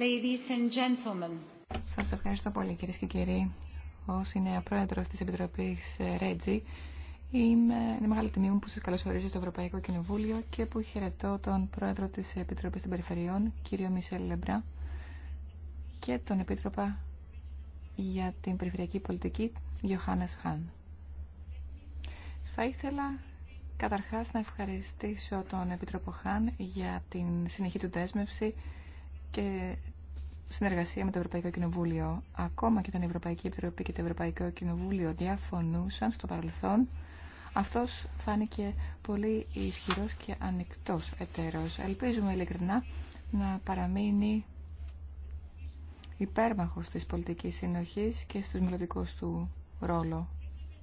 Ladies and gentlemen. Σας ευχαριστώ πολύ κυρίες και κύριοι. Ως νέα πρόεδρος της Επιτροπής ε, ΡΕτζη, Είμαι, είναι μεγάλη τιμή μου που σας καλωσορίζω στο Ευρωπαϊκό Κοινοβούλιο και που χαιρετώ τον Πρόεδρο της Επιτροπής των Περιφερειών, κύριο Μισελ Λεμπρά, και τον Επίτροπα για την Περιφερειακή Πολιτική, Γιωχάνες Χάν. Θα ήθελα καταρχάς να ευχαριστήσω τον Επίτροπο Χάν για την συνεχή του δέσμευση και συνεργασία με το Ευρωπαϊκό Κοινοβούλιο. Ακόμα και τον Ευρωπαϊκή Επιτροπή και το Ευρωπαϊκό Κοινοβούλιο διαφωνούσαν στο παρελθόν. Αυτός φάνηκε πολύ ισχυρός και ανοιχτός εταίρος. Ελπίζουμε ειλικρινά να παραμείνει υπέρμαχος της πολιτικής συνοχής και στους μελλοντικούς του ρόλο,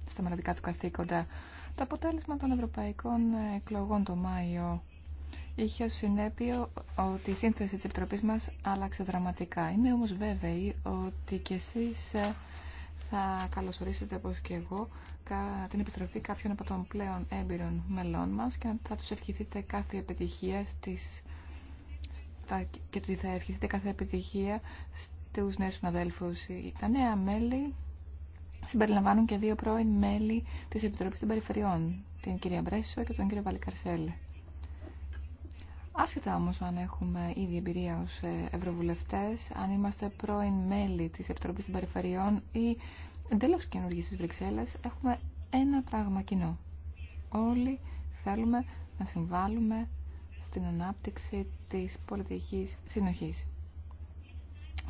στα μελλοντικά του καθήκοντα. Το αποτέλεσμα των ευρωπαϊκών εκλογών το Μάιο είχε ως συνέπειο ότι η σύνθεση της Επιτροπής μας άλλαξε δραματικά. Είμαι όμως βέβαιη ότι κι εσείς ε, θα καλωσορίσετε όπως κι εγώ την επιστροφή κάποιων από των πλέον έμπειρων μελών μας και θα τους ευχηθείτε κάθε επιτυχία στις, στα, και θα ευχηθείτε κάθε επιτυχία στους νέους συναδέλφους. Τα νέα μέλη συμπεριλαμβάνουν και δύο πρώην μέλη της Επιτροπής των Περιφερειών, την κυρία Μπρέσο και τον κύριο Βαλικαρσέλη. Άσχετα όμως αν έχουμε ήδη εμπειρία ως ευρωβουλευτές, αν είμαστε πρώην μέλη της Επιτροπής των Περιφερειών ή εντελώς καινούργιες στις Βρυξέλλες, έχουμε ένα πράγμα κοινό. Όλοι θέλουμε να συμβάλλουμε στην ανάπτυξη της πολιτικής συνοχής.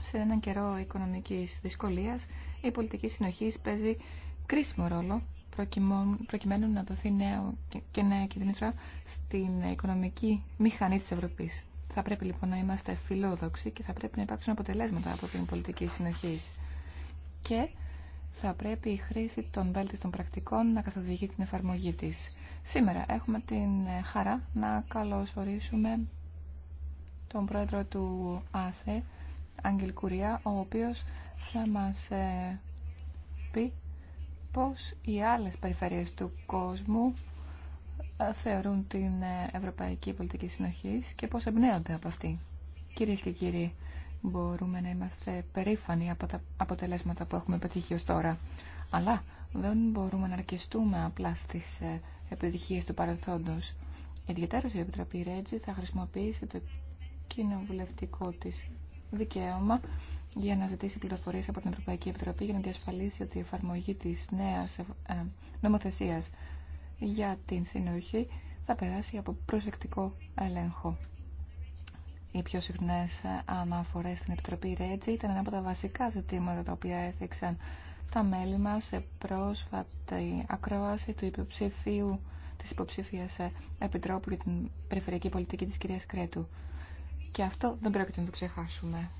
Σε έναν καιρό οικονομικής δυσκολίας, η πολιτική συνοχής παίζει κρίσιμο ρόλο προκειμένου να δοθεί νέο και νέα κινήτρα στην οικονομική μηχανή της Ευρωπής. Θα πρέπει λοιπόν να είμαστε φιλόδοξοι και θα πρέπει να υπάρξουν αποτελέσματα από την πολιτική συνοχή. Και θα πρέπει η χρήση των βέλτιστων πρακτικών να καθοδηγεί την εφαρμογή της. Σήμερα έχουμε την ε, χαρά να καλωσορίσουμε τον πρόεδρο του ΑΣΕ, Άγγελ Κουρία, ο οποίος θα μας ε, πει πώς οι άλλες περιφέρειες του κόσμου ε, θεωρούν την ε, Ευρωπαϊκή Πολιτική Συνοχής και πώς εμπνέονται από αυτή. Κυρίες και κύριοι, μπορούμε να είμαστε περήφανοι από τα αποτελέσματα που έχουμε πετύχει ως τώρα. Αλλά δεν μπορούμε να αρκεστούμε απλά στις ε, επιτυχίες του παρελθόντος. Ιδιαίτερως η Επιτροπή Ρέτζη θα χρησιμοποιήσει το κοινοβουλευτικό της δικαίωμα για να ζητήσει πληροφορίες από την Ευρωπαϊκή Επιτροπή για να διασφαλίσει ότι η εφαρμογή της νέας ε, νομοθεσίας για την συνοχή θα περάσει από προσεκτικό έλεγχο. Οι πιο συχνέ ε, αναφορέ στην Επιτροπή Ρέτζη ήταν ένα από τα βασικά ζητήματα τα οποία έθεξαν τα μέλη μα σε πρόσφατη ακρόαση του υποψηφίου της υποψηφία ε, Επιτρόπου για την Περιφερειακή Πολιτική τη Κυρία Κρέτου. Και αυτό δεν πρόκειται να το ξεχάσουμε.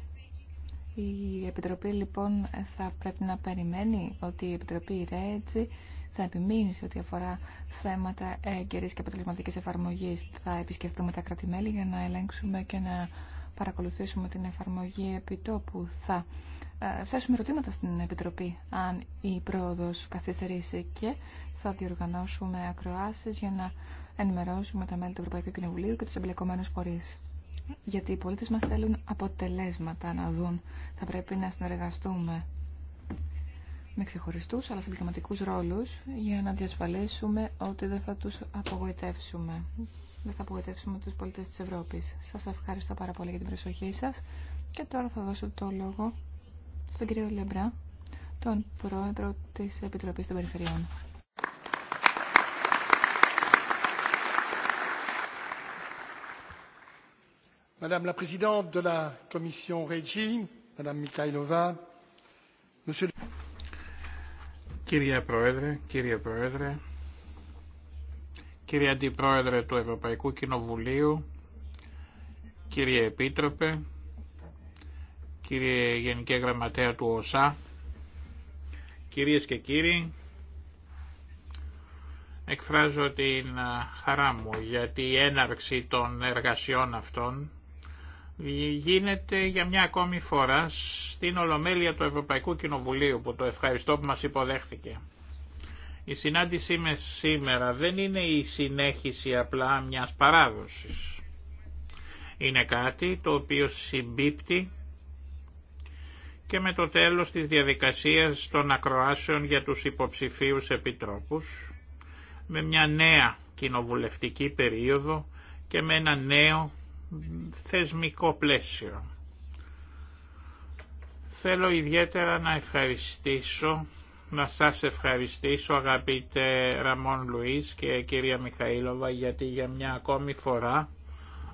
Η Επιτροπή λοιπόν θα πρέπει να περιμένει ότι η Επιτροπή Ρέτζη θα επιμείνει σε ό,τι αφορά θέματα έγκαιρης και αποτελεσματικής εφαρμογής. Θα επισκεφτούμε τα κρατημέλη για να ελέγξουμε και να παρακολουθήσουμε την εφαρμογή επιτόπου. Θα ε, θέσουμε ερωτήματα στην Επιτροπή αν η πρόοδος καθυστερήσει και θα διοργανώσουμε ακροάσεις για να ενημερώσουμε τα μέλη του Ευρωπαϊκού Κοινοβουλίου και τους εμπλεκομένους φορείς γιατί οι πολίτες μας θέλουν αποτελέσματα να δουν. Θα πρέπει να συνεργαστούμε με ξεχωριστούς αλλά συμπληρωματικούς ρόλους για να διασφαλίσουμε ότι δεν θα τους απογοητεύσουμε. Δεν θα απογοητεύσουμε τους πολίτες της Ευρώπης. Σας ευχαριστώ πάρα πολύ για την προσοχή σας και τώρα θα δώσω το λόγο στον κύριο Λεμπρά, τον πρόεδρο της Επιτροπής των Περιφερειών. Κύριε Πρόεδρε, κύριε Πρόεδρε, κύριε Αντιπρόεδρε του Ευρωπαϊκού Κοινοβουλίου, κύριε Επίτροπε, κύριε Γενική Γραμματέα του ΟΣΑ, κυρίες και κύριοι, εκφράζω την χαρά μου για την έναρξη των εργασιών αυτών γίνεται για μια ακόμη φορά στην Ολομέλεια του Ευρωπαϊκού Κοινοβουλίου που το ευχαριστώ που μας υποδέχθηκε. Η συνάντησή με σήμερα δεν είναι η συνέχιση απλά μιας παράδοσης. Είναι κάτι το οποίο συμπίπτει και με το τέλος της διαδικασίας των ακροάσεων για τους υποψηφίους επιτρόπους, με μια νέα κοινοβουλευτική περίοδο και με ένα νέο θεσμικό πλαίσιο. Θέλω ιδιαίτερα να ευχαριστήσω, να σας ευχαριστήσω αγαπητέ Ραμόν Λουίς και κυρία Μιχαήλοβα γιατί για μια ακόμη φορά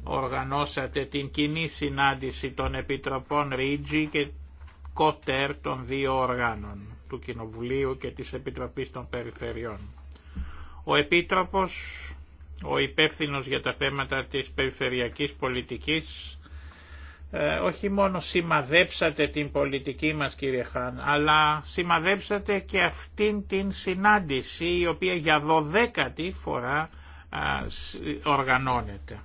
οργανώσατε την κοινή συνάντηση των Επιτροπών Ρίτζι και Κότερ των δύο οργάνων, του Κοινοβουλίου και της Επιτροπής των Περιφερειών. Ο Επίτροπος ο υπεύθυνος για τα θέματα της περιφερειακής πολιτικής ε, όχι μόνο σημαδέψατε την πολιτική μας κύριε Χάν, αλλά σημαδέψατε και αυτήν την συνάντηση η οποία για δωδέκατη φορά οργανώνεται.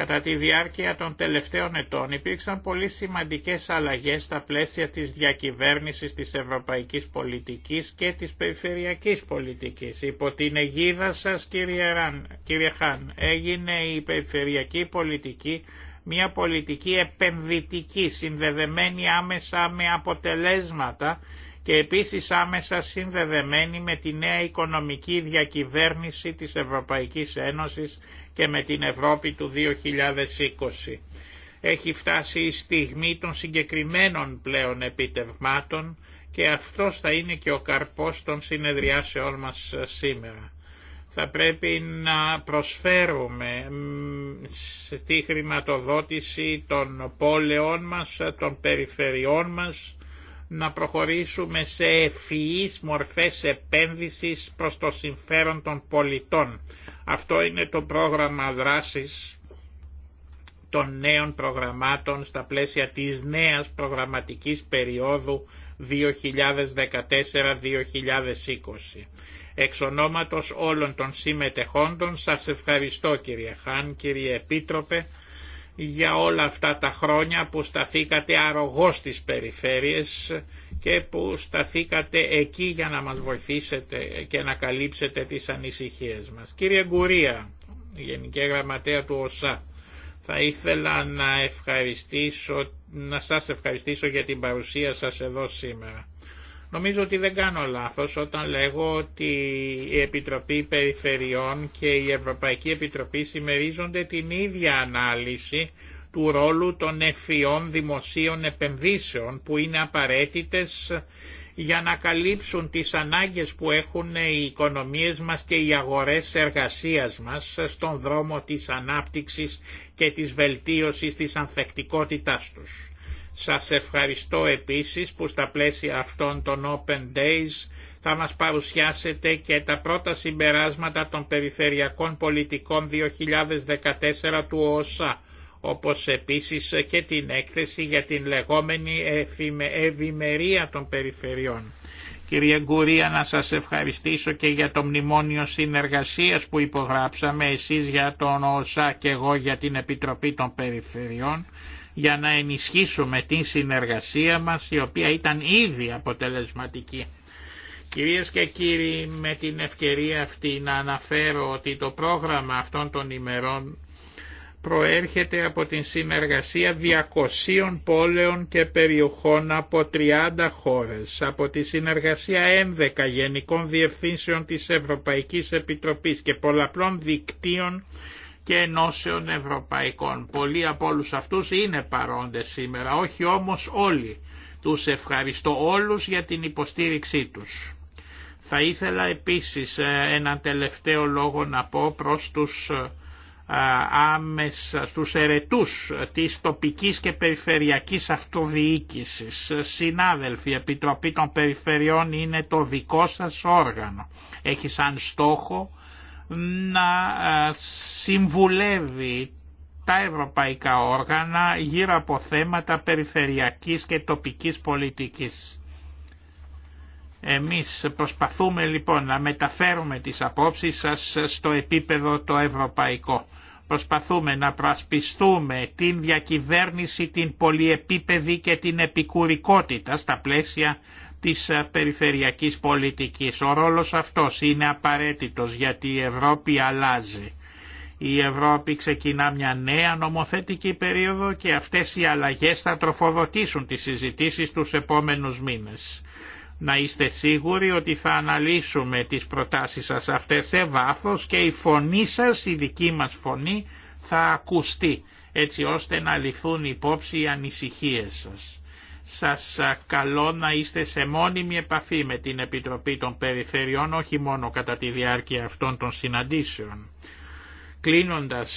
Κατά τη διάρκεια των τελευταίων ετών υπήρξαν πολύ σημαντικές αλλαγές στα πλαίσια της διακυβέρνησης της ευρωπαϊκής πολιτικής και της περιφερειακής πολιτικής. Υπό την αιγίδα σας κύριε, Χάν έγινε η περιφερειακή πολιτική μια πολιτική επενδυτική συνδεδεμένη άμεσα με αποτελέσματα και επίσης άμεσα συνδεδεμένη με τη νέα οικονομική διακυβέρνηση της Ευρωπαϊκής Ένωσης και με την Ευρώπη του 2020. Έχει φτάσει η στιγμή των συγκεκριμένων πλέον επιτευγμάτων και αυτός θα είναι και ο καρπός των συνεδριάσεών μας σήμερα. Θα πρέπει να προσφέρουμε στη χρηματοδότηση των πόλεων μας, των περιφερειών μας, να προχωρήσουμε σε ευφυείς μορφές επένδυσης προς το συμφέρον των πολιτών. Αυτό είναι το πρόγραμμα δράσης των νέων προγραμμάτων στα πλαίσια της νέας προγραμματικής περίοδου 2014-2020. Εξ ονόματος όλων των συμμετεχόντων σας ευχαριστώ κύριε Χάν, κύριε Επίτροπε για όλα αυτά τα χρόνια που σταθήκατε αρρωγός στις περιφέρειες και που σταθήκατε εκεί για να μας βοηθήσετε και να καλύψετε τις ανησυχίες μας. Κύριε Γκουρία, Γενική Γραμματέα του ΟΣΑ, θα ήθελα να, ευχαριστήσω, να σας ευχαριστήσω για την παρουσία σας εδώ σήμερα. Νομίζω ότι δεν κάνω λάθος όταν λέγω ότι η Επιτροπή Περιφερειών και η Ευρωπαϊκή Επιτροπή συμμερίζονται την ίδια ανάλυση του ρόλου των ευφυών δημοσίων επενδύσεων που είναι απαραίτητες για να καλύψουν τις ανάγκες που έχουν οι οικονομίες μας και οι αγορές εργασίας μας στον δρόμο της ανάπτυξης και της βελτίωσης της ανθεκτικότητάς τους. Σας ευχαριστώ επίσης που στα πλαίσια αυτών των Open Days θα μας παρουσιάσετε και τα πρώτα συμπεράσματα των περιφερειακών πολιτικών 2014 του ΟΣΑ, όπως επίσης και την έκθεση για την λεγόμενη ευημερία των περιφερειών. Κύριε Γκουρία, να σας ευχαριστήσω και για το μνημόνιο συνεργασίας που υπογράψαμε εσείς για τον ΟΣΑ και εγώ για την Επιτροπή των Περιφερειών για να ενισχύσουμε την συνεργασία μας η οποία ήταν ήδη αποτελεσματική. Κυρίες και κύριοι, με την ευκαιρία αυτή να αναφέρω ότι το πρόγραμμα αυτών των ημερών προέρχεται από την συνεργασία 200 πόλεων και περιοχών από 30 χώρες, από τη συνεργασία 11 Γενικών Διευθύνσεων της Ευρωπαϊκής Επιτροπής και πολλαπλών δικτύων και ενώσεων ευρωπαϊκών. Πολλοί από όλου αυτούς είναι παρόντες σήμερα, όχι όμως όλοι. Τους ευχαριστώ όλους για την υποστήριξή τους. Θα ήθελα επίσης ε, ένα τελευταίο λόγο να πω προς τους ε, άμεσα στους ερετούς ε, της τοπικής και περιφερειακής αυτοδιοίκησης. Συνάδελφοι, η Επιτροπή των Περιφερειών είναι το δικό σας όργανο. Έχει σαν στόχο να ε, συμβουλεύει τα ευρωπαϊκά όργανα γύρω από θέματα περιφερειακής και τοπικής πολιτικής. Εμείς προσπαθούμε λοιπόν να μεταφέρουμε τις απόψεις σας στο επίπεδο το ευρωπαϊκό. Προσπαθούμε να προασπιστούμε την διακυβέρνηση, την πολυεπίπεδη και την επικουρικότητα στα πλαίσια της ε, περιφερειακής πολιτικής. Ο ρόλος αυτός είναι απαραίτητος γιατί η Ευρώπη αλλάζει. Η Ευρώπη ξεκινά μια νέα νομοθετική περίοδο και αυτές οι αλλαγές θα τροφοδοτήσουν τις συζητήσεις τους επόμενους μήνες. Να είστε σίγουροι ότι θα αναλύσουμε τις προτάσεις σας αυτές σε βάθος και η φωνή σας, η δική μας φωνή, θα ακουστεί έτσι ώστε να ληφθούν υπόψη οι ανησυχίες σας σας καλώ να είστε σε μόνιμη επαφή με την Επιτροπή των Περιφερειών, όχι μόνο κατά τη διάρκεια αυτών των συναντήσεων. Κλείνοντας,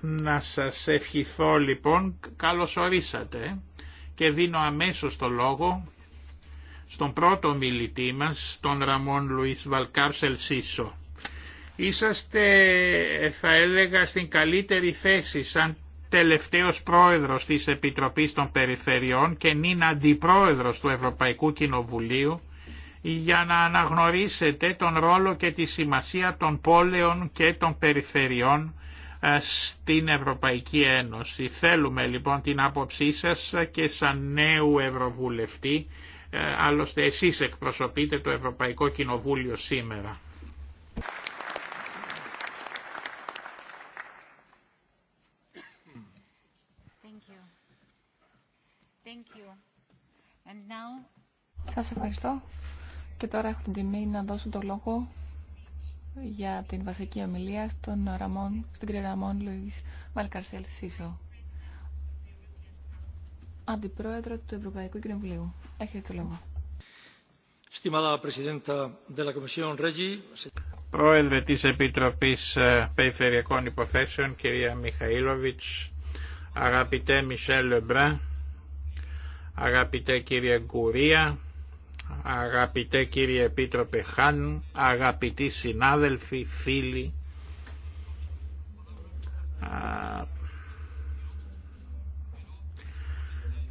να σας ευχηθώ λοιπόν, καλώς ορίσατε και δίνω αμέσως το λόγο στον πρώτο μιλητή μας, τον Ραμόν Λουίς Βαλκάρσελ Σίσο. Είσαστε, θα έλεγα, στην καλύτερη θέση σαν τελευταίος πρόεδρος της Επιτροπής των Περιφερειών και νυν αντιπρόεδρος του Ευρωπαϊκού Κοινοβουλίου για να αναγνωρίσετε τον ρόλο και τη σημασία των πόλεων και των περιφερειών ε, στην Ευρωπαϊκή Ένωση. Θέλουμε λοιπόν την άποψή σας και σαν νέου Ευρωβουλευτή, ε, άλλωστε εσείς εκπροσωπείτε το Ευρωπαϊκό Κοινοβούλιο σήμερα. Σας ευχαριστώ. Και τώρα έχω την τιμή να δώσω το λόγο για την βασική ομιλία στον Ραμόν, στον κύριο Ραμόν Λουίς Βαλκαρσέλ Σίσο, αντιπρόεδρο του Ευρωπαϊκού Κοινοβουλίου. Έχετε το λόγο. Πρόεδρε της Επιτροπής ε, Περιφερειακών Υποθέσεων, κυρία Μιχαήλοβιτς, αγαπητέ Μισελ Λεμπρά, αγαπητέ κύριε Γκουρία, αγαπητέ κύριε Επίτροπε Χάν, αγαπητοί συνάδελφοι, φίλοι,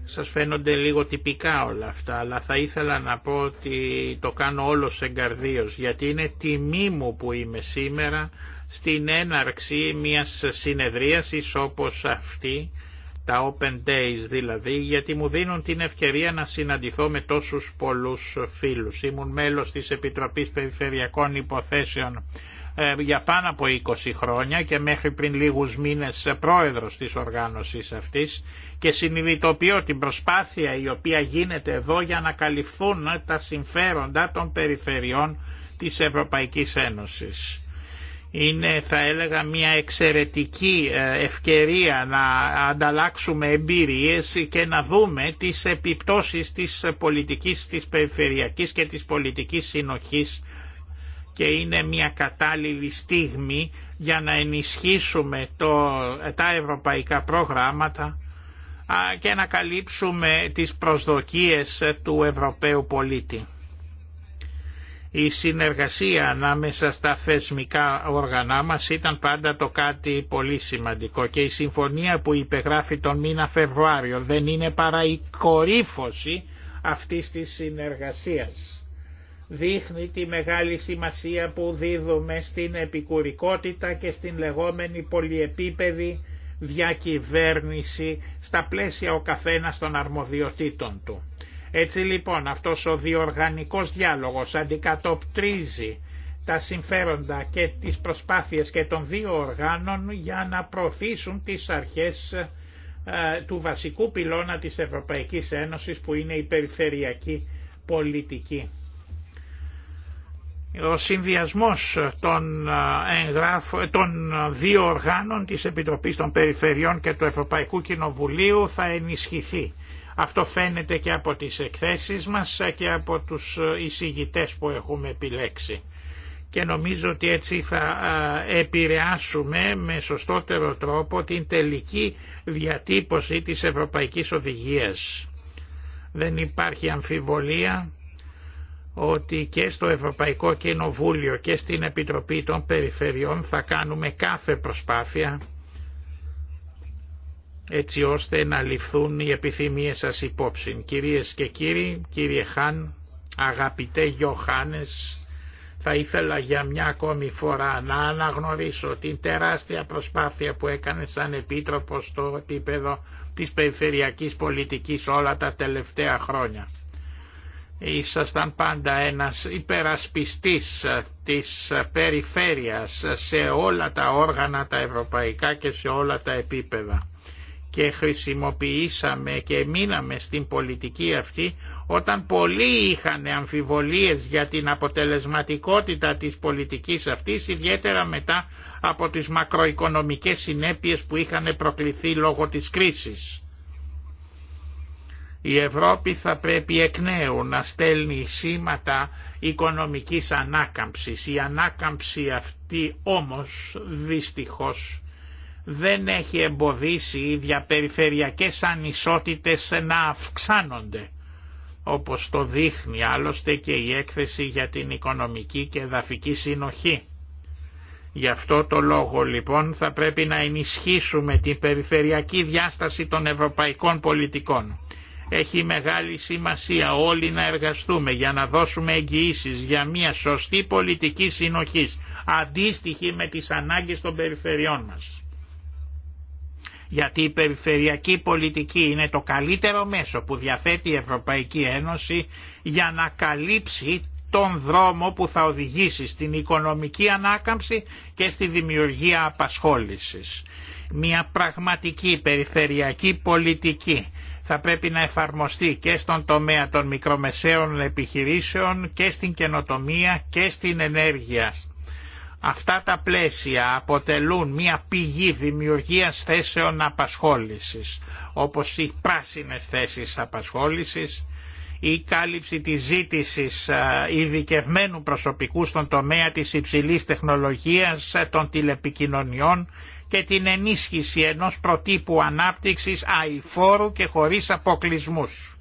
σας φαίνονται λίγο τυπικά όλα αυτά, αλλά θα ήθελα να πω ότι το κάνω όλο εγκαρδίως, γιατί είναι τιμή μου που είμαι σήμερα στην έναρξη μιας συνεδρίασης όπως αυτή, τα Open Days δηλαδή, γιατί μου δίνουν την ευκαιρία να συναντηθώ με τόσους πολλούς φίλους. Ήμουν μέλος της Επιτροπής Περιφερειακών Υποθέσεων ε, για πάνω από 20 χρόνια και μέχρι πριν λίγους μήνες πρόεδρος της οργάνωσης αυτής και συνειδητοποιώ την προσπάθεια η οποία γίνεται εδώ για να καλυφθούν τα συμφέροντα των περιφερειών της Ευρωπαϊκής Ένωσης είναι θα έλεγα μια εξαιρετική ε, ευκαιρία να ανταλλάξουμε εμπειρίες και να δούμε τις επιπτώσεις της πολιτικής, της περιφερειακής και της πολιτικής συνοχής και είναι μια κατάλληλη στιγμή για να ενισχύσουμε το, τα ευρωπαϊκά προγράμματα και να καλύψουμε τις προσδοκίες του Ευρωπαίου πολίτη. Η συνεργασία ανάμεσα στα θεσμικά όργανά μας ήταν πάντα το κάτι πολύ σημαντικό και η συμφωνία που υπεγράφει τον μήνα Φεβρουάριο δεν είναι παρά η κορύφωση αυτής της συνεργασίας. Δείχνει τη μεγάλη σημασία που δίδουμε στην επικουρικότητα και στην λεγόμενη πολυεπίπεδη διακυβέρνηση στα πλαίσια ο καθένας των αρμοδιοτήτων του. Έτσι λοιπόν αυτός ο διοργανικός διάλογος αντικατοπτρίζει τα συμφέροντα και τις προσπάθειες και των δύο οργάνων για να προωθήσουν τις αρχές ε, του βασικού πυλώνα της Ευρωπαϊκής Ένωσης που είναι η περιφερειακή πολιτική. Ο συνδυασμός των, ε, δύο οργάνων της Επιτροπής των Περιφερειών και του Ευρωπαϊκού Κοινοβουλίου θα ενισχυθεί αυτό φαίνεται και από τις εκθέσεις μας και από τους εισηγητές που έχουμε επιλέξει. Και νομίζω ότι έτσι θα επηρεάσουμε με σωστότερο τρόπο την τελική διατύπωση της Ευρωπαϊκής Οδηγίας. Δεν υπάρχει αμφιβολία ότι και στο Ευρωπαϊκό Κοινοβούλιο και στην Επιτροπή των Περιφερειών θα κάνουμε κάθε προσπάθεια έτσι ώστε να ληφθούν οι επιθυμίες σας υπόψη. Κυρίες και κύριοι, κύριε Χάν, αγαπητέ Γιωχάνες, θα ήθελα για μια ακόμη φορά να αναγνωρίσω την τεράστια προσπάθεια που έκανε σαν επίτροπο στο επίπεδο της περιφερειακής πολιτικής όλα τα τελευταία χρόνια. Ήσασταν πάντα ένας υπερασπιστής της περιφέρειας σε όλα τα όργανα τα ευρωπαϊκά και σε όλα τα επίπεδα και χρησιμοποιήσαμε και μείναμε στην πολιτική αυτή όταν πολλοί είχαν αμφιβολίες για την αποτελεσματικότητα της πολιτικής αυτής ιδιαίτερα μετά από τις μακροοικονομικές συνέπειες που είχαν προκληθεί λόγω της κρίσης. Η Ευρώπη θα πρέπει εκ νέου να στέλνει σήματα οικονομικής ανάκαμψης. Η ανάκαμψη αυτή όμως δυστυχώς δεν έχει εμποδίσει οι διαπεριφερειακές ανισότητες να αυξάνονται, όπως το δείχνει άλλωστε και η έκθεση για την οικονομική και εδαφική συνοχή. Γι' αυτό το λόγο λοιπόν θα πρέπει να ενισχύσουμε την περιφερειακή διάσταση των ευρωπαϊκών πολιτικών. Έχει μεγάλη σημασία όλοι να εργαστούμε για να δώσουμε εγγυήσεις για μια σωστή πολιτική συνοχής, αντίστοιχη με τις ανάγκες των περιφερειών μας γιατί η περιφερειακή πολιτική είναι το καλύτερο μέσο που διαθέτει η Ευρωπαϊκή Ένωση για να καλύψει τον δρόμο που θα οδηγήσει στην οικονομική ανάκαμψη και στη δημιουργία απασχόλησης. Μια πραγματική περιφερειακή πολιτική θα πρέπει να εφαρμοστεί και στον τομέα των μικρομεσαίων επιχειρήσεων και στην καινοτομία και στην ενέργεια Αυτά τα πλαίσια αποτελούν μια πηγή δημιουργίας θέσεων απασχόλησης, όπως οι πράσινες θέσεις απασχόλησης, η κάλυψη της ζήτησης ειδικευμένου προσωπικού στον τομέα της υψηλής τεχνολογίας των τηλεπικοινωνιών και την ενίσχυση ενός προτύπου ανάπτυξης αηφόρου και χωρίς αποκλεισμούς.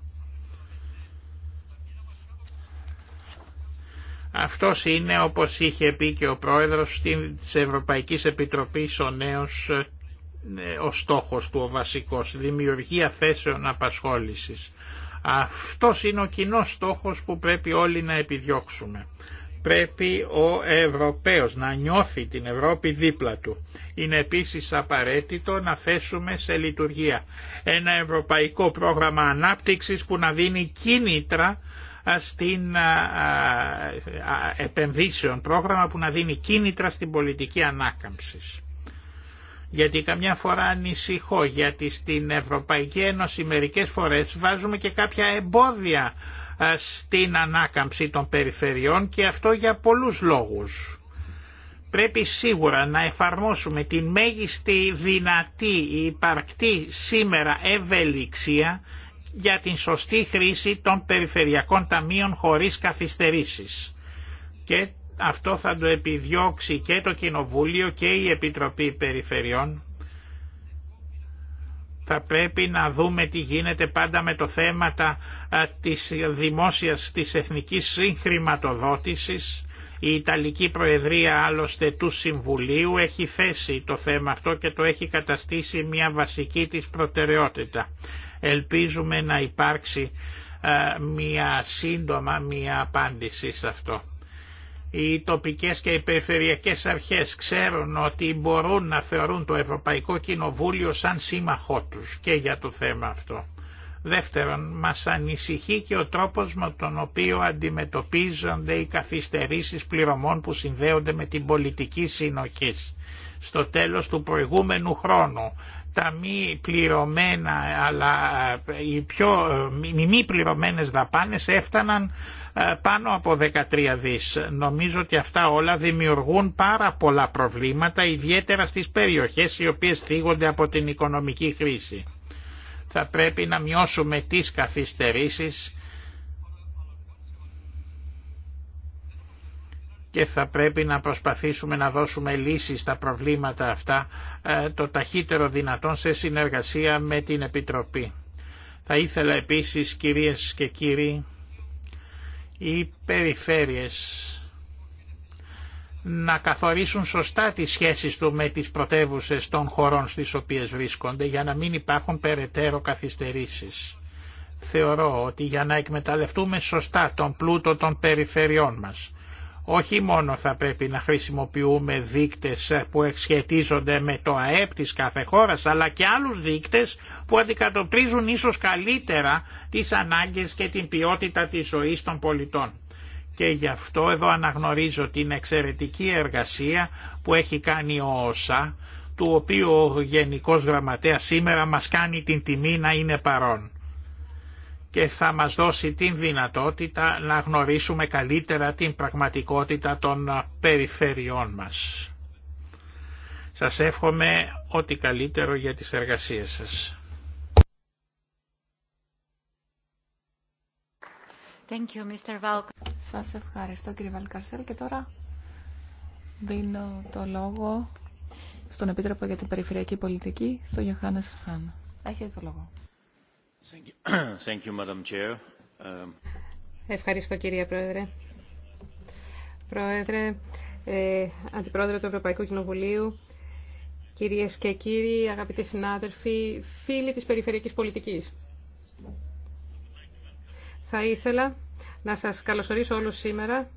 Αυτός είναι όπως είχε πει και ο πρόεδρος της Ευρωπαϊκής Επιτροπής ο νέος ε, ο στόχος του ο βασικός, δημιουργία θέσεων απασχόλησης. Αυτός είναι ο κοινός στόχος που πρέπει όλοι να επιδιώξουμε. Πρέπει ο Ευρωπαίος να νιώθει την Ευρώπη δίπλα του. Είναι επίσης απαραίτητο να θέσουμε σε λειτουργία ένα ευρωπαϊκό πρόγραμμα ανάπτυξης που να δίνει κίνητρα στην επενδύσεων, πρόγραμμα που να δίνει κίνητρα στην πολιτική ανάκαμψη. Γιατί καμιά φορά ανησυχώ, γιατί στην Ευρωπαϊκή Ένωση μερικές φορές βάζουμε και κάποια εμπόδια στην ανάκαμψη των περιφερειών και αυτό για πολλούς λόγους. Πρέπει σίγουρα να εφαρμόσουμε την μέγιστη δυνατή υπαρκτή σήμερα ευελιξία για την σωστή χρήση των περιφερειακών ταμείων χωρίς καθυστερήσεις. Και αυτό θα το επιδιώξει και το Κοινοβούλιο και η Επιτροπή Περιφερειών. Θα πρέπει να δούμε τι γίνεται πάντα με το θέμα της δημόσιας, της εθνικής συγχρηματοδότησης. Η Ιταλική Προεδρία άλλωστε του Συμβουλίου έχει θέσει το θέμα αυτό και το έχει καταστήσει μια βασική της προτεραιότητα. Ελπίζουμε να υπάρξει μία σύντομα μία απάντηση σε αυτό. Οι τοπικές και οι περιφερειακές αρχές ξέρουν ότι μπορούν να θεωρούν το Ευρωπαϊκό Κοινοβούλιο σαν σύμμαχό τους και για το θέμα αυτό. Δεύτερον, μας ανησυχεί και ο τρόπος με τον οποίο αντιμετωπίζονται οι καθυστερήσεις πληρωμών που συνδέονται με την πολιτική συνοχής. Στο τέλος του προηγούμενου χρόνου τα μη πληρωμένα αλλά ε, οι, πιο, ε, οι μη πληρωμένες δαπάνες έφταναν ε, πάνω από 13 δις. Νομίζω ότι αυτά όλα δημιουργούν πάρα πολλά προβλήματα ιδιαίτερα στις περιοχές οι οποίες θίγονται από την οικονομική κρίση. Θα πρέπει να μειώσουμε τις καθυστερήσεις και θα πρέπει να προσπαθήσουμε να δώσουμε λύσεις στα προβλήματα αυτά ε, το ταχύτερο δυνατόν σε συνεργασία με την Επιτροπή. Θα ήθελα επίσης κυρίες και κύριοι οι περιφέρειες να καθορίσουν σωστά τις σχέσεις του με τις πρωτεύουσες των χωρών στις οποίες βρίσκονται για να μην υπάρχουν περαιτέρω καθυστερήσεις. Θεωρώ ότι για να εκμεταλλευτούμε σωστά τον πλούτο των περιφερειών μας όχι μόνο θα πρέπει να χρησιμοποιούμε δείκτες που εξχετίζονται με το ΑΕΠ της κάθε χώρας, αλλά και άλλους δείκτες που αντικατοπτρίζουν ίσως καλύτερα τις ανάγκες και την ποιότητα της ζωής των πολιτών. Και γι' αυτό εδώ αναγνωρίζω την εξαιρετική εργασία που έχει κάνει ο ΩΣΑ, του οποίου ο Γενικός Γραμματέας σήμερα μας κάνει την τιμή να είναι παρόν και θα μας δώσει την δυνατότητα να γνωρίσουμε καλύτερα την πραγματικότητα των περιφερειών μας. Σας εύχομαι ό,τι καλύτερο για τις εργασίες σας. Thank you, Mr. Σας ευχαριστώ κύριε Βαλκαρσέλ και τώρα δίνω το λόγο στον Επίτροπο για την Περιφερειακή Πολιτική, στον Γιωχάννη Χάν. Έχετε το λόγο. Um, Ευχαριστώ κυρία Πρόεδρε. Πρόεδρε, ε, Αντιπρόεδρε του Ευρωπαϊκού Κοινοβουλίου, κυρίες και κύριοι, αγαπητοί συνάδελφοι, φίλοι της περιφερειακής πολιτικής. Θα ήθελα να σας καλωσορίσω όλους σήμερα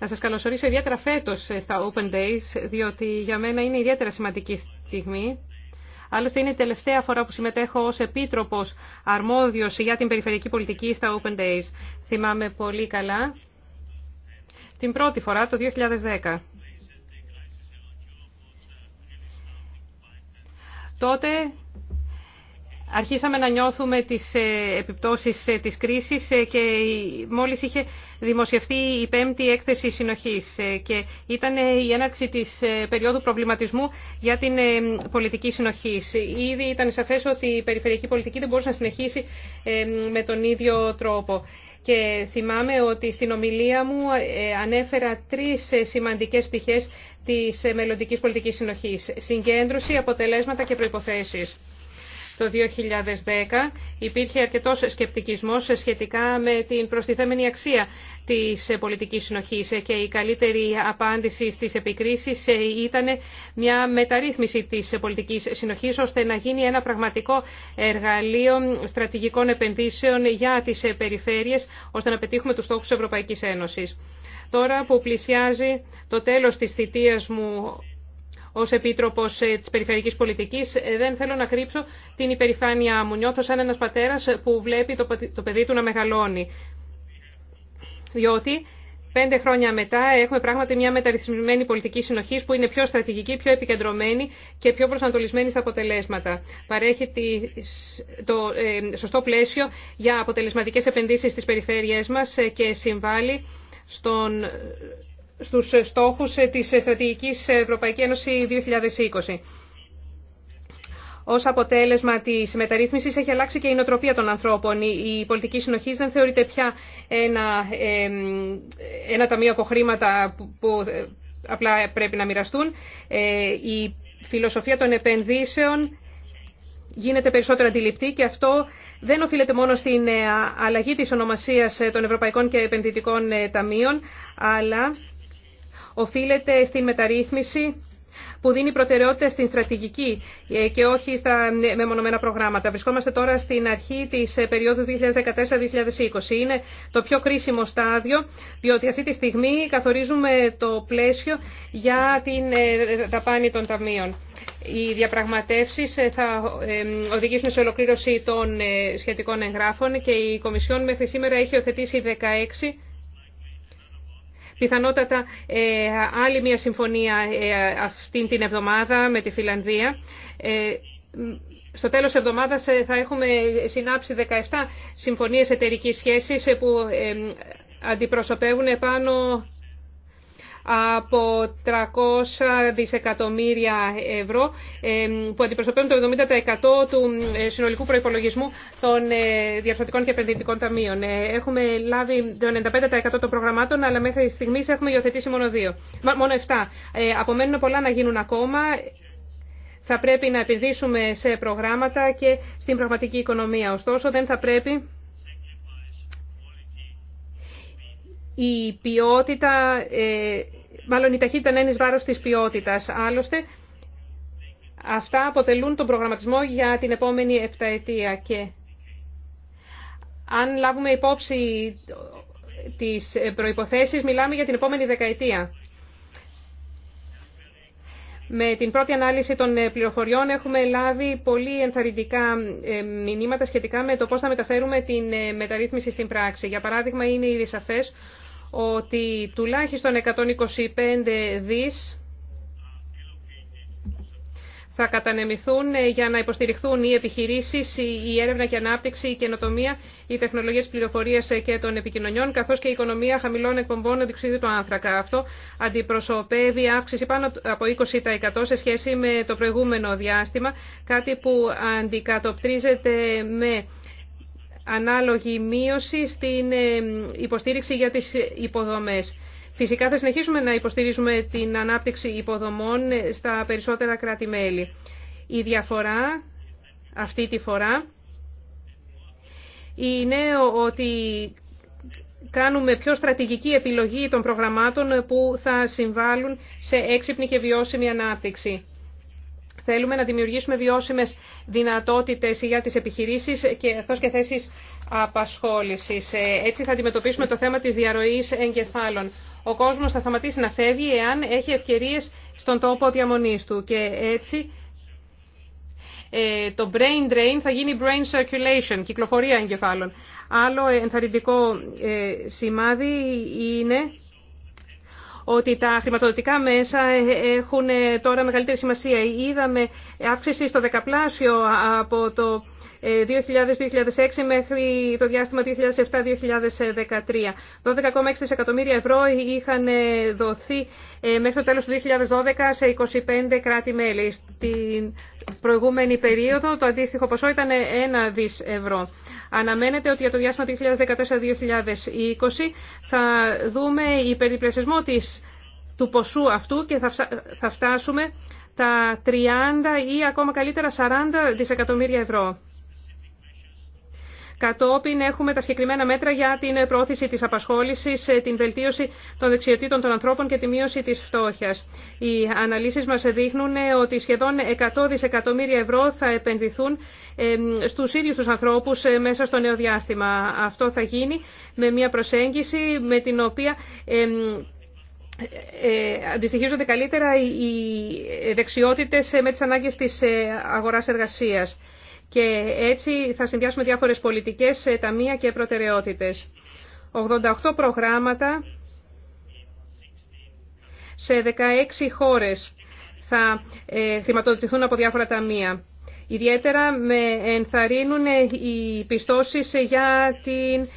Να σας καλωσορίσω ιδιαίτερα φέτος ε, στα Open Days, διότι για μένα είναι ιδιαίτερα σημαντική στιγμή. Άλλωστε είναι η τελευταία φορά που συμμετέχω ως επίτροπος αρμόδιος για την περιφερειακή πολιτική στα Open Days. Θυμάμαι πολύ καλά την πρώτη φορά το 2010. Τότε αρχίσαμε να νιώθουμε τις ε, επιπτώσεις ε, της κρίσης ε, και μόλις είχε δημοσιευτεί η πέμπτη έκθεση συνοχής και ήταν η έναρξη της περίοδου προβληματισμού για την πολιτική συνοχής. Ήδη ήταν σαφές ότι η περιφερειακή πολιτική δεν μπορούσε να συνεχίσει με τον ίδιο τρόπο. Και θυμάμαι ότι στην ομιλία μου ανέφερα τρεις σημαντικές πτυχές της μελλοντικής πολιτικής συνοχής. Συγκέντρωση, αποτελέσματα και προϋποθέσεις το 2010 υπήρχε αρκετό σκεπτικισμός σχετικά με την προστιθέμενη αξία της πολιτικής συνοχής και η καλύτερη απάντηση στις επικρίσεις ήταν μια μεταρρύθμιση της πολιτικής συνοχής ώστε να γίνει ένα πραγματικό εργαλείο στρατηγικών επενδύσεων για τις περιφέρειες ώστε να πετύχουμε τους στόχους Ευρωπαϊκής Ένωσης. Τώρα που πλησιάζει το τέλος της θητείας μου Ω Επίτροπος ε, της περιφερειακή Πολιτικής ε, δεν θέλω να κρύψω την υπερηφάνειά μου. Νιώθω σαν ένας πατέρας που βλέπει το παιδί του να μεγαλώνει. Διότι πέντε χρόνια μετά έχουμε πράγματι μια μεταρρυθμισμένη πολιτική συνοχή που είναι πιο στρατηγική, πιο επικεντρωμένη και πιο προσανατολισμένη στα αποτελέσματα. Παρέχει το ε, σωστό πλαίσιο για αποτελεσματικέ επενδύσει στις περιφέρειές μα και συμβάλλει στον στους στόχους ε, της Στρατηγικής Ευρωπαϊκή Ένωση 2020. Ω αποτέλεσμα της μεταρρύθμισης έχει αλλάξει και η νοοτροπία των ανθρώπων. Η πολιτική συνοχής δεν θεωρείται πια ένα, ένα ταμείο από χρήματα που ε, απλά πρέπει να μοιραστούν. Ε, η φιλοσοφία των επενδύσεων γίνεται περισσότερο αντιληπτή και αυτό δεν οφείλεται μόνο στην αλλαγή της ονομασίας των Ευρωπαϊκών και Επενδυτικών Ταμείων, αλλά οφείλεται στην μεταρρύθμιση που δίνει προτεραιότητα στην στρατηγική ε, και όχι στα ε, μεμονωμένα προγράμματα. Βρισκόμαστε τώρα στην αρχή τη ε, περίοδου 2014-2020. Είναι το πιο κρίσιμο στάδιο, διότι αυτή τη στιγμή καθορίζουμε το πλαίσιο για την δαπάνη των ταμείων. Οι διαπραγματεύσεις θα οδηγήσουν σε ολοκλήρωση των σχετικών εγγράφων και η Κομισιόν μέχρι σήμερα έχει οθετήσει 16 Πιθανότατα ε, άλλη μια συμφωνία ε, αυτή την εβδομάδα με τη Φιλανδία. Ε, στο τέλος εβδομάδας θα έχουμε συνάψει 17 συμφωνίες εταιρικής σχέσης που αντιπροσωπεύουν επάνω από 300 δισεκατομμύρια ευρώ ε, που αντιπροσωπεύουν το 70% του ε, συνολικού προϋπολογισμού των ε, διαρθρωτικών και επενδυτικών ταμείων. Έχουμε λάβει το 95% των προγραμμάτων, αλλά μέχρι στιγμής έχουμε υιοθετήσει μόνο, δύο, μόνο 7. Απομένουν πολλά να γίνουν ακόμα. Θα πρέπει να επενδύσουμε σε προγράμματα και στην πραγματική οικονομία. Ωστόσο, δεν θα πρέπει η ποιότητα μάλλον η ταχύτητα να είναι εις βάρος της ποιότητας. Άλλωστε, αυτά αποτελούν τον προγραμματισμό για την επόμενη επταετία και αν λάβουμε υπόψη τις προϋποθέσεις, μιλάμε για την επόμενη δεκαετία. Με την πρώτη ανάλυση των πληροφοριών έχουμε λάβει πολύ ενθαρρυντικά ε, μηνύματα σχετικά με το πώς θα μεταφέρουμε την ε, μεταρρύθμιση στην πράξη. Για παράδειγμα, είναι ήδη σαφές ότι τουλάχιστον 125 δις θα κατανεμηθούν για να υποστηριχθούν οι επιχειρήσεις, η έρευνα και ανάπτυξη, η καινοτομία, οι τεχνολογίες της πληροφορίας και των επικοινωνιών, καθώς και η οικονομία χαμηλών εκπομπών διοξείδιου του άνθρακα. Αυτό αντιπροσωπεύει αύξηση πάνω από 20% σε σχέση με το προηγούμενο διάστημα, κάτι που αντικατοπτρίζεται με ανάλογη μείωση στην ε, υποστήριξη για τις υποδομές. Φυσικά θα συνεχίσουμε να υποστηρίζουμε την ανάπτυξη υποδομών στα περισσότερα κράτη-μέλη. Η διαφορά αυτή τη φορά είναι ότι κάνουμε πιο στρατηγική επιλογή των προγραμμάτων που θα συμβάλλουν σε έξυπνη και βιώσιμη ανάπτυξη. Θέλουμε να δημιουργήσουμε βιώσιμες δυνατότητες για τις επιχειρήσεις και αυτό και θέσεις απασχόλησης. Ε, έτσι θα αντιμετωπίσουμε το θέμα της διαρροής εγκεφάλων. Ο κόσμος θα σταματήσει να φεύγει εάν έχει ευκαιρίες στον τόπο διαμονή του και έτσι ε, το brain drain θα γίνει brain circulation, κυκλοφορία εγκεφάλων. Άλλο ενθαρρυντικό ε, σημάδι είναι ότι τα χρηματοδοτικά μέσα έχουν τώρα μεγαλύτερη σημασία. Είδαμε αύξηση στο δεκαπλάσιο από το 2000-2006 ε, μέχρι το διάστημα 2007-2013. 12,6 δισεκατομμύρια ευρώ είχαν ε, δοθεί ε, μέχρι το τέλος του 2012 σε 25 κράτη-μέλη. Στην προηγούμενη περίοδο το αντίστοιχο ποσό ήταν 1 δις ευρώ. Αναμένεται ότι για το διάστημα 2014-2020 θα δούμε υπερδιπλασιασμό της, του ποσού αυτού και θα, θα φτάσουμε τα 30 ή ακόμα καλύτερα 40 δισεκατομμύρια ευρώ. Κατόπιν έχουμε τα συγκεκριμένα μέτρα για την πρόθεση της απασχόλησης, ε, την βελτίωση των δεξιοτήτων των ανθρώπων και τη μείωση της φτώχειας. Οι αναλύσεις μας δείχνουν ε, ότι σχεδόν 100 δισεκατομμύρια ευρώ θα επενδυθούν στους ίδιους τους ανθρώπους ε, μέσα στο νέο διάστημα. Αυτό θα γίνει με μια προσέγγιση με την οποία αντιστοιχίζονται καλύτερα οι δεξιότητες με τις ανάγκες της αγοράς εργασίας. Και έτσι θα συνδυάσουμε διάφορες πολιτικές, ε, ταμεία και προτεραιότητες. 88 προγράμματα σε 16 χώρες θα ε, χρηματοδοτηθούν από διάφορα ταμεία. Ιδιαίτερα με ενθαρρύνουν ε, οι πιστώσεις για την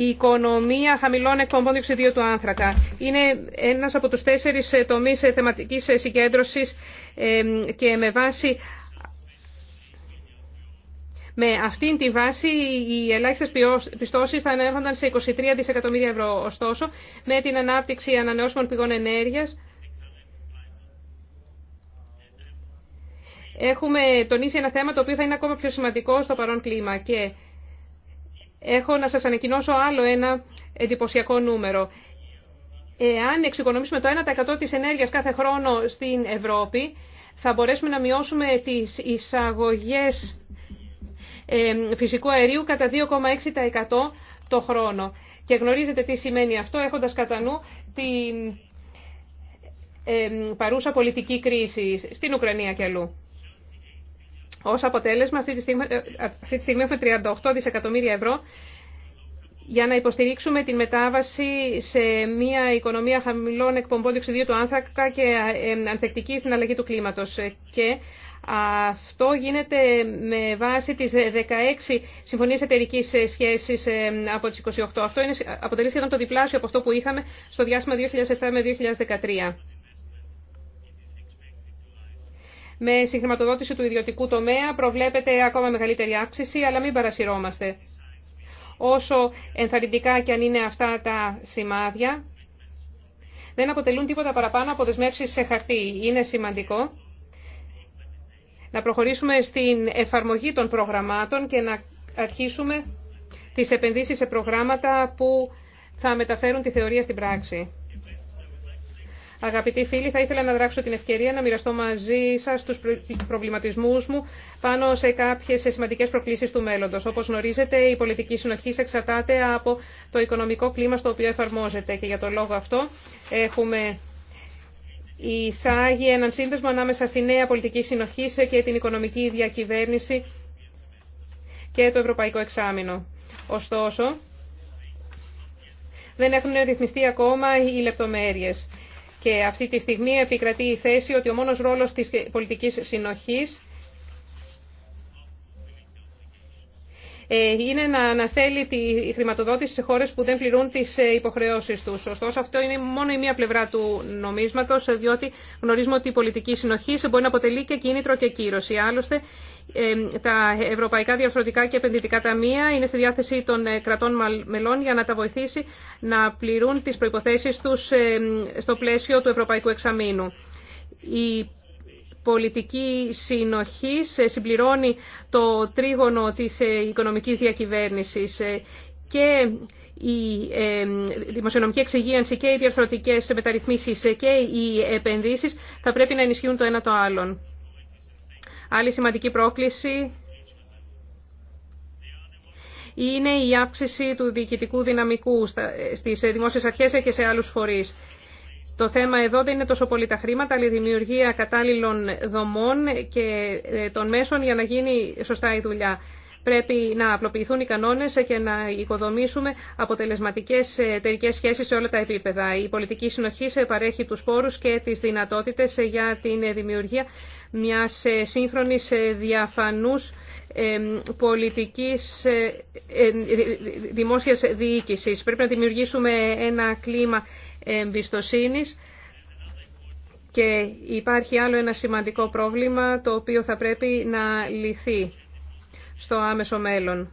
η οικονομία χαμηλών εκπομπών διοξιδίου του άνθρακα. Είναι ένας από τους τέσσερις τομείς ε, θεματικής ε, συγκέντρωσης ε, και με βάση με αυτήν τη βάση οι ελάχιστε πιστώσει θα ανέρχονταν σε 23 δισεκατομμύρια ευρώ. Ωστόσο, με την ανάπτυξη ανανεώσιμων πηγών ενέργεια. Έχουμε τονίσει ένα θέμα το οποίο θα είναι ακόμα πιο σημαντικό στο παρόν κλίμα και έχω να σας ανακοινώσω άλλο ένα εντυπωσιακό νούμερο. Εάν εξοικονομήσουμε το 1% της ενέργειας κάθε χρόνο στην Ευρώπη, θα μπορέσουμε να μειώσουμε τις εισαγωγές ε, φυσικού αερίου κατά 2,6% το χρόνο. Και γνωρίζετε τι σημαίνει αυτό έχοντας κατά νου την ε, παρούσα πολιτική κρίση στην Ουκρανία και αλλού. Ως αποτέλεσμα, αυτή τη, στιγμή, ε, αυτή έχουμε 38 δισεκατομμύρια ευρώ για να υποστηρίξουμε την μετάβαση σε μια οικονομία χαμηλών εκπομπών διοξιδίου του άνθρακα και ε, ανθεκτική στην αλλαγή του κλίματος. Ε, και αυτό γίνεται με βάση τις 16 συμφωνίες εταιρική σχέσης από τις 28. Αυτό είναι, αποτελεί σχεδόν το διπλάσιο από αυτό που είχαμε στο διάστημα 2007 με 2013. Με συγχρηματοδότηση του ιδιωτικού τομέα προβλέπεται ακόμα μεγαλύτερη αύξηση, αλλά μην παρασυρώμαστε. Όσο ενθαρρυντικά και αν είναι αυτά τα σημάδια, δεν αποτελούν τίποτα παραπάνω από δεσμεύσει σε χαρτί. Είναι σημαντικό να προχωρήσουμε στην εφαρμογή των προγραμμάτων και να αρχίσουμε τις επενδύσεις σε προγράμματα που θα μεταφέρουν τη θεωρία στην πράξη. Αγαπητοί φίλοι, θα ήθελα να δράξω την ευκαιρία να μοιραστώ μαζί σα του προβληματισμού μου πάνω σε κάποιε σημαντικέ προκλήσει του μέλλοντο. Όπω γνωρίζετε, η πολιτική συνοχή εξαρτάται από το οικονομικό κλίμα στο οποίο εφαρμόζεται και για τον λόγο αυτό έχουμε εισάγει έναν σύνδεσμο ανάμεσα στη νέα πολιτική συνοχή και την οικονομική διακυβέρνηση και το ευρωπαϊκό εξάμεινο. Ωστόσο, δεν έχουν ρυθμιστεί ακόμα οι λεπτομέρειες και αυτή τη στιγμή επικρατεί η θέση ότι ο μόνος ρόλος της πολιτικής συνοχής Ε, είναι να αναστέλει τη χρηματοδότηση σε χώρες που δεν πληρούν τις ε, υποχρεώσεις τους. Ωστόσο αυτό είναι μόνο η μία πλευρά του νομίσματος, ε, διότι γνωρίζουμε ότι η πολιτική συνοχή μπορεί να αποτελεί και κίνητρο και κύρωση. Άλλωστε, τα ευρωπαϊκά διαφορετικά και επενδυτικά ταμεία είναι στη διάθεση των κρατών μελών για να τα βοηθήσει να πληρούν τις προϋποθέσεις τους στο πλαίσιο του ευρωπαϊκού εξαμήνου. Η πολιτική συνοχή ε, συμπληρώνει το τρίγωνο της ε, οικονομικής διακυβέρνησης ε, και η δημοσιονομική εξυγίανση και οι διαρθρωτικές μεταρρυθμίσεις και οι επενδύσεις θα πρέπει να ενισχύουν το ένα το άλλον. Άλλη σημαντική πρόκληση είναι η αύξηση του διοικητικού δυναμικού στις δημόσιες αρχές και σε άλλους φορείς. Το θέμα εδώ δεν είναι τόσο πολύ τα χρήματα, αλλά η δημιουργία κατάλληλων δομών και ε, των μέσων για να γίνει σωστά η δουλειά. Πρέπει να απλοποιηθούν οι κανόνες και να οικοδομήσουμε αποτελεσματικές ε, εταιρικέ σχέσεις σε όλα τα επίπεδα. Η πολιτική συνοχή παρέχει τους πόρους και τις δυνατότητες ε, για την δημιουργία μια σύγχρονη διαφανού πολιτικής δημόσιας διοίκησης. Πρέπει να δημιουργήσουμε ένα κλίμα εμπιστοσύνης και υπάρχει άλλο ένα σημαντικό πρόβλημα το οποίο θα πρέπει να λυθεί στο άμεσο μέλλον.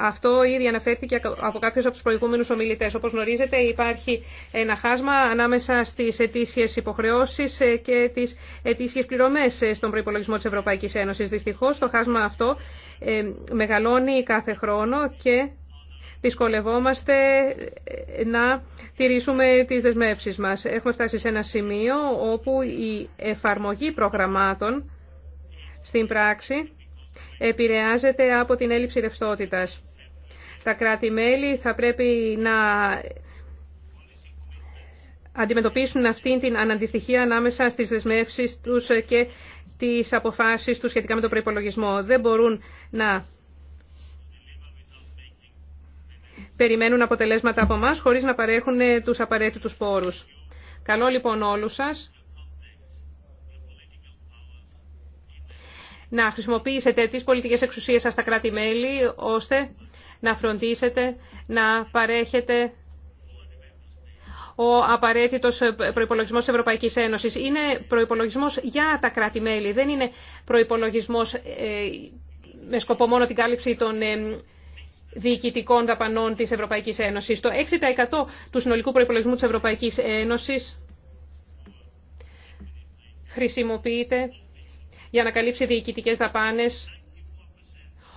Αυτό ήδη αναφέρθηκε από κάποιους από τους προηγούμενους ομιλητές. Όπως γνωρίζετε υπάρχει ένα χάσμα ανάμεσα στις ετήσιες υποχρεώσεις και τις ετήσιες πληρωμές στον προϋπολογισμό της Ευρωπαϊκής Ένωσης. Δυστυχώς το χάσμα αυτό ε, μεγαλώνει κάθε χρόνο και δυσκολευόμαστε ε, να τηρήσουμε τις δεσμεύσεις μας. Έχουμε φτάσει σε ένα σημείο όπου η εφαρμογή προγραμμάτων στην πράξη επηρεάζεται από την έλλειψη ρευστότητας. Τα κράτη-μέλη θα πρέπει να αντιμετωπίσουν αυτήν την αναντιστοιχία ανάμεσα στις δεσμεύσεις τους και τις αποφάσεις τους σχετικά με τον προϋπολογισμό. Δεν μπορούν να περιμένουν αποτελέσματα από εμά χωρίς να παρέχουν ε, τους απαραίτητους πόρους. Καλό λοιπόν όλους σας να χρησιμοποιήσετε τις πολιτικές εξουσίες σας στα κράτη-μέλη ώστε να φροντίσετε να παρέχετε ο απαραίτητο προπολογισμό τη Ευρωπαϊκή Ένωση. Είναι προπολογισμό για τα κράτη-μέλη. Δεν είναι προπολογισμό ε, με σκοπό μόνο την κάλυψη των ε, διοικητικών δαπανών της Ευρωπαϊκής Ένωσης. Το 6% του συνολικού προϋπολογισμού της Ευρωπαϊκής Ένωσης χρησιμοποιείται για να καλύψει διοικητικές δαπάνες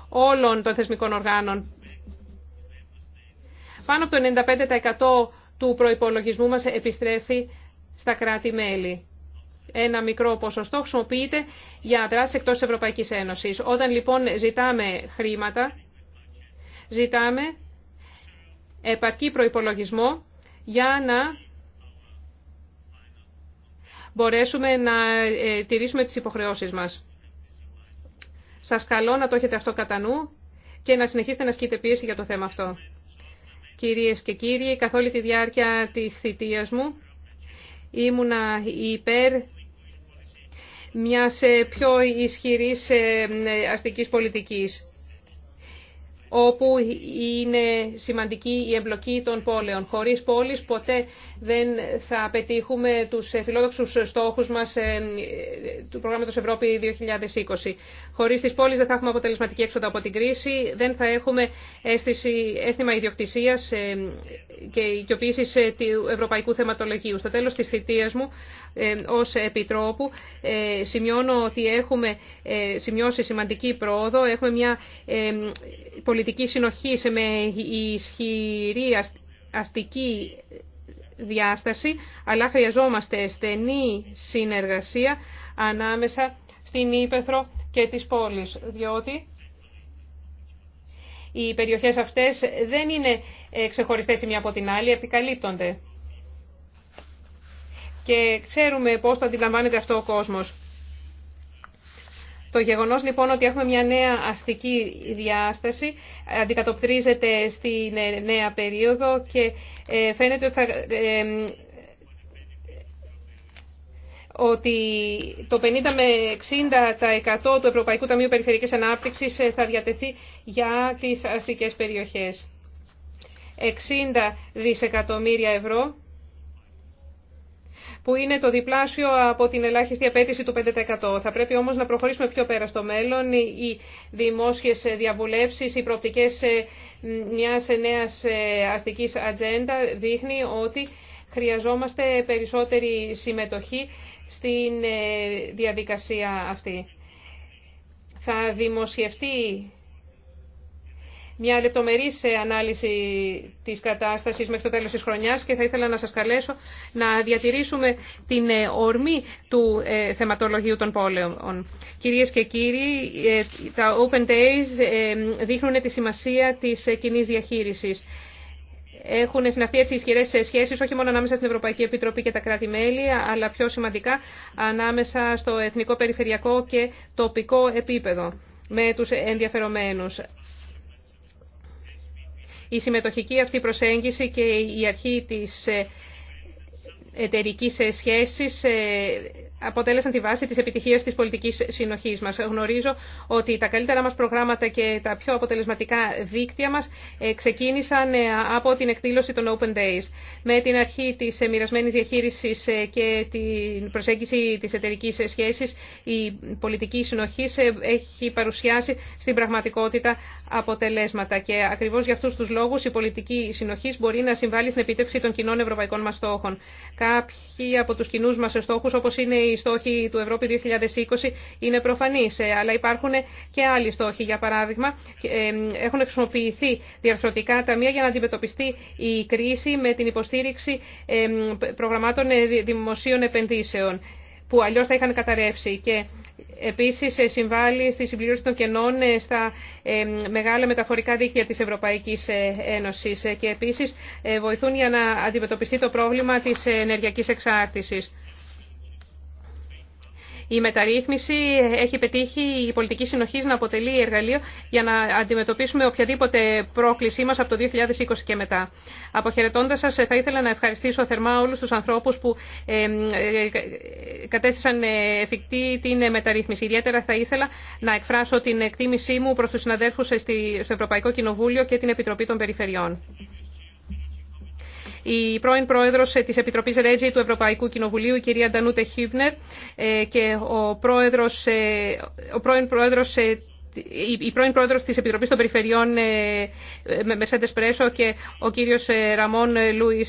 όλων των θεσμικών οργάνων. Πάνω από το 95% του προϋπολογισμού μας επιστρέφει στα κράτη-μέλη. Ένα μικρό ποσοστό χρησιμοποιείται για δράσεις εκτός της Ευρωπαϊκής Ένωσης. Όταν λοιπόν ζητάμε χρήματα, ζητάμε επαρκή προϋπολογισμό για να μπορέσουμε να ε, τηρήσουμε τις υποχρεώσεις μας. Σας καλώ να το έχετε αυτό κατά νου και να συνεχίσετε να ασκείτε πίεση για το θέμα αυτό. Κυρίες και κύριοι, καθ' όλη τη διάρκεια της θητείας μου ήμουνα υπέρ μιας ε, πιο ισχυρής ε, αστικής πολιτικής όπου είναι σημαντική η εμπλοκή των πόλεων. Χωρίς πόλεις ποτέ δεν θα πετύχουμε τους φιλόδοξους στόχους μας ε, του προγράμματος Ευρώπη 2020. Χωρίς τις πόλεις δεν θα έχουμε αποτελεσματική έξοδο από την κρίση, δεν θα έχουμε αίσθηση, αίσθημα ιδιοκτησίας ε, και οικειοποίησης ε, του ευρωπαϊκού θεματολογίου. Στο τέλος της θητείας μου ε, ως Επιτρόπου. Ε, σημειώνω ότι έχουμε ε, σημειώσει σημαντική πρόοδο. Έχουμε μια πολιτική συνοχή με ισχυρή αστική διάσταση, αλλά χρειαζόμαστε στενή συνεργασία ανάμεσα στην Ήπεθρο και τις πόλεις, διότι οι περιοχές αυτές δεν είναι ξεχωριστές η μία από την άλλη, επικαλύπτονται και ξέρουμε πώς το αντιλαμβάνεται αυτό ο κόσμος. Το γεγονός λοιπόν ότι έχουμε μια νέα αστική διάσταση αντικατοπτρίζεται στη ε, νέα περίοδο και ε, φαίνεται ότι ε, ότι το 50 με 60% του Ευρωπαϊκού Ταμείου Περιφερειακής Ανάπτυξης θα διατεθεί για τις αστικές περιοχές. 60 δισεκατομμύρια ευρώ που είναι το διπλάσιο από την ελάχιστη απέτηση του 5%. Θα πρέπει όμως να προχωρήσουμε πιο πέρα στο μέλλον. Οι δημόσιες διαβουλεύσεις, οι προοπτικές ε, μιας νέας ε, αστικής ατζέντα δείχνει ότι χρειαζόμαστε περισσότερη συμμετοχή στην ε, διαδικασία αυτή. Θα δημοσιευτεί μια λεπτομερή ε, ανάλυση της κατάστασης μέχρι το τέλος της χρονιάς και θα ήθελα να σας καλέσω να διατηρήσουμε την ε, ορμή του ε, θεματολογίου των πόλεων. Κυρίες και κύριοι, τα Open Days δείχνουν τη σημασία της κοινή διαχείρισης. Έχουν συναυτεί έτσι ισχυρές σχέσεις όχι μόνο ανάμεσα στην Ευρωπαϊκή Επιτροπή και τα κράτη-μέλη, αλλά πιο σημαντικά ανάμεσα στο εθνικό, περιφερειακό και τοπικό επίπεδο με τους ενδιαφερομένους. Η συμμετοχική αυτή προσέγγιση και η αρχή της ε, εταιρικής ε, σχέσης ε, αποτέλεσαν τη βάση της επιτυχίας της πολιτικής συνοχής μας. Γνωρίζω ότι τα καλύτερα μας προγράμματα και τα πιο αποτελεσματικά δίκτυα μας ε, ξεκίνησαν ε, από την εκδήλωση των Open Days. Με την αρχή της ε, μοιρασμένης διαχείρισης και την προσέγγιση της εταιρική σχέσης, η πολιτική συνοχή έχει παρουσιάσει στην πραγματικότητα αποτελέσματα. Και ακριβώς για αυτούς τους λόγους η πολιτική συνοχή μπορεί να συμβάλλει στην επίτευξη των κοινών ευρωπαϊκών μας στόχων. Κάποιοι από τους κοινούς μας στόχους, όπως είναι οι στόχοι του Ευρώπη 2020 είναι προφανείς, ε, αλλά υπάρχουν και άλλοι στόχοι. Για παράδειγμα, ε, έχουν χρησιμοποιηθεί διαρθρωτικά ταμεία για να αντιμετωπιστεί η κρίση με την υποστήριξη ε, προγραμμάτων δημοσίων επενδύσεων που αλλιώ θα είχαν καταρρεύσει και επίσης συμβάλλει στη συμπληρώση των κενών στα μεγάλα μεταφορικά δίκτυα τη Ευρωπαϊκή Ένωση, και επίσης βοηθούν για να αντιμετωπιστεί το πρόβλημα τη ενεργειακή εξάρτηση. Η μεταρρύθμιση έχει πετύχει η πολιτική συνοχή να αποτελεί εργαλείο για να αντιμετωπίσουμε οποιαδήποτε πρόκλησή μα από το 2020 και μετά. Αποχαιρετώντα σα, θα ήθελα να ευχαριστήσω θερμά όλου του ανθρώπου που ε, ε, κατέστησαν εφικτή την μεταρρύθμιση. Ιδιαίτερα θα ήθελα να εκφράσω την εκτίμησή μου προ του συναδέλφου στο Ευρωπαϊκό Κοινοβούλιο και την Επιτροπή των Περιφερειών η πρώην πρόεδρος ε, της Επιτροπής Ρέτζη του Ευρωπαϊκού Κοινοβουλίου, η κυρία Ντανούτε Χίβνερ, ε, και ο, πρόεδρος, ε, ο πρώην πρόεδρος η πρώην πρόεδρο τη Επιτροπή των Περιφερειών ε, Μερσέντε Πρέσο και ο κύριο Ραμόν Λούι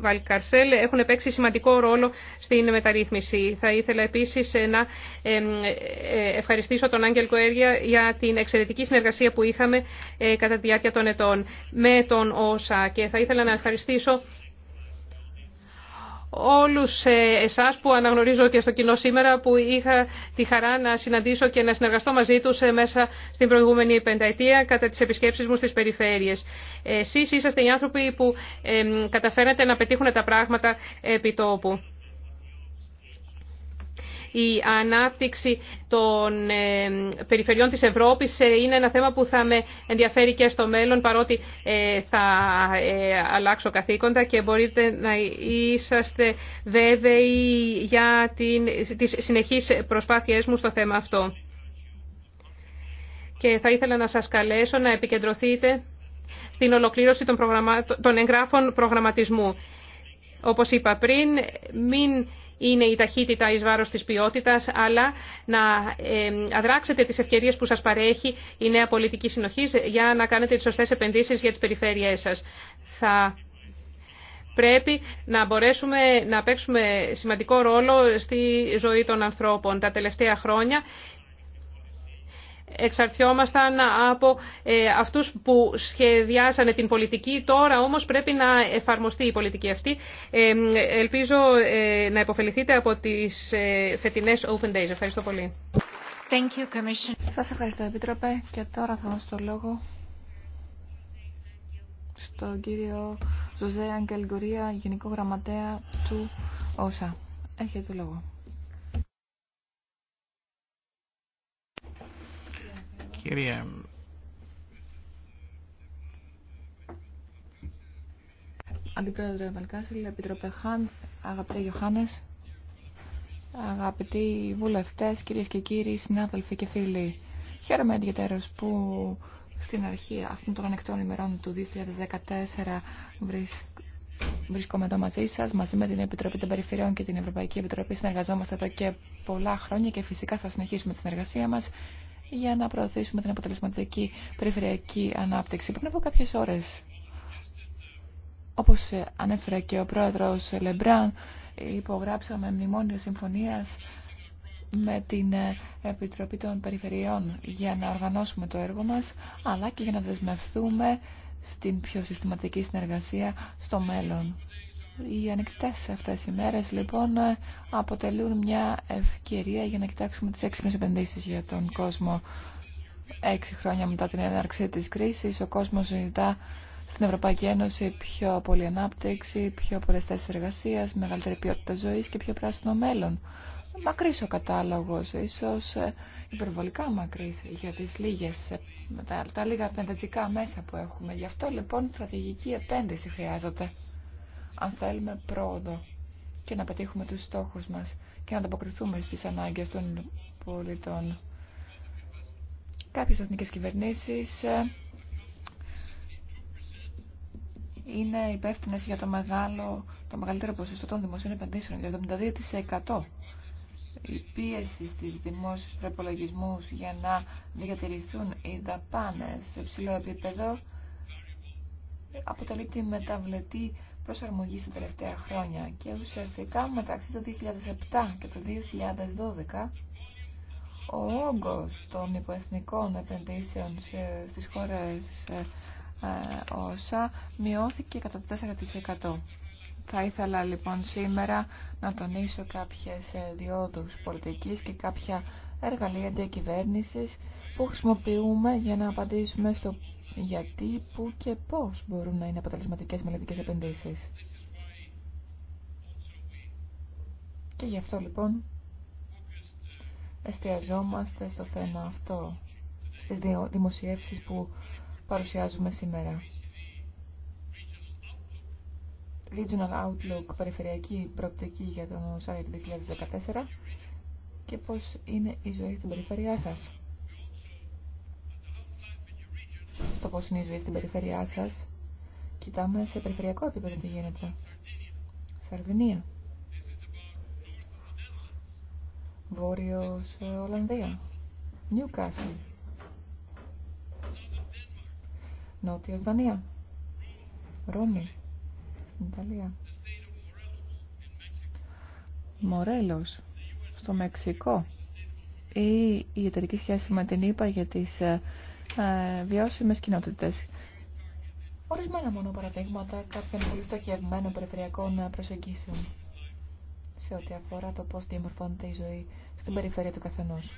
Βαλκαρσέλ έχουν παίξει σημαντικό ρόλο στην μεταρρύθμιση. Θα ήθελα επίση ε, να ε, ευχαριστήσω τον Άγγελ Κοέρια για την εξαιρετική συνεργασία που είχαμε κατά τη διάρκεια των ετών με τον ΩΣΑ και θα ήθελα να ευχαριστήσω όλους ε, εσάς που αναγνωρίζω και στο κοινό σήμερα που είχα τη χαρά να συναντήσω και να συνεργαστώ μαζί τους ε, μέσα στην προηγούμενη πενταετία κατά τις επισκέψεις μου στις περιφέρειες. Εσείς είσαστε οι άνθρωποι που καταφέρατε να πετύχουν τα πράγματα επί τόπου η ανάπτυξη των ε, περιφερειών της Ευρώπης ε, είναι ένα θέμα που θα με ενδιαφέρει και στο μέλλον παρότι ε, θα αλλάξω καθήκοντα και μπορείτε να είσαστε βέβαιοι για την, τις συνεχείς προσπάθειές μου στο θέμα αυτό. Και θα ήθελα να σας καλέσω να επικεντρωθείτε στην ολοκλήρωση των, των εγγράφων προγραμματισμού. Όπως είπα πριν, μην είναι η ταχύτητα εις βάρος της ποιότητας, αλλά να αδράξετε τις ευκαιρίες που σας παρέχει η νέα πολιτική συνοχή για να κάνετε τις σωστές επενδύσεις για τις περιφέρειές σας. Θα πρέπει να μπορέσουμε να παίξουμε σημαντικό ρόλο στη ζωή των ανθρώπων. Τα τελευταία χρόνια εξαρτιόμασταν από ε, αυτούς που σχεδιάσανε την πολιτική. Τώρα όμως πρέπει να εφαρμοστεί η πολιτική αυτή. Ε, ελπίζω ε, να υποφεληθείτε από τις φετινές Open Days. Ευχαριστώ πολύ. Thank you, Σας ευχαριστώ, Επίτροπε. Και τώρα θα δώσω το λόγο στον κύριο Ζωζέ Αγγελγκορία, Γενικό Γραμματέα του ΩΣΑ. Έχετε το λόγο. Κύριε... Αντιπρόεδρε Βαλκάσιλ, Επιτροπέ Χάν, αγαπητέ Γιωχάνες, αγαπητοί βουλευτές, κυρίες και κύριοι, συνάδελφοι και φίλοι. Χαίρομαι ιδιαίτερως που στην αρχή αυτών των ανεκτών ημερών του 2014 βρίσκω Βρίσκομαι εδώ μαζί σα, μαζί με την Επιτροπή των Περιφερειών και την Ευρωπαϊκή Επιτροπή. Συνεργαζόμαστε εδώ και πολλά χρόνια και φυσικά θα συνεχίσουμε τη συνεργασία μα για να προωθήσουμε την αποτελεσματική περιφερειακή ανάπτυξη. Πριν από κάποιες ώρες, όπως ανέφερε και ο πρόεδρος Λεμπράν, υπογράψαμε μνημόνιο συμφωνία με την Επιτροπή των Περιφερειών για να οργανώσουμε το έργο μας, αλλά και για να δεσμευθούμε στην πιο συστηματική συνεργασία στο μέλλον. Οι ανοιχτές αυτές οι μέρες λοιπόν αποτελούν μια ευκαιρία για να κοιτάξουμε τις έξυπνες επενδύσεις για τον κόσμο. Έξι χρόνια μετά την έναρξη της κρίσης ο κόσμος ζητά στην Ευρωπαϊκή Ένωση πιο πολλή ανάπτυξη, πιο πολλέ θέσει εργασία, μεγαλύτερη ποιότητα ζωή και πιο πράσινο μέλλον. Μακρύ ο κατάλογο, ίσω ε, υπερβολικά μακρύ για τις λίγες, ε, τα, τα λίγα επενδυτικά μέσα που έχουμε. Γι' αυτό λοιπόν στρατηγική επένδυση χρειάζεται αν θέλουμε πρόοδο και να πετύχουμε τους στόχους μας και να ανταποκριθούμε στις ανάγκες των πολιτών. Κάποιες εθνικές κυβερνήσεις ε, είναι υπεύθυνε για το, μεγάλο, το μεγαλύτερο ποσοστό των δημοσίων επενδύσεων, για 72%. Η πίεση στις δημόσιες προπολογισμού για να διατηρηθούν οι δαπάνες σε ψηλό επίπεδο αποτελεί τη μεταβλητή προσαρμογή στα τελευταία χρόνια και ουσιαστικά μεταξύ του 2007 και το 2012 ο όγκος των υποεθνικών επενδύσεων στις χώρες ε, ε, όσα μειώθηκε κατά 4%. Θα ήθελα λοιπόν σήμερα να τονίσω κάποιες διόδους πολιτικής και κάποια εργαλεία διακυβέρνησης που χρησιμοποιούμε για να απαντήσουμε στο γιατί, πού και πώς μπορούν να είναι αποτελεσματικές μελλοντικές επενδύσεις. Και γι' αυτό λοιπόν εστιαζόμαστε στο θέμα αυτό, στις δημοσιεύσεις που παρουσιάζουμε σήμερα. Regional Outlook, περιφερειακή προοπτική για τον ΣΑΕΚ 2014 και πώς είναι η ζωή στην περιφερειά σας. το πώς είναι η ζωή στην περιφέρειά σας. Κοιτάμε σε περιφερειακό επίπεδο τι γίνεται. Σαρδινία. Βόρειος Ολλανδία. Νιουκάσιλ. Νότιος Δανία. Ρώμη. Στην Ιταλία. Μορέλος. Στο Μεξικό. Ή η εταιρική σχέση με την ΗΠΑ για τις ε, ε, βιώσιμες κοινότητες. Ορισμένα μόνο παραδείγματα κάποιων πολύ στοχευμένων περιφερειακών προσεγγίσεων σε ό,τι αφορά το πώς διαμορφώνεται η ζωή στην περιφέρεια του καθενός.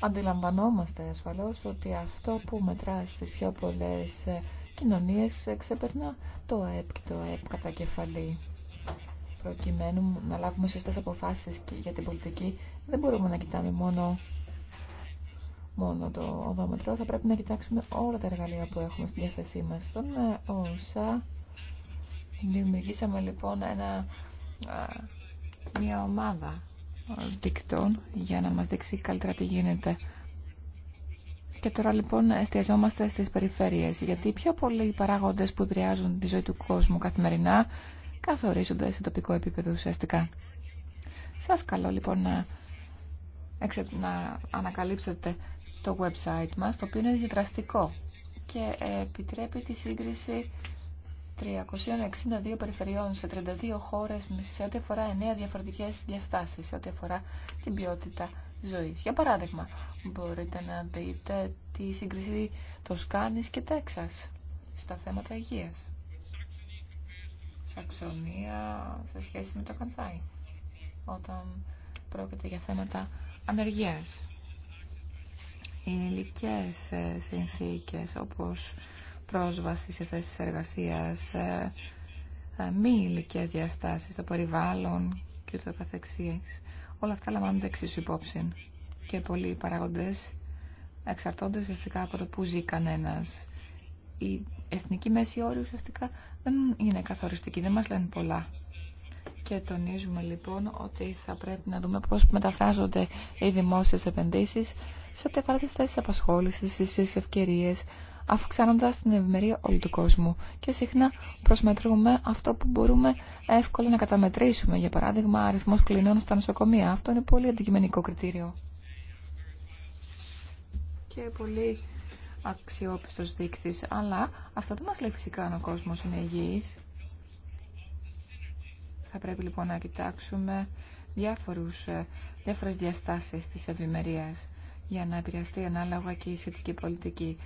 Αντιλαμβανόμαστε ασφαλώς ότι αυτό που μετρά στις πιο πολλές ε, κοινωνίες ε, ξεπερνά το ΑΕΠ και το ΑΕΠ κατά κεφαλή. Προκειμένου να λάβουμε σωστές αποφάσεις για την πολιτική, δεν μπορούμε να κοιτάμε μόνο μόνο το οδόμετρο, θα πρέπει να κοιτάξουμε όλα τα εργαλεία που έχουμε στη διάθεσή μας. Στον ΩΣΑ ε, δημιουργήσαμε λοιπόν ένα, μια ομάδα δικτών για να μας δείξει καλύτερα τι γίνεται. Και τώρα λοιπόν εστιαζόμαστε στις περιφέρειες, γιατί πιο πολλοί παράγοντες που επηρεάζουν τη ζωή του κόσμου καθημερινά καθορίζονται σε τοπικό επίπεδο ουσιαστικά. Σας καλώ λοιπόν να, να ανακαλύψετε το website μας, το οποίο είναι διαδραστικό και επιτρέπει τη σύγκριση 362 περιφερειών σε 32 χώρες σε ό,τι αφορά 9 διαφορετικές διαστάσεις, σε ό,τι αφορά την ποιότητα ζωής. Για παράδειγμα, μπορείτε να δείτε τη σύγκριση Τοσκάνης και Τέξας στα θέματα υγείας. Σαξονία σε σχέση με το Κανθάι, όταν πρόκειται για θέματα ανεργίας υλικές ε, συνθήκες όπως πρόσβαση σε θέσεις εργασίας, ε, ε, μη υλικέ διαστάσεις, το περιβάλλον και το καθεξής. Όλα αυτά λαμβάνονται εξίσου υπόψη και πολλοί παράγοντες εξαρτώνται ουσιαστικά από το που ζει κανένας. Η εθνική μέση όρη ουσιαστικά δεν είναι καθοριστική, δεν μας λένε πολλά. Και τονίζουμε λοιπόν ότι θα πρέπει να δούμε πώς μεταφράζονται οι δημόσιες επενδύσεις σε ό,τι αφορά τι θέσει απασχόληση, τι ευκαιρίε, αυξάνοντα την ευημερία όλου του κόσμου. Και συχνά προσμετρούμε αυτό που μπορούμε εύκολα να καταμετρήσουμε. Για παράδειγμα, αριθμό κλινών στα νοσοκομεία. Αυτό είναι πολύ αντικειμενικό κριτήριο. Και πολύ αξιόπιστος δείκτης, αλλά αυτό δεν μας λέει φυσικά αν ο κόσμος είναι υγιής. Θα πρέπει λοιπόν να κοιτάξουμε διάφορους, ε, διάφορες διαστάσεις της ευημερίας για να επηρεαστεί ανάλογα και η σχετική πολιτική.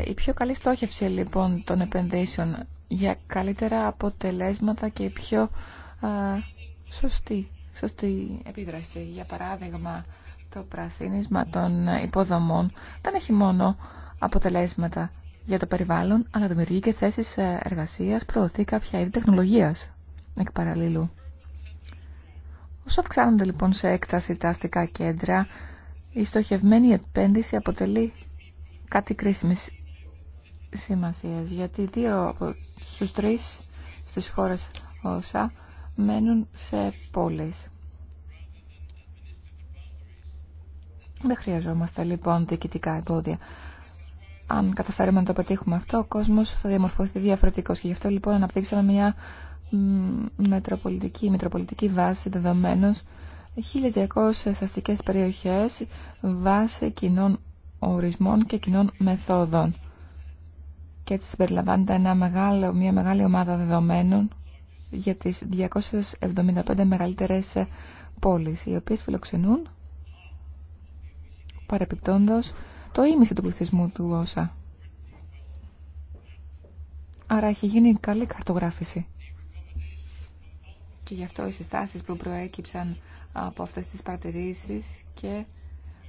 Ε, η πιο καλή στόχευση λοιπόν των επενδύσεων για καλύτερα αποτελέσματα και πιο σωστή, σωστή επίδραση. Για παράδειγμα, το πρασίνισμα των υποδομών δεν έχει μόνο αποτελέσματα για το περιβάλλον, αλλά δημιουργεί και θέσεις ε, εργασίας, προωθεί κάποια είδη τεχνολογίας εκ παραλληλού. Όσο αυξάνονται λοιπόν σε έκταση τα αστικά κέντρα, η στοχευμένη επένδυση αποτελεί κάτι κρίσιμη σημασία, γιατί δύο από στους τρεις στις χώρες όσα μένουν σε πόλεις. Δεν χρειαζόμαστε λοιπόν διοικητικά εμπόδια. Αν καταφέρουμε να το πετύχουμε αυτό, ο κόσμος θα διαμορφωθεί διαφορετικός και γι' αυτό λοιπόν αναπτύξαμε μια μετροπολιτική, μετροπολιτική βάση δεδομένων 1.200 αστικές περιοχές βάσει κοινών ορισμών και κοινών μεθόδων. Και έτσι συμπεριλαμβάνεται μια μεγάλη ομάδα δεδομένων για τις 275 μεγαλύτερες πόλεις, οι οποίες φιλοξενούν παρεπιπτόντος το ίμιση του πληθυσμού του ΩΣΑ. Άρα έχει γίνει καλή καρτογράφηση. Και γι' αυτό οι συστάσεις που προέκυψαν από αυτές τις παρατηρήσεις και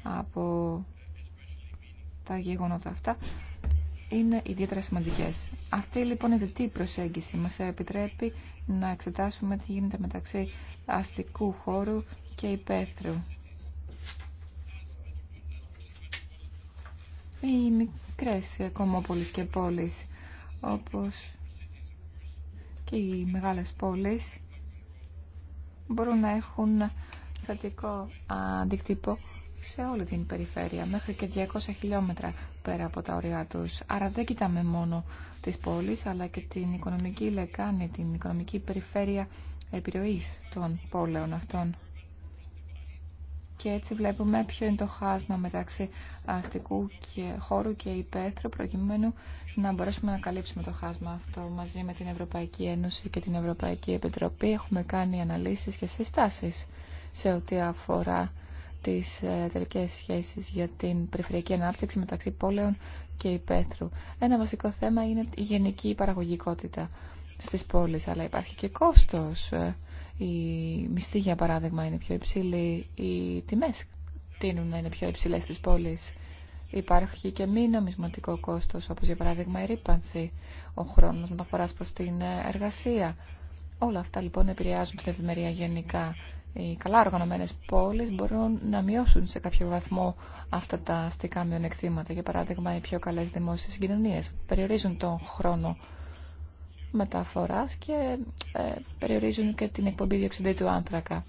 από τα γεγονότα αυτά είναι ιδιαίτερα σημαντικές. Αυτή λοιπόν η δυτή προσέγγιση μας επιτρέπει να εξετάσουμε τι γίνεται μεταξύ αστικού χώρου και υπαίθρου. Οι μικρές κομμόπολεις και πόλεις όπως και οι μεγάλες πόλεις μπορούν να έχουν θετικό αντικτύπο σε όλη την περιφέρεια, μέχρι και 200 χιλιόμετρα πέρα από τα ωριά τους. Άρα δεν κοιτάμε μόνο τις πόλεις, αλλά και την οικονομική λεκάνη, την οικονομική περιφέρεια επιρροής των πόλεων αυτών. Και έτσι βλέπουμε ποιο είναι το χάσμα μεταξύ αστικού και χώρου και υπαίθρου, προκειμένου να μπορέσουμε να καλύψουμε το χάσμα αυτό μαζί με την Ευρωπαϊκή Ένωση και την Ευρωπαϊκή Επιτροπή. Έχουμε κάνει αναλύσεις και συστάσεις σε ό,τι αφορά τις ε, εταιρικές σχέσεις για την περιφερειακή ανάπτυξη μεταξύ πόλεων και υπαίθρου. Ένα βασικό θέμα είναι η γενική παραγωγικότητα στις πόλεις, αλλά υπάρχει και κόστος. Οι ε, μισθοί, για παράδειγμα, είναι πιο υψηλή, οι τιμές τείνουν να είναι πιο υψηλές στις πόλεις. Υπάρχει και μη νομισματικό κόστος, όπως για παράδειγμα η ρήπανση, ο χρόνος μεταφοράς προς την ε, εργασία. Όλα αυτά λοιπόν επηρεάζουν την ευημερία γενικά οι καλά οργανωμένες πόλεις μπορούν να μειώσουν σε κάποιο βαθμό αυτά τα αστικά μειονεκτήματα. Για παράδειγμα, οι πιο καλές δημόσιες συγκοινωνίες περιορίζουν τον χρόνο μεταφοράς και ε, περιορίζουν και την εκπομπή διοξυντή του άνθρακα.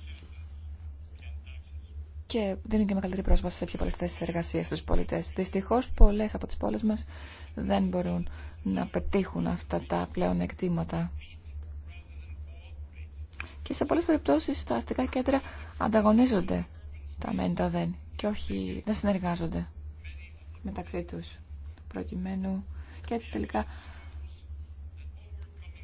Και δίνουν και μεγαλύτερη πρόσβαση σε πιο πολλές θέσεις εργασίας στους πολιτές. Δυστυχώς, πολλές από τις πόλεις μας δεν μπορούν να πετύχουν αυτά τα πλέον εκτήματα. Και σε πολλές περιπτώσεις τα αστικά κέντρα ανταγωνίζονται τα μεν τα δεν και όχι δεν συνεργάζονται μεταξύ τους προκειμένου και έτσι τελικά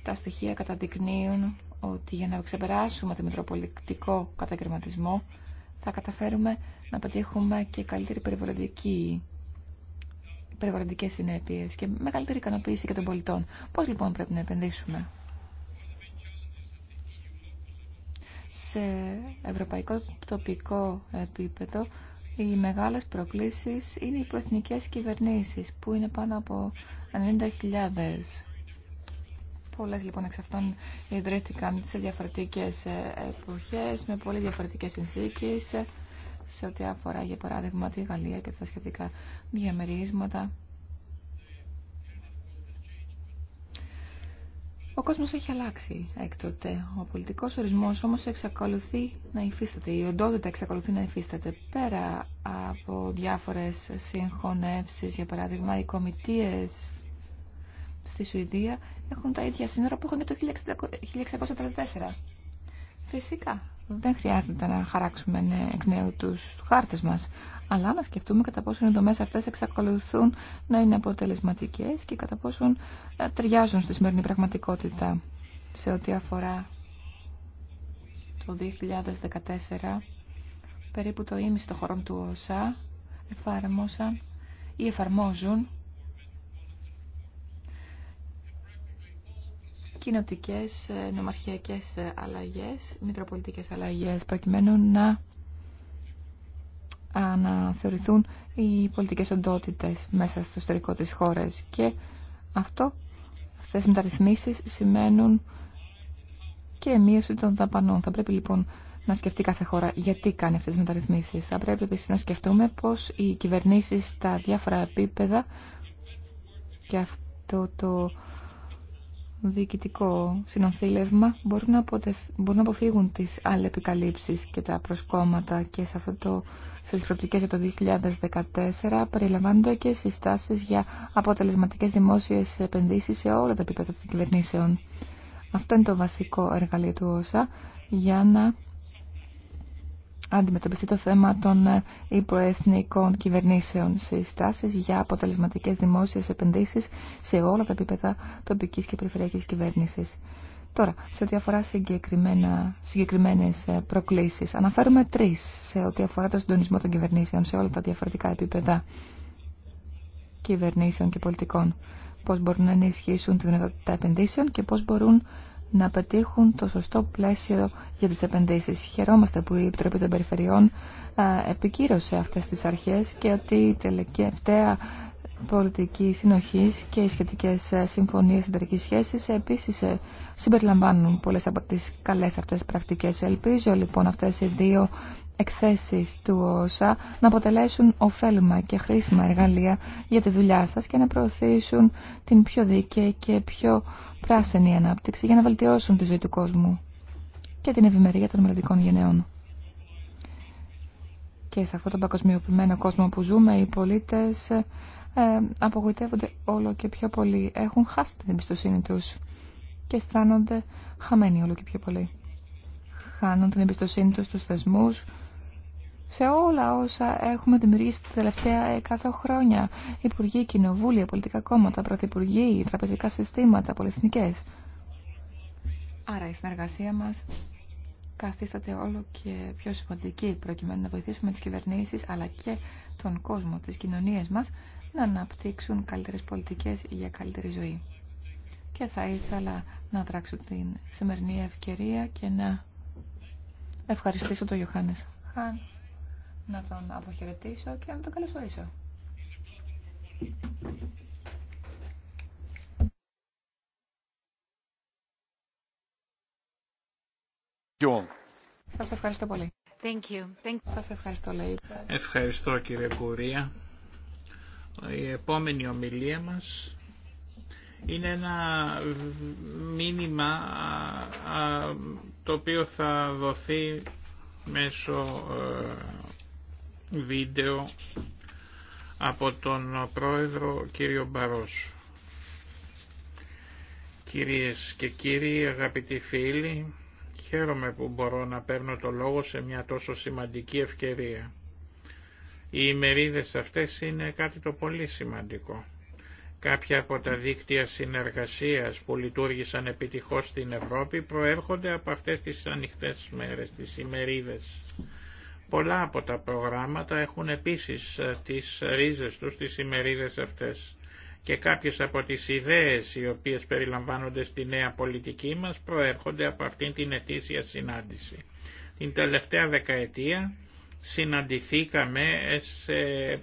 τα στοιχεία καταδεικνύουν ότι για να ξεπεράσουμε το μετροπολιτικό κατακριματισμό θα καταφέρουμε να πετύχουμε και καλύτερη περιβαλλοντική περιβαλλοντικές συνέπειες και μεγαλύτερη ικανοποίηση και των πολιτών. Πώς λοιπόν πρέπει να επενδύσουμε. σε ευρωπαϊκό τοπικό επίπεδο οι μεγάλες προκλήσεις είναι οι προεθνικές κυβερνήσεις που είναι πάνω από 90.000. Πολλές λοιπόν εξ αυτών ιδρύθηκαν σε διαφορετικές ε, εποχές, με πολύ διαφορετικές συνθήκες σε ό,τι αφορά για παράδειγμα τη Γαλλία και τα σχετικά διαμερίσματα Ο κόσμος έχει αλλάξει έκτοτε. Ο πολιτικός ορισμός όμως εξακολουθεί να υφίσταται. Η οντότητα εξακολουθεί να υφίσταται. Πέρα από διάφορες συγχωνεύσεις, για παράδειγμα οι κομιτείες στη Σουηδία έχουν τα ίδια σύνορα που έχουν το 1634. Φυσικά δεν χρειάζεται να χαράξουμε εκ νέου του χάρτες μας, αλλά να σκεφτούμε κατά πόσο οι δομέ αυτές εξακολουθούν να είναι αποτελεσματικές και κατά πόσο ε, ταιριάζουν στη σημερινή πραγματικότητα σε ό,τι αφορά το 2014 περίπου το ίμιση των χωρών του ΩΣΑ εφαρμόσαν ή εφαρμόζουν κοινοτικές ε, νομαρχιακές ε, αλλαγές, μητροπολιτικές αλλαγές, προκειμένου να αναθεωρηθούν οι πολιτικές οντότητες μέσα στο ιστορικό της χώρας και αυτό αυτές οι μεταρρυθμίσεις σημαίνουν και μείωση των δαπανών. Θα πρέπει λοιπόν να σκεφτεί κάθε χώρα γιατί κάνει αυτές τις μεταρρυθμίσεις. Θα πρέπει επίσης να σκεφτούμε πως οι κυβερνήσεις στα διάφορα επίπεδα και αυτό το διοικητικό συνοθήλευμα μπορούν να, μπορούν να αποφύγουν τις αλληλεπικαλύψεις και τα προσκόμματα και σε αυτό το, στις για το 2014 περιλαμβάνονται και συστάσεις για αποτελεσματικές δημόσιες επενδύσεις σε όλα τα επίπεδα των κυβερνήσεων. Αυτό είναι το βασικό εργαλείο του ΩΣΑ για να αντιμετωπιστεί το θέμα των ε, υποεθνικών κυβερνήσεων τάσει για αποτελεσματικές δημόσιες επενδύσεις σε όλα τα επίπεδα τοπικής και περιφερειακής κυβέρνησης. Τώρα, σε ό,τι αφορά συγκεκριμένε συγκεκριμένες ε, προκλήσεις, αναφέρουμε τρεις σε ό,τι αφορά το συντονισμό των κυβερνήσεων σε όλα τα διαφορετικά επίπεδα κυβερνήσεων και πολιτικών. Πώς μπορούν να ενισχύσουν τη δυνατότητα επενδύσεων και πώς μπορούν να πετύχουν το σωστό πλαίσιο για τις επενδύσεις. Χαιρόμαστε που η Επιτροπή των Περιφερειών επικύρωσε αυτές τις αρχές και ότι η τελευταία πολιτική συνοχή και οι σχετικέ ε, συμφωνίε εταιρική σχέση ε, επίση ε, συμπεριλαμβάνουν πολλέ από τι καλέ αυτέ πρακτικέ. Ελπίζω λοιπόν αυτέ οι δύο εκθέσει του ΩΣΑ να αποτελέσουν ωφέλιμα και χρήσιμα εργαλεία για τη δουλειά σα και να προωθήσουν την πιο δίκαιη και πιο πράσινη ανάπτυξη για να βελτιώσουν τη ζωή του κόσμου και την ευημερία των μελλοντικών γενναιών. Και σε αυτόν τον παγκοσμιοποιημένο κόσμο που ζούμε, οι πολίτες ε, απογοητεύονται όλο και πιο πολύ. Έχουν χάσει την εμπιστοσύνη τους και αισθάνονται χαμένοι όλο και πιο πολύ. Χάνουν την εμπιστοσύνη τους στους θεσμούς, σε όλα όσα έχουμε δημιουργήσει τα τελευταία 100 χρόνια. Υπουργοί, κοινοβούλια, πολιτικά κόμματα, πρωθυπουργοί, τραπεζικά συστήματα, πολυεθνικές. Άρα η συνεργασία μας καθίσταται όλο και πιο σημαντική προκειμένου να βοηθήσουμε τις κυβερνήσεις αλλά και τον κόσμο, τις κοινωνίες μας να αναπτύξουν καλύτερες πολιτικές για καλύτερη ζωή. Και θα ήθελα να τράξω την σημερινή ευκαιρία και να ευχαριστήσω τον Ιωάννης Χάν, να τον αποχαιρετήσω και να τον καλωσορίσω. Σας ευχαριστώ πολύ. Thank you. Thank you. Σας ευχαριστώ, Ευχαριστώ, κύριε Κουρία. Η επόμενη ομιλία μας είναι ένα μήνυμα το οποίο θα δοθεί μέσω ε, βίντεο από τον πρόεδρο κύριο Μπαρός. Κυρίες και κύριοι, αγαπητοί φίλοι, χαίρομαι που μπορώ να παίρνω το λόγο σε μια τόσο σημαντική ευκαιρία. Οι ημερίδες αυτές είναι κάτι το πολύ σημαντικό. Κάποια από τα δίκτυα συνεργασίας που λειτουργήσαν επιτυχώς στην Ευρώπη προέρχονται από αυτές τις ανοιχτές μέρες, τις ημερίδες. Πολλά από τα προγράμματα έχουν επίσης ε, τις ρίζες τους στις ημερίδες αυτές και κάποιες από τις ιδέες οι οποίες περιλαμβάνονται στη νέα πολιτική μας προέρχονται από αυτήν την ετήσια συνάντηση. Την τελευταία δεκαετία συναντηθήκαμε σε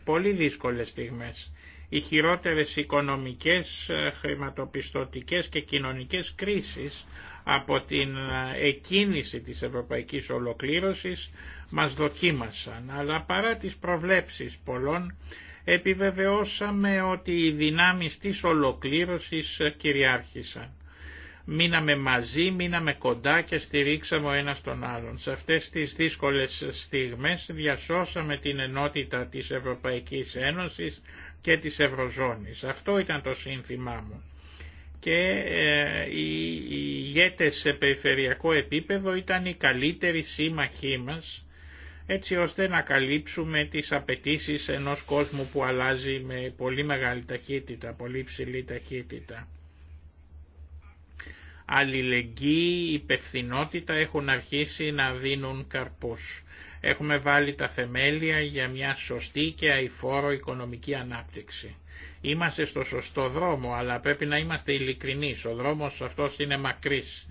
πολύ δύσκολες στιγμές. Οι χειρότερες οικονομικές, χρηματοπιστωτικές και κοινωνικές κρίσεις από την εκκίνηση της ευρωπαϊκής ολοκλήρωσης μας δοκίμασαν, αλλά παρά τις προβλέψεις πολλών επιβεβαιώσαμε ότι οι δυνάμεις της ολοκλήρωσης κυριάρχησαν μείναμε μαζί, μείναμε κοντά και στηρίξαμε ο ένας τον άλλον. Σε αυτές τις δύσκολες στιγμές διασώσαμε την ενότητα της Ευρωπαϊκής Ένωσης και της Ευρωζώνης. Αυτό ήταν το σύνθημά μου. Και ε, οι, οι ηγέτες σε περιφερειακό επίπεδο ήταν οι καλύτεροι σύμμαχοί μας, έτσι ώστε να καλύψουμε τις απαιτήσεις ενός κόσμου που αλλάζει με πολύ μεγάλη ταχύτητα, πολύ ψηλή ταχύτητα αλληλεγγύη, υπευθυνότητα έχουν αρχίσει να δίνουν καρπούς. Έχουμε βάλει τα θεμέλια για μια σωστή και αηφόρο οικονομική ανάπτυξη. Είμαστε στο σωστό δρόμο, αλλά πρέπει να είμαστε ειλικρινεί. Ο δρόμος αυτός είναι μακρύς.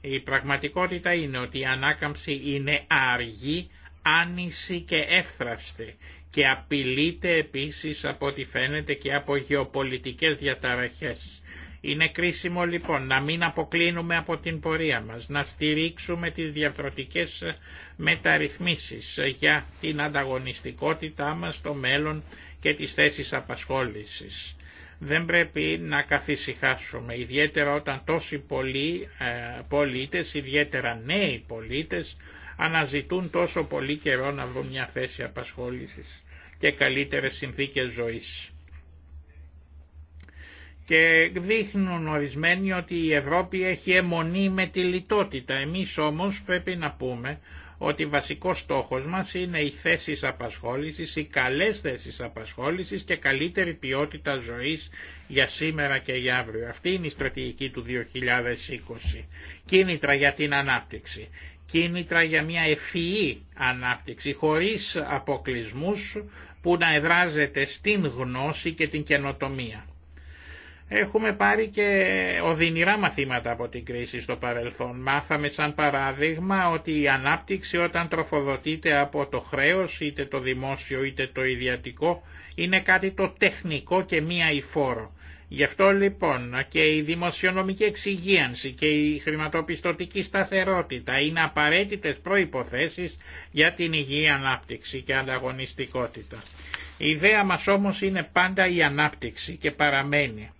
Η πραγματικότητα είναι ότι η ανάκαμψη είναι αργή, άνηση και εύθραυστη και απειλείται επίσης από ό,τι φαίνεται και από γεωπολιτικές διαταραχές. Είναι κρίσιμο λοιπόν να μην αποκλίνουμε από την πορεία μας, να στηρίξουμε τις διαφορετικές μεταρρυθμίσεις για την ανταγωνιστικότητά μας στο μέλλον και τις θέσεις απασχόλησης. Δεν πρέπει να καθησυχάσουμε, ιδιαίτερα όταν τόσοι πολλοί ε, πολίτες, ιδιαίτερα νέοι πολίτες, αναζητούν τόσο πολύ καιρό να βρουν μια θέση απασχόλησης και καλύτερες συνθήκες ζωής και δείχνουν ορισμένοι ότι η Ευρώπη έχει αιμονή με τη λιτότητα. Εμείς όμως πρέπει να πούμε ότι βασικός στόχος μας είναι οι θέσεις απασχόλησης, οι καλές θέσεις απασχόλησης και καλύτερη ποιότητα ζωής για σήμερα και για αύριο. Αυτή είναι η στρατηγική του 2020. Κίνητρα για την ανάπτυξη. Κίνητρα για μια ευφυή ανάπτυξη χωρίς αποκλεισμούς που να εδράζεται στην γνώση και την καινοτομία. Έχουμε πάρει και οδυνηρά μαθήματα από την κρίση στο παρελθόν. Μάθαμε σαν παράδειγμα ότι η ανάπτυξη όταν τροφοδοτείται από το χρέος, είτε το δημόσιο είτε το ιδιατικό είναι κάτι το τεχνικό και μία υφόρο. Γι' αυτό λοιπόν και η δημοσιονομική εξυγίανση και η χρηματοπιστωτική σταθερότητα είναι απαραίτητες προϋποθέσεις για την υγιή ανάπτυξη και ανταγωνιστικότητα. Η ιδέα μας όμως είναι πάντα η ανάπτυξη και παραμένει.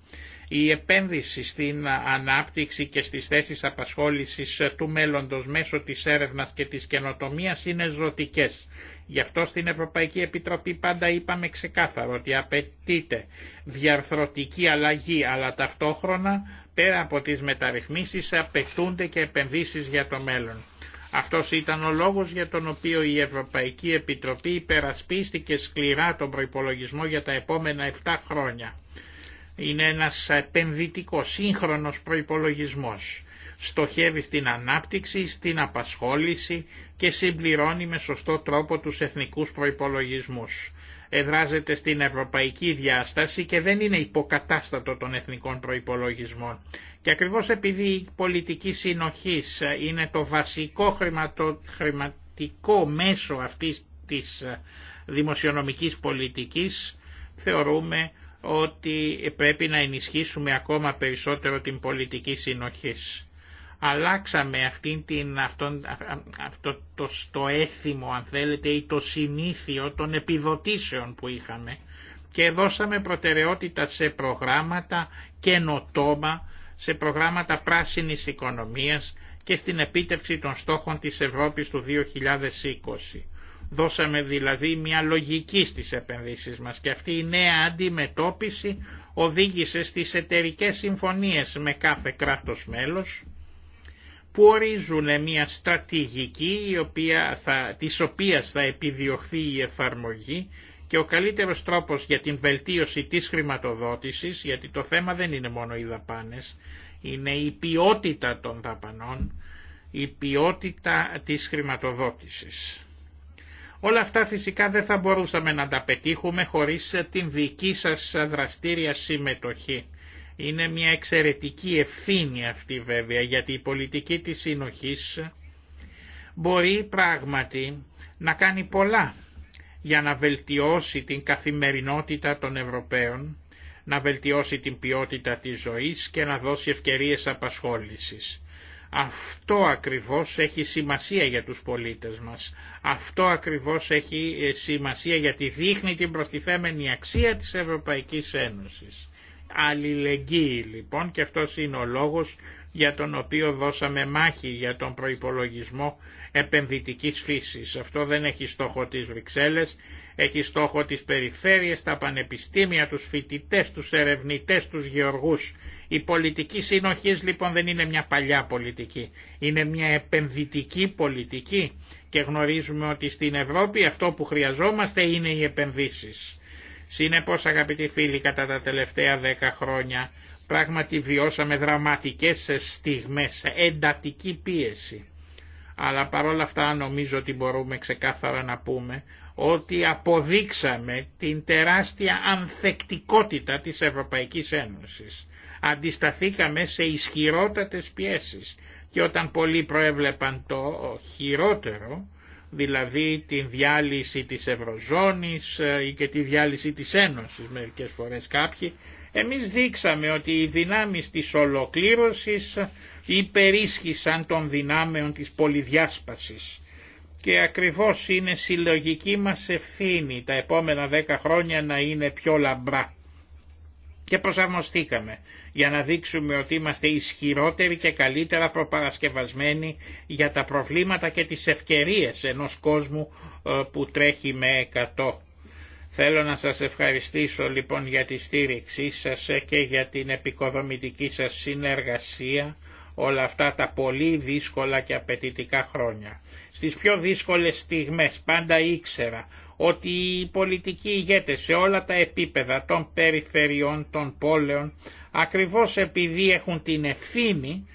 Η επένδυση στην ανάπτυξη και στις θέσεις απασχόλησης του μέλλοντος μέσω της έρευνας και της καινοτομίας είναι ζωτικές. Γι' αυτό στην Ευρωπαϊκή Επιτροπή πάντα είπαμε ξεκάθαρο ότι απαιτείται διαρθρωτική αλλαγή, αλλά ταυτόχρονα πέρα από τις μεταρρυθμίσεις απαιτούνται και επενδύσεις για το μέλλον. Αυτός ήταν ο λόγος για τον οποίο η Ευρωπαϊκή Επιτροπή υπερασπίστηκε σκληρά τον προϋπολογισμό για τα επόμενα 7 χρόνια. Είναι ένας επενδυτικός, σύγχρονος προϋπολογισμός. Στοχεύει στην ανάπτυξη, στην απασχόληση και συμπληρώνει με σωστό τρόπο τους εθνικούς προϋπολογισμούς. Εδράζεται στην ευρωπαϊκή διάσταση και δεν είναι υποκατάστατο των εθνικών προϋπολογισμών. Και ακριβώς επειδή η πολιτική συνοχής είναι το βασικό χρηματο... χρηματικό μέσο αυτής της δημοσιονομικής πολιτικής, θεωρούμε ότι πρέπει να ενισχύσουμε ακόμα περισσότερο την πολιτική συνοχής. Αλλάξαμε αυτήν την, αυτό το, το έθιμο αν θέλετε ή το συνήθιο των επιδοτήσεων που είχαμε και δώσαμε προτεραιότητα σε προγράμματα καινοτόμα, σε προγράμματα πράσινης οικονομίας και στην επίτευξη των στόχων της Ευρώπης του 2020. Δώσαμε δηλαδή μια λογική στις επενδύσεις μας και αυτή η νέα αντιμετώπιση οδήγησε στις εταιρικέ συμφωνίες με κάθε κράτος μέλος που ορίζουν μια στρατηγική η οποία θα, της οποίας θα επιδιωχθεί η εφαρμογή και ο καλύτερος τρόπος για την βελτίωση της χρηματοδότησης, γιατί το θέμα δεν είναι μόνο οι δαπάνες, είναι η ποιότητα των δαπανών, η ποιότητα της χρηματοδότησης. Όλα αυτά φυσικά δεν θα μπορούσαμε να τα πετύχουμε χωρίς την δική σας δραστήρια συμμετοχή. Είναι μια εξαιρετική ευθύνη αυτή βέβαια γιατί η πολιτική της συνοχής μπορεί πράγματι να κάνει πολλά για να βελτιώσει την καθημερινότητα των Ευρωπαίων, να βελτιώσει την ποιότητα της ζωής και να δώσει ευκαιρίες απασχόλησης. Αυτό ακριβώς έχει σημασία για τους πολίτες μας. Αυτό ακριβώς έχει ε, σημασία γιατί δείχνει την προστιθέμενη αξία της Ευρωπαϊκής Ένωσης. Αλληλεγγύη λοιπόν και αυτός είναι ο λόγος για τον οποίο δώσαμε μάχη για τον προϋπολογισμό επενδυτικής φύσης. Αυτό δεν έχει στόχο τις Βρυξέλλες, έχει στόχο τις περιφέρειες, τα πανεπιστήμια, τους φοιτητές, τους ερευνητές, τους γεωργούς. Η πολιτική συνοχής λοιπόν δεν είναι μια παλιά πολιτική, είναι μια επενδυτική πολιτική και γνωρίζουμε ότι στην Ευρώπη αυτό που χρειαζόμαστε είναι οι επενδύσεις. Συνεπώς αγαπητοί φίλοι κατά τα τελευταία δέκα χρόνια Πράγματι βιώσαμε δραματικές στιγμές, εντατική πίεση. Αλλά παρόλα αυτά νομίζω ότι μπορούμε ξεκάθαρα να πούμε ότι αποδείξαμε την τεράστια ανθεκτικότητα της Ευρωπαϊκής Ένωσης. Αντισταθήκαμε σε ισχυρότατες πιέσεις και όταν πολλοί προέβλεπαν το χειρότερο, δηλαδή την διάλυση της Ευρωζώνης ή ε, και τη διάλυση της Ένωσης μερικές φορές κάποιοι, εμείς δείξαμε ότι οι δυνάμεις της ολοκλήρωσης υπερίσχυσαν των δυνάμεων της πολυδιάσπασης. Και ακριβώς είναι συλλογική μας ευθύνη τα επόμενα δέκα χρόνια να είναι πιο λαμπρά. Και προσαρμοστήκαμε για να δείξουμε ότι είμαστε ισχυρότεροι και καλύτερα προπαρασκευασμένοι για τα προβλήματα και τις ευκαιρίες ενός κόσμου ε, που τρέχει με 100. Θέλω να σας ευχαριστήσω λοιπόν για τη στήριξή σας και για την επικοδομητική σας συνεργασία όλα αυτά τα πολύ δύσκολα και απαιτητικά χρόνια. Στις πιο δύσκολες στιγμές πάντα ήξερα ότι οι πολιτικοί ηγέτες σε όλα τα επίπεδα των περιφερειών, των πόλεων, ακριβώς επειδή έχουν την ευθύνη,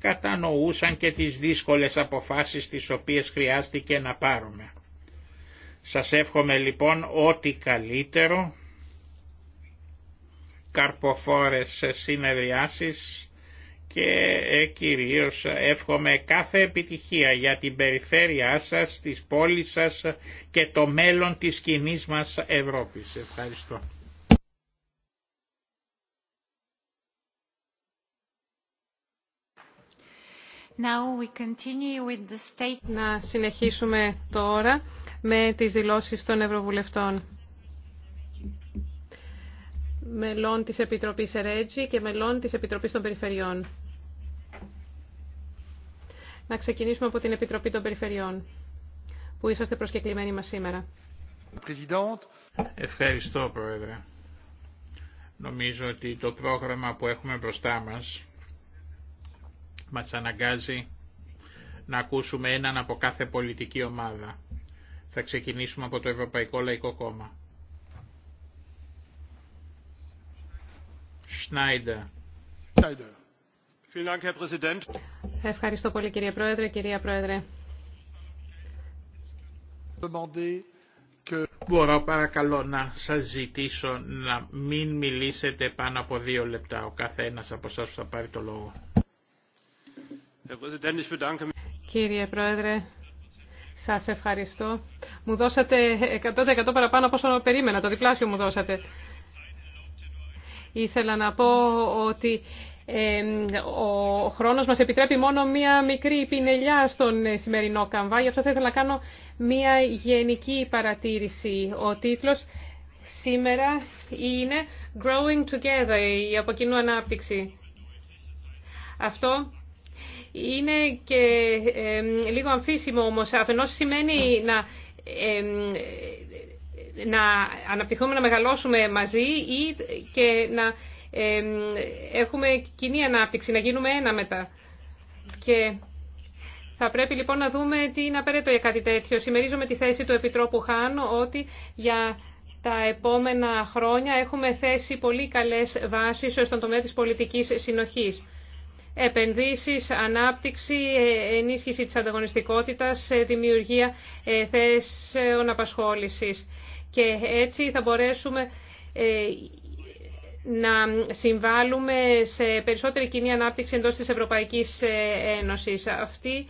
κατανοούσαν και τις δύσκολες αποφάσεις τις οποίες χρειάστηκε να πάρουμε. Σας εύχομαι λοιπόν ό,τι καλύτερο, καρποφόρες συνεδριάσεις και ε, κυρίως εύχομαι κάθε επιτυχία για την περιφέρειά σας, της πόλης σας και το μέλλον της κοινή μας Ευρώπης. Ευχαριστώ. with Να συνεχίσουμε τώρα με τις δηλώσεις των Ευρωβουλευτών μελών της Επιτροπής ΕΡΕΤΖΙ και μελών της Επιτροπής των Περιφερειών. Να ξεκινήσουμε από την Επιτροπή των Περιφερειών, που είσαστε προσκεκλημένοι μας σήμερα. Ευχαριστώ, Πρόεδρε. Νομίζω ότι το πρόγραμμα που έχουμε μπροστά μας μας αναγκάζει να ακούσουμε έναν από κάθε πολιτική ομάδα. Θα ξεκινήσουμε από το Ευρωπαϊκό Λαϊκό Κόμμα. Schneider. Ευχαριστώ πολύ κύριε Πρόεδρε, κυρία Πρόεδρε. Μπορώ παρακαλώ να σας ζητήσω να μην μιλήσετε πάνω από δύο λεπτά ο καθένας από εσάς θα πάρει το λόγο. Κύριε Πρόεδρε, σας ευχαριστώ. Μου δώσατε 100% παραπάνω από όσο περίμενα. Το διπλάσιο μου δώσατε. Ήθελα να πω ότι ο χρόνος μας επιτρέπει μόνο μία μικρή πινελιά στον ε, σημερινό καμβά. Γι' αυτό θα ήθελα να κάνω μία γενική παρατήρηση. Ο τίτλος σήμερα είναι Growing Together, η αποκοινού ανάπτυξη. Αυτό είναι και λίγο αμφίσιμο όμως. Αφενός σημαίνει να να αναπτυχθούμε, να μεγαλώσουμε μαζί ή και να έχουμε κοινή ανάπτυξη, να γίνουμε ένα μετά. Και θα πρέπει λοιπόν να δούμε τι είναι απαραίτητο για κάτι τέτοιο. με τη θέση του Επιτρόπου Χάν ότι για τα επόμενα χρόνια έχουμε θέσει πολύ καλές βάσεις στον τομέα της πολιτικής συνοχής επενδύσεις, ανάπτυξη, ενίσχυση της ανταγωνιστικότητας, ε, δημιουργία ε, θέσεων απασχόλησης. Και έτσι θα μπορέσουμε ε, να συμβάλλουμε σε περισσότερη κοινή ανάπτυξη εντός της Ευρωπαϊκής Ένωσης. Αυτή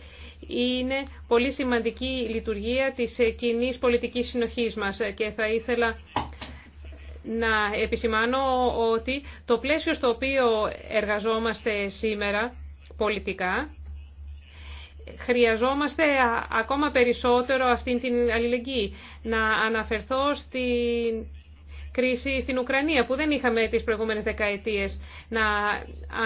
είναι πολύ σημαντική λειτουργία της κοινή πολιτικής συνοχής μας και θα ήθελα να επισημάνω ότι το πλαίσιο στο οποίο εργαζόμαστε σήμερα πολιτικά χρειαζόμαστε ακόμα περισσότερο αυτήν την αλληλεγγύη. Να αναφερθώ στην κρίση στην Ουκρανία που δεν είχαμε τις προηγούμενες δεκαετίες. Να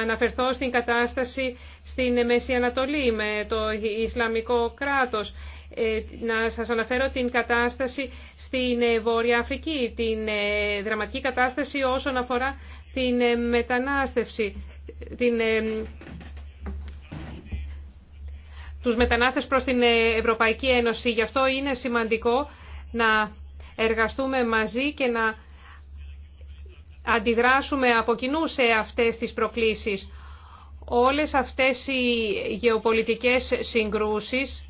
αναφερθώ στην κατάσταση στην Μέση Ανατολή με το Ισλαμικό κράτος ε, να σας αναφέρω την κατάσταση στην ε, Βόρεια Αφρική, την ε, δραματική κατάσταση όσον αφορά την μετανάστευση, την, τους μετανάστες προς την Ευρωπαϊκή Ένωση. Γι' αυτό είναι σημαντικό να εργαστούμε μαζί και να αντιδράσουμε από κοινού σε αυτές τις προκλήσεις. Όλες αυτές οι γεωπολιτικές συγκρούσεις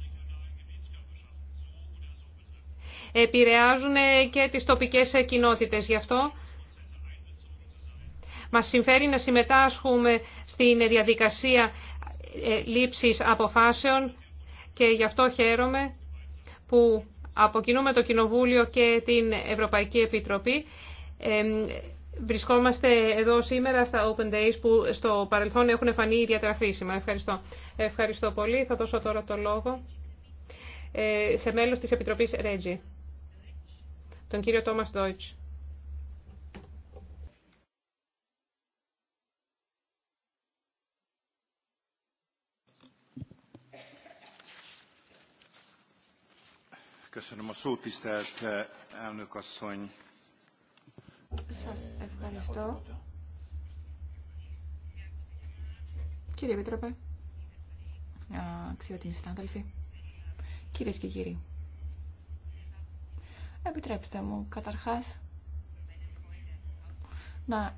επηρεάζουν ε, και τις τοπικές ε, κοινότητες. Γι' αυτό μας συμφέρει να συμμετάσχουμε στην ε, διαδικασία λήψης αποφάσεων και γι' αυτό χαίρομαι που αποκοινούμε το Κοινοβούλιο και την Ευρωπαϊκή Επιτροπή. Βρισκόμαστε εδώ σήμερα στα Open Days που στο παρελθόν έχουν φανεί ιδιαίτερα χρήσιμα. Ευχαριστώ. Ευχαριστώ πολύ. Θα δώσω τώρα το λόγο σε μέλος της Επιτροπής Ρέτζη τον κύριο Τόμας Ντόιτς. Eh, Σας ευχαριστώ. Κύριε Επίτροπε, αξιότιμοι συνάδελφοι, κυρίες και κύριοι. Επιτρέψτε μου καταρχάς να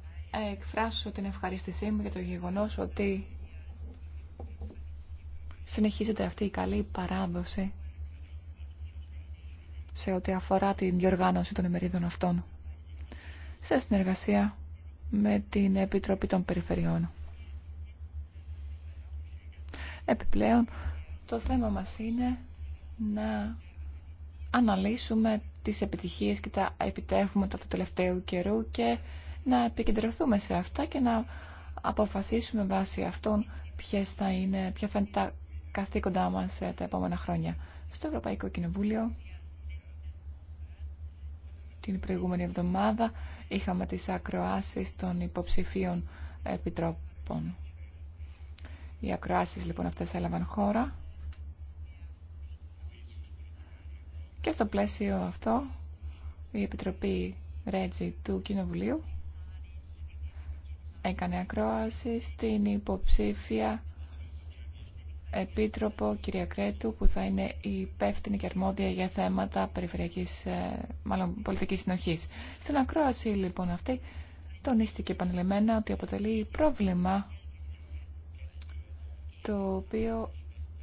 εκφράσω την ευχαριστησή μου για το γεγονός ότι συνεχίζεται αυτή η καλή παράδοση σε ό,τι αφορά την διοργάνωση των ημερίδων αυτών σε συνεργασία με την Επιτροπή των Περιφερειών. Επιπλέον, το θέμα μας είναι να αναλύσουμε τις επιτυχίες και τα επιτεύγματα του τελευταίου καιρού και να επικεντρωθούμε σε αυτά και να αποφασίσουμε βάσει αυτών είναι, ποια θα είναι τα καθήκοντά μας ε, τα επόμενα χρόνια. Στο Ευρωπαϊκό Κοινοβούλιο την προηγούμενη εβδομάδα είχαμε τις ακροάσεις των υποψηφίων επιτρόπων. Οι ακροάσεις λοιπόν αυτές έλαβαν χώρα Και στο πλαίσιο αυτό η Επιτροπή Ρέτζι του Κοινοβουλίου έκανε ακρόαση στην υποψήφια Επίτροπο κυρία Κρέτου που θα είναι η υπεύθυνη και αρμόδια για θέματα περιφερειακής, ε, μάλλον πολιτικής συνοχής. Στην ακρόαση λοιπόν αυτή τονίστηκε επανειλημμένα ότι αποτελεί πρόβλημα το οποίο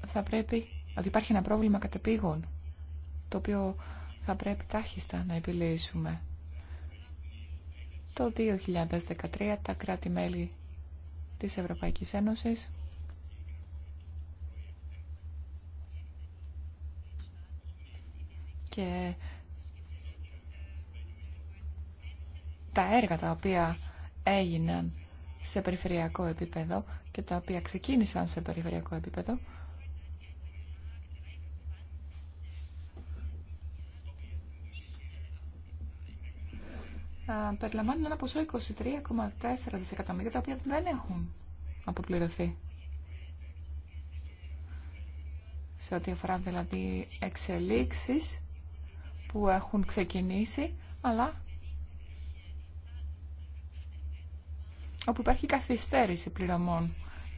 θα πρέπει, ότι υπάρχει ένα πρόβλημα κατεπήγων το οποίο θα πρέπει τάχιστα να επιλύσουμε. Το 2013 τα κράτη-μέλη της Ευρωπαϊκής Ένωσης και τα έργα τα οποία έγιναν σε περιφερειακό επίπεδο και τα οποία ξεκίνησαν σε περιφερειακό επίπεδο περιλαμβάνουν ένα ποσό 23,4 δισεκατομμύρια τα οποία δεν έχουν αποπληρωθεί. Σε ό,τι αφορά δηλαδή εξελίξεις που έχουν ξεκινήσει αλλά όπου υπάρχει καθυστέρηση πληρωμών.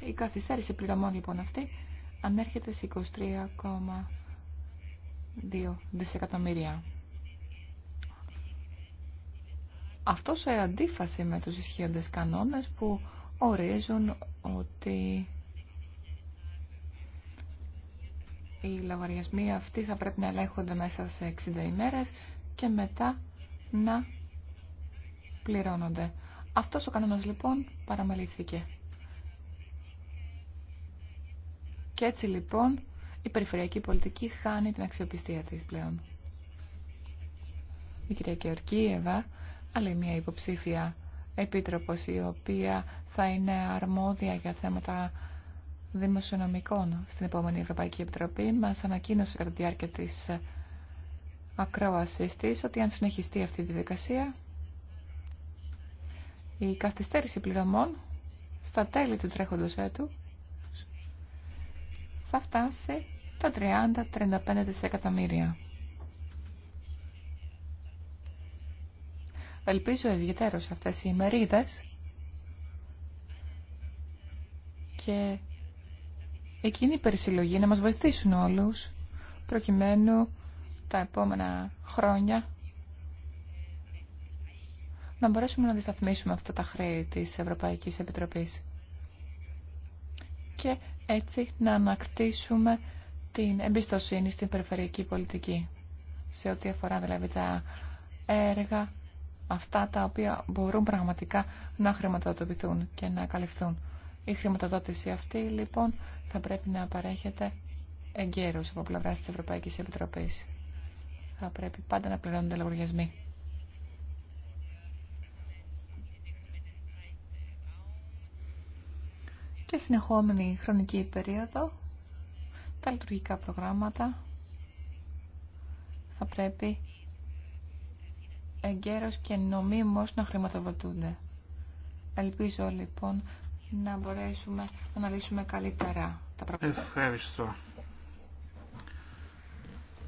Η καθυστέρηση πληρωμών λοιπόν αυτή ανέρχεται σε 23,2 δισεκατομμύρια. Αυτό σε αντίφαση με τους ισχύοντες κανόνες που ορίζουν ότι οι λαβαριασμοί αυτοί θα πρέπει να ελέγχονται μέσα σε 60 ημέρες και μετά να πληρώνονται. Αυτός ο κανόνας λοιπόν παραμελήθηκε. Και έτσι λοιπόν η περιφερειακή πολιτική χάνει την αξιοπιστία της πλέον. Η κυρία Κεωρκίεβα άλλη μια υποψήφια επίτροπος η οποία θα είναι αρμόδια για θέματα δημοσιονομικών στην επόμενη Ευρωπαϊκή Επιτροπή. Μας ανακοίνωσε κατά τη διάρκεια της ακρόασης της ότι αν συνεχιστεί αυτή η διαδικασία η καθυστέρηση πληρωμών στα τέλη του τρέχοντος έτου θα φτάσει τα 30-35 δισεκατομμύρια. Ελπίζω σε αυτές οι ημερίδες και εκείνη η περισυλλογή να μας βοηθήσουν όλους προκειμένου τα επόμενα χρόνια να μπορέσουμε να δισταθμίσουμε αυτά τα χρέη της Ευρωπαϊκής Επιτροπής και έτσι να ανακτήσουμε την εμπιστοσύνη στην περιφερειακή πολιτική σε ό,τι αφορά δηλαδή τα έργα αυτά τα οποία μπορούν πραγματικά να χρηματοδοτηθούν και να καλυφθούν. Η χρηματοδότηση αυτή λοιπόν θα πρέπει να παρέχεται εγκαίρως από πλευρά της Ευρωπαϊκής Επιτροπής. Θα πρέπει πάντα να πληρώνονται λογαριασμοί. Και συνεχόμενη χρονική περίοδο, τα λειτουργικά προγράμματα θα πρέπει εγκαίρως και νομίμως να χρηματοδοτούνται. Ελπίζω λοιπόν να μπορέσουμε να αναλύσουμε καλύτερα τα πράγματα. Ευχαριστώ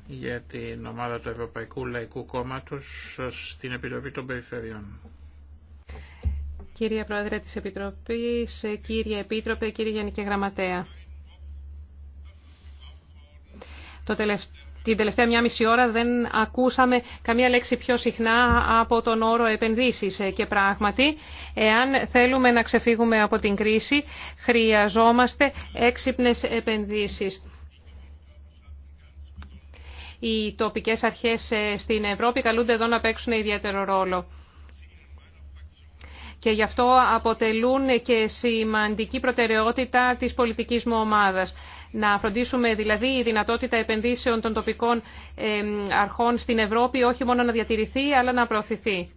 για την ομάδα του Ευρωπαϊκού Λαϊκού Κόμματος στην Επιτροπή των Περιφερειών. Κύριε Πρόεδρε της Επιτροπής, κύριε Επίτροπε, κύριε Γενική Γραμματέα. Το τελευταίο την τελευταία μια μισή ώρα δεν ακούσαμε καμία λέξη πιο συχνά από τον όρο επενδύσεις. Ε, και πράγματι, εάν θέλουμε να ξεφύγουμε από την κρίση, χρειαζόμαστε έξυπνες επενδύσεις. Οι τοπικές αρχές ε, στην Ευρώπη καλούνται εδώ να παίξουν ιδιαίτερο ρόλο και γι' αυτό αποτελούν και σημαντική προτεραιότητα της πολιτικής μου ομάδας. Να φροντίσουμε δηλαδή η δυνατότητα επενδύσεων των τοπικών αρχών στην Ευρώπη όχι μόνο να διατηρηθεί αλλά να προωθηθεί.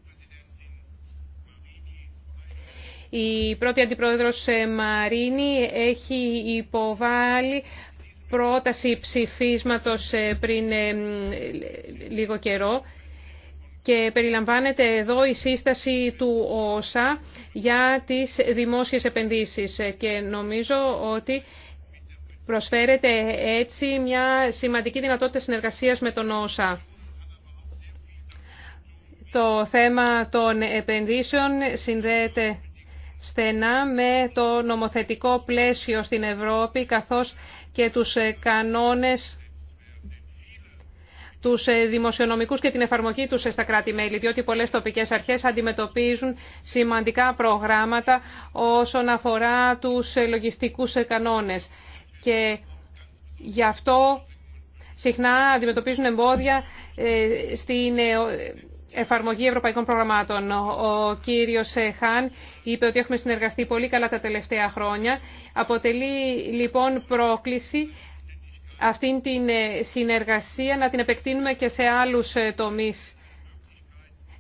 Η πρώτη αντιπρόεδρος ε, Μαρίνη έχει υποβάλει πρόταση ψηφίσματος ε, πριν ε, λίγο καιρό και περιλαμβάνεται εδώ η σύσταση του ΟΣΑ για τις δημόσιες επενδύσεις και νομίζω ότι Προσφέρεται έτσι μια σημαντική δυνατότητα συνεργασίας με τον ΩΣΑ. Το θέμα των επενδύσεων συνδέεται στενά με το νομοθετικό πλαίσιο στην Ευρώπη καθώς και τους κανόνες τους δημοσιονομικούς και την εφαρμογή τους στα κράτη-μέλη, διότι πολλές τοπικές αρχές αντιμετωπίζουν σημαντικά προγράμματα όσον αφορά τους λογιστικούς κανόνες και γι' αυτό συχνά αντιμετωπίζουν εμπόδια ε, στην ε, εφαρμογή ευρωπαϊκών προγραμμάτων. Ο κύριος ε, Χάν είπε ότι έχουμε συνεργαστεί πολύ καλά τα τελευταία χρόνια. Αποτελεί λοιπόν πρόκληση αυτήν την συνεργασία να την επεκτείνουμε και σε άλλους τομείς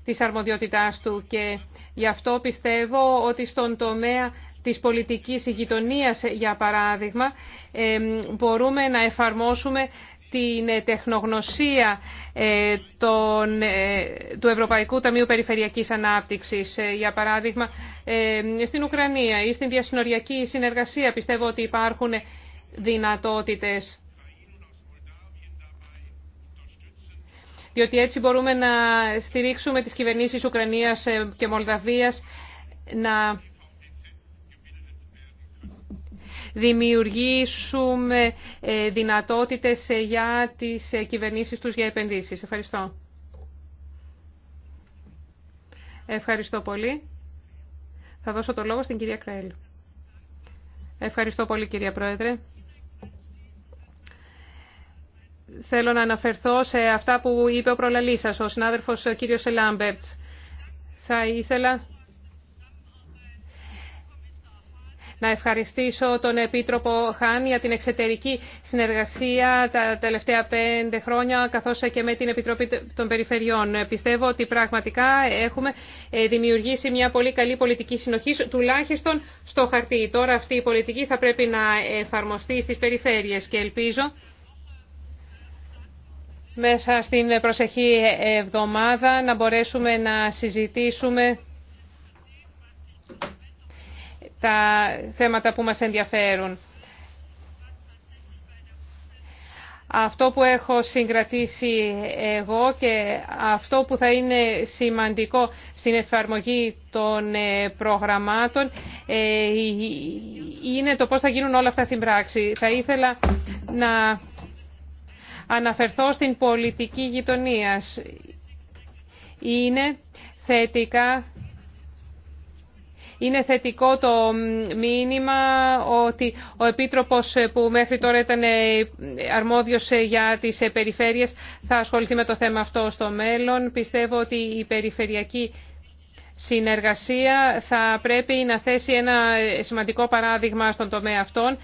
της αρμοδιότητάς του και γι' αυτό πιστεύω ότι στον τομέα της πολιτικής γειτονίας, για παράδειγμα, ε, μπορούμε να εφαρμόσουμε την ε, τεχνογνωσία ε, του Ευρωπαϊκού Ταμείου Περιφερειακής Ανάπτυξης, για παράδειγμα, στην Ουκρανία ή στην διασυνοριακή συνεργασία. Πιστεύω ότι υπάρχουν δυνατότητες. Διότι έτσι μπορούμε να στηρίξουμε τις κυβερνήσεις Ουκρανίας και Μολδαβίας να δημιουργήσουμε ε, δυνατότητες ε, για τις ε, κυβερνήσεις τους για επενδύσεις. Ευχαριστώ. Ευχαριστώ πολύ. Θα δώσω το λόγο στην κυρία Κραέλ. Ευχαριστώ πολύ κυρία Πρόεδρε. Θέλω να αναφερθώ σε αυτά που είπε ο προλαλής σας, ο συνάδελφος κύριος Λάμπερτς. Θα ήθελα να ευχαριστήσω τον Επίτροπο Χάν για την εξωτερική συνεργασία τα τελευταία πέντε χρόνια, καθώς και με την Επιτροπή των Περιφερειών. Πιστεύω ότι πραγματικά έχουμε ε, δημιουργήσει μια πολύ καλή πολιτική συνοχή, τουλάχιστον στο χαρτί. Τώρα αυτή η πολιτική θα πρέπει να εφαρμοστεί στις περιφέρειες και ελπίζω μέσα στην προσεχή εβδομάδα να μπορέσουμε να συζητήσουμε τα θέματα που μας ενδιαφέρουν. Αυτό που έχω συγκρατήσει εγώ και αυτό που θα είναι σημαντικό στην εφαρμογή των ε, προγραμμάτων ε, είναι το πώς θα γίνουν όλα αυτά στην πράξη. Θα ήθελα να αναφερθώ στην πολιτική γειτονίας. Είναι θετικά είναι θετικό το μήνυμα ότι ο Επίτροπος που μέχρι τώρα ήταν ε, αρμόδιος ε, για τις ε, περιφέρειες θα ασχοληθεί με το θέμα αυτό στο μέλλον. Πιστεύω ότι η περιφερειακή συνεργασία θα πρέπει να θέσει ένα σημαντικό παράδειγμα στον τομέα αυτόν.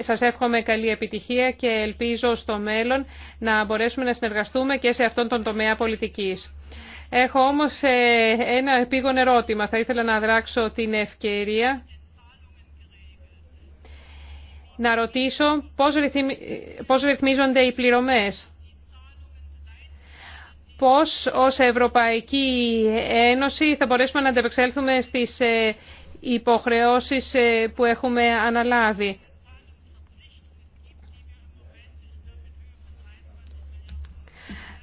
Σας εύχομαι καλή επιτυχία και ελπίζω στο μέλλον να μπορέσουμε να συνεργαστούμε και σε αυτόν τον τομέα πολιτικής. Έχω όμως ε, ένα επίγον ερώτημα. Θα ήθελα να δράξω την ευκαιρία να ρωτήσω πώς ρυθμίζονται οι πληρωμές. Πώς ως Ευρωπαϊκή Ένωση θα μπορέσουμε να αντεπεξέλθουμε στις ε, υποχρεώσεις ε, που έχουμε αναλάβει.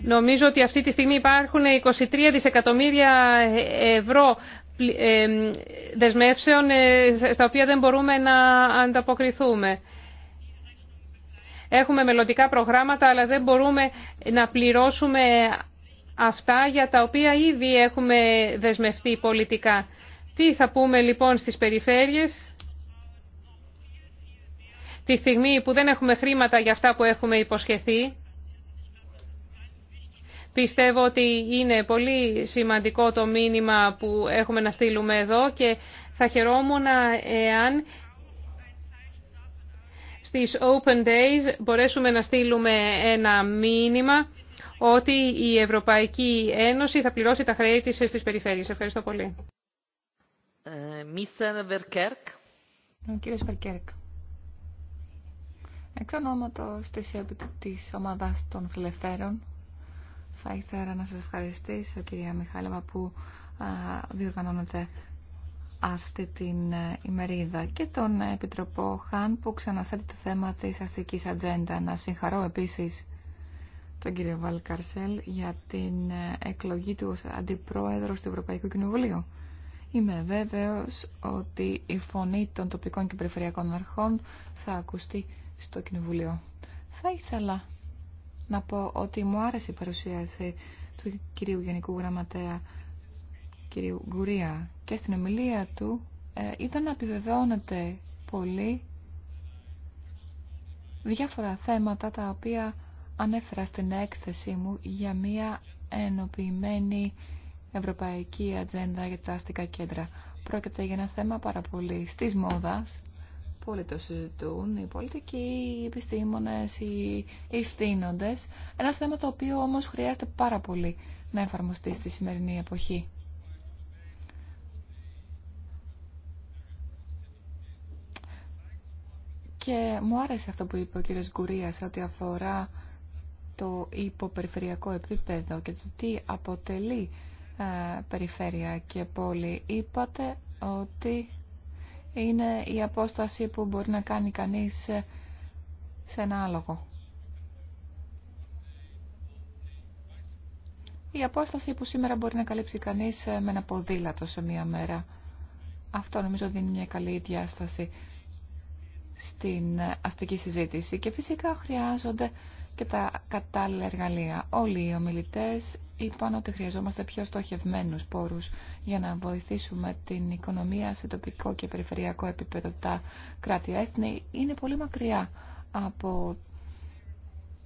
Νομίζω ότι αυτή τη στιγμή υπάρχουν 23 δισεκατομμύρια ευρώ δεσμεύσεων ε, στα οποία δεν μπορούμε να ανταποκριθούμε. Έχουμε μελλοντικά προγράμματα, αλλά δεν μπορούμε να πληρώσουμε αυτά για τα οποία ήδη έχουμε δεσμευτεί πολιτικά. Τι θα πούμε λοιπόν στις περιφέρειες τη στιγμή που δεν έχουμε χρήματα για αυτά που έχουμε υποσχεθεί Πιστεύω ότι είναι πολύ σημαντικό το μήνυμα που έχουμε να στείλουμε εδώ και θα χαιρόμουν εάν στις Open Days μπορέσουμε να στείλουμε ένα μήνυμα ότι η Ευρωπαϊκή Ένωση θα πληρώσει τα χρέη της στις περιφέρειες. Ευχαριστώ πολύ. Βερκέρκ. κύριος Βερκέρκ. Εξ ονόματος της, ομάδας των φιλελευθέρων, θα ήθελα να σας ευχαριστήσω κυρία Μιχάλεμα που διοργανώνετε αυτή την ε, ημερίδα και τον Επιτροπό Χάν που ξαναθέτει το θέμα της αστικής ατζέντα. Να συγχαρώ επίσης τον κύριο Βαλκαρσέλ για την ε, εκλογή του ως Αντιπρόεδρος του Ευρωπαϊκού Κοινοβουλίου. Είμαι βέβαιος ότι η φωνή των τοπικών και περιφερειακών αρχών θα ακουστεί στο Κοινοβουλίο. Θα ήθελα να πω ότι μου άρεσε η παρουσίαση του κυρίου Γενικού Γραμματέα, κυρίου Γκουρία, και στην ομιλία του ε, ήταν να επιβεβαιώνεται πολύ διάφορα θέματα τα οποία ανέφερα στην έκθεση μου για μια ενοποιημένη ευρωπαϊκή ατζέντα για τα αστικά κέντρα. Πρόκειται για ένα θέμα πάρα πολύ στις μόδας Πολλοί το συζητούν, οι πολιτικοί, οι επιστήμονες, οι ευθύνοντες. Ένα θέμα το οποίο όμως χρειάζεται πάρα πολύ να εφαρμοστεί στη σημερινή εποχή. Και μου άρεσε αυτό που είπε ο κύριος Γκουρία ό,τι αφορά το υποπεριφερειακό επίπεδο και το τι αποτελεί ε, περιφέρεια και πόλη. Είπατε ότι είναι η απόσταση που μπορεί να κάνει κανείς σε ένα άλογο. Η απόσταση που σήμερα μπορεί να καλύψει κανείς με ένα ποδήλατο σε μία μέρα. Αυτό νομίζω δίνει μια καλή διάσταση στην αστική συζήτηση και φυσικά χρειάζονται και τα κατάλληλα εργαλεία. Όλοι οι ομιλητές είπαν ότι χρειαζόμαστε πιο στοχευμένους πόρους για να βοηθήσουμε την οικονομία σε τοπικό και περιφερειακό επίπεδο. Τα κράτη-έθνη είναι πολύ μακριά από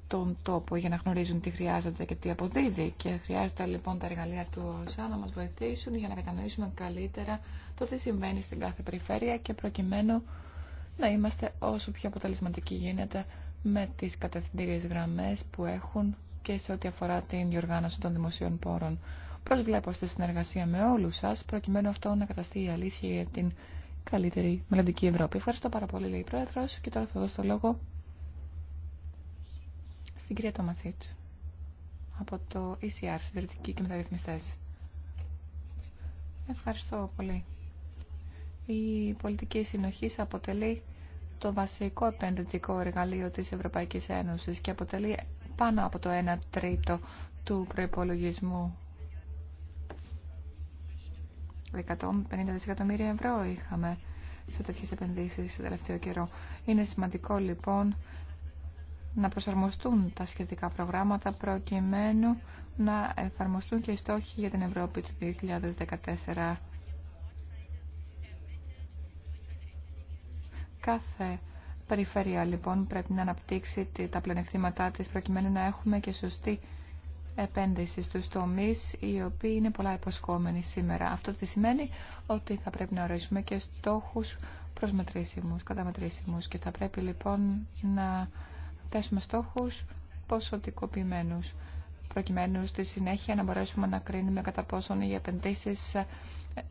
τον τόπο για να γνωρίζουν τι χρειάζεται και τι αποδίδει. Και χρειάζεται λοιπόν τα εργαλεία του ΩΣΑ να μας βοηθήσουν για να κατανοήσουμε καλύτερα το τι συμβαίνει στην κάθε περιφέρεια και προκειμένου να είμαστε όσο πιο αποτελεσματικοί γίνεται με τις κατευθυντήριες γραμμές που έχουν και σε ό,τι αφορά την διοργάνωση των δημοσίων πόρων. Προσβλέπω στη συνεργασία με όλους σας, προκειμένου αυτό να καταστεί η αλήθεια για την καλύτερη μελλοντική Ευρώπη. Ευχαριστώ πάρα πολύ, λέει η Πρόεδρος, και τώρα θα δώσω το λόγο στην κυρία Τόμασίτσου από το ECR, Συντηρητική και Μεταρρυθμιστές. Ευχαριστώ πολύ. Η πολιτική συνοχή αποτελεί το βασικό επενδυτικό εργαλείο της Ευρωπαϊκής Ένωσης και αποτελεί πάνω από το 1 τρίτο του προϋπολογισμού. 150 δισεκατομμύρια ευρώ είχαμε σε τέτοιες επενδύσεις σε τελευταίο καιρό. Είναι σημαντικό λοιπόν να προσαρμοστούν τα σχετικά προγράμματα προκειμένου να εφαρμοστούν και οι στόχοι για την Ευρώπη του 2014 Κάθε περιφέρεια λοιπόν πρέπει να αναπτύξει τα πλανεκτήματά της προκειμένου να έχουμε και σωστή επένδυση στους τομείς οι οποίοι είναι πολλά υποσχόμενοι σήμερα. Αυτό τι σημαίνει ότι θα πρέπει να ορίσουμε και στόχους προσμετρήσιμους, καταμετρήσιμους και θα πρέπει λοιπόν να θέσουμε στόχους ποσοτικοποιημένους προκειμένου στη συνέχεια να μπορέσουμε να κρίνουμε κατά πόσον οι επενδύσεις ε,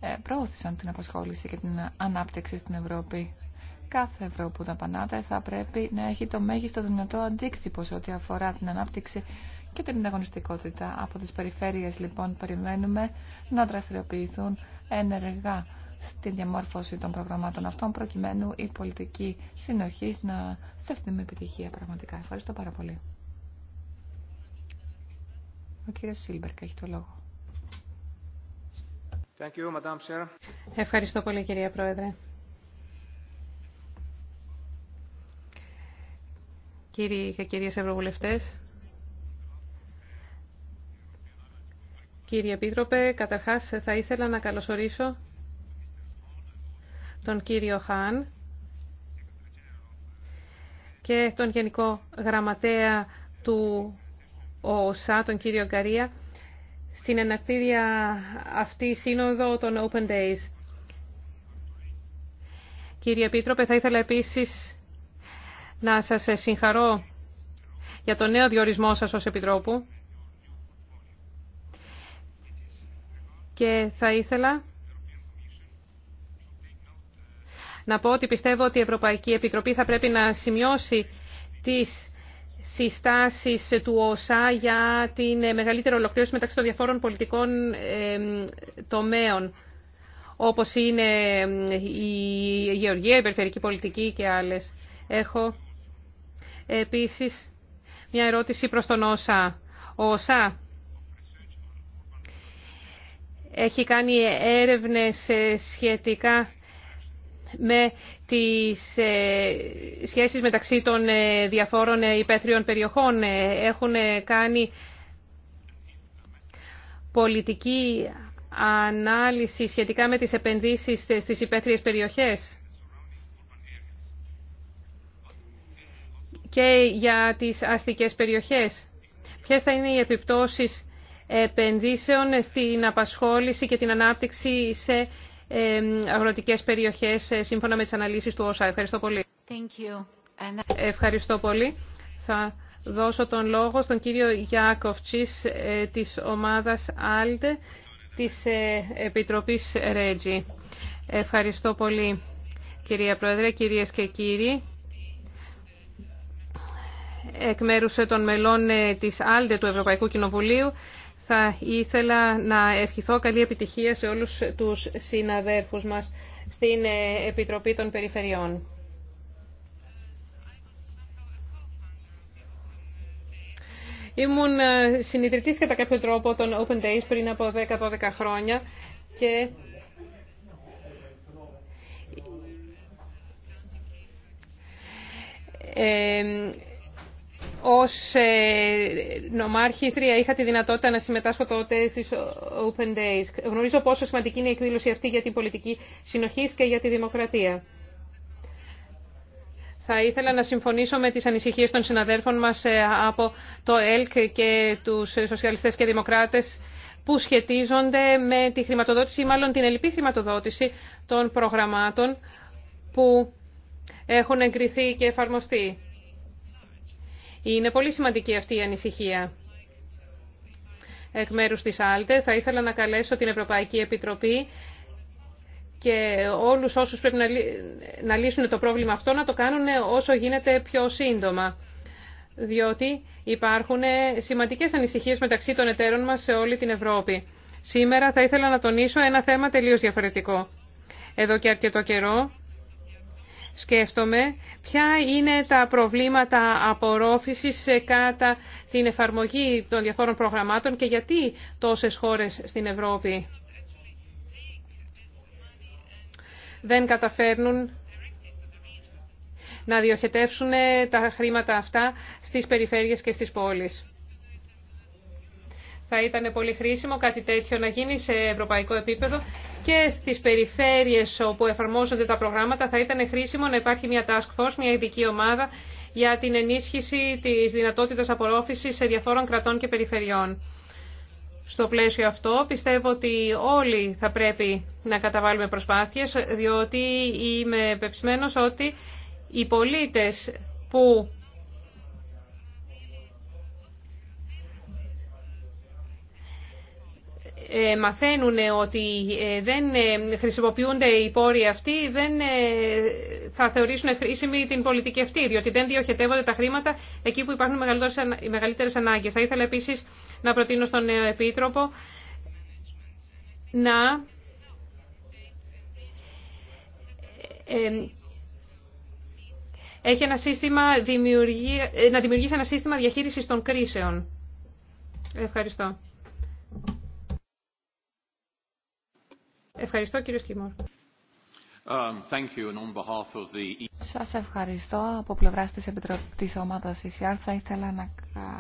ε, προώθησαν την απασχόληση και την ανάπτυξη στην Ευρώπη κάθε ευρώ που δαπανάτε θα πρέπει να έχει το μέγιστο δυνατό αντίκτυπο σε ό,τι αφορά την ανάπτυξη και την ανταγωνιστικότητα. Από τις περιφέρειες λοιπόν περιμένουμε να δραστηριοποιηθούν ενεργά στη διαμόρφωση των προγραμμάτων αυτών προκειμένου η πολιτική συνοχή να στεφτεί με επιτυχία πραγματικά. Ευχαριστώ πάρα πολύ. Ο κύριος Σίλμπερκ έχει το λόγο. Ευχαριστώ πολύ κυρία Πρόεδρε. Κύριοι και κυρίες Ευρωβουλευτές, κύριε Επίτροπε, καταρχάς θα ήθελα να καλωσορίσω τον κύριο Χάν και τον Γενικό Γραμματέα του ΟΣΑ, τον κύριο Γκαρία, στην ενακτήρια αυτή σύνοδο των Open Days. Κύριε Επίτροπε, θα ήθελα επίσης να σας συγχαρώ για το νέο διορισμό σας ως Επιτρόπου και θα ήθελα να πω ότι πιστεύω ότι η Ευρωπαϊκή Επιτροπή θα πρέπει να σημειώσει τις συστάσεις του ΟΣΑ για την μεγαλύτερη ολοκλήρωση μεταξύ των διαφόρων πολιτικών τομέων, όπως είναι η γεωργία, η περιφερική πολιτική και άλλες. Έχω Επίσης, μια ερώτηση προς τον Όσα Ο ΩΣΑ έχει κάνει έρευνες ε, σχετικά με τις ε, σχέσεις μεταξύ των ε, διαφόρων υπαίθριων περιοχών. Έχουν κάνει πολιτική ανάλυση σχετικά με τις επενδύσεις στις υπαίθριες περιοχές. και για τις αστικές περιοχές. Ποιες θα είναι οι επιπτώσεις επενδύσεων στην απασχόληση και την ανάπτυξη σε αγροτικές περιοχές ε, σύμφωνα με τις αναλύσεις του ΩΣΑ. Ευχαριστώ πολύ. Ευχαριστώ πολύ. Θα δώσω τον λόγο στον κύριο Γιάκοφτσης ε, της ομάδας ALDE της ε, Επιτροπής ΡΕΤΖΙ. Ευχαριστώ πολύ κυρία Πρόεδρε, κυρίες και κύριοι εκ μέρους των μελών ε, της ΑΛΔΕ του Ευρωπαϊκού Κοινοβουλίου θα ήθελα να ευχηθώ καλή επιτυχία σε όλους τους συναδέρφους μας στην ε, Επιτροπή των Περιφερειών. Ήμουν ε, συνειδητής κατά κάποιο τρόπο των Open Days πριν από 10-12 χρόνια και ως ε, Ρία, είχα τη δυνατότητα να συμμετάσχω τότε στις Open Days. Γνωρίζω πόσο σημαντική είναι η εκδήλωση αυτή για την πολιτική συνοχή και για τη δημοκρατία. Θα ήθελα να συμφωνήσω με τις ανησυχίες των συναδέλφων μας ε, από το ΕΛΚ και τους σοσιαλιστές και δημοκράτες που σχετίζονται με τη χρηματοδότηση ή μάλλον την ελληπή χρηματοδότηση των προγραμμάτων που έχουν εγκριθεί και εφαρμοστεί. Είναι πολύ σημαντική αυτή η ανησυχία. Εκ μέρους της ΑΛΤΕ θα ήθελα να καλέσω την Ευρωπαϊκή Επιτροπή και όλους όσους πρέπει να λύσουν το πρόβλημα αυτό να το κάνουν όσο γίνεται πιο σύντομα. Διότι υπάρχουν σημαντικές ανησυχίες μεταξύ των εταίρων μας σε όλη την Ευρώπη. Σήμερα θα ήθελα να τονίσω ένα θέμα τελείως διαφορετικό. Εδώ και αρκετό καιρό σκέφτομαι ποια είναι τα προβλήματα απορρόφησης ε, κατά την εφαρμογή των διαφόρων προγραμμάτων και γιατί τόσες χώρες στην Ευρώπη δεν καταφέρνουν να διοχετεύσουν ε, τα χρήματα αυτά στις περιφέρειες και στις πόλεις. Θα ήταν πολύ χρήσιμο κάτι τέτοιο να γίνει σε ευρωπαϊκό επίπεδο και στις περιφέρειες όπου εφαρμόζονται τα προγράμματα θα ήταν χρήσιμο να υπάρχει μια task force, μια ειδική ομάδα για την ενίσχυση της δυνατότητας απορρόφησης σε διαφόρων κρατών και περιφερειών. Στο πλαίσιο αυτό πιστεύω ότι όλοι θα πρέπει να καταβάλουμε προσπάθειες, διότι είμαι πεπισμένος ότι οι πολίτες που Ε, μαθαίνουν ότι ε, δεν ε, χρησιμοποιούνται οι πόροι αυτοί, δεν θα θεωρήσουν χρήσιμη την πολιτική αυτή, διότι δεν διοχετεύονται τα χρήματα εκεί που υπάρχουν οι μεγαλύτερες ανάγκες. Θα ήθελα επίσης να προτείνω στον νέο Επίτροπο να έχει ένα σύστημα να δημιουργήσει ένα σύστημα διαχείρισης των κρίσεων. Ευχαριστώ. Ευχαριστώ κύριε Σκιμόρ. Um, e- Σας ευχαριστώ. Από πλευράς της, Επιτροπής ομάδας ECR θα ήθελα να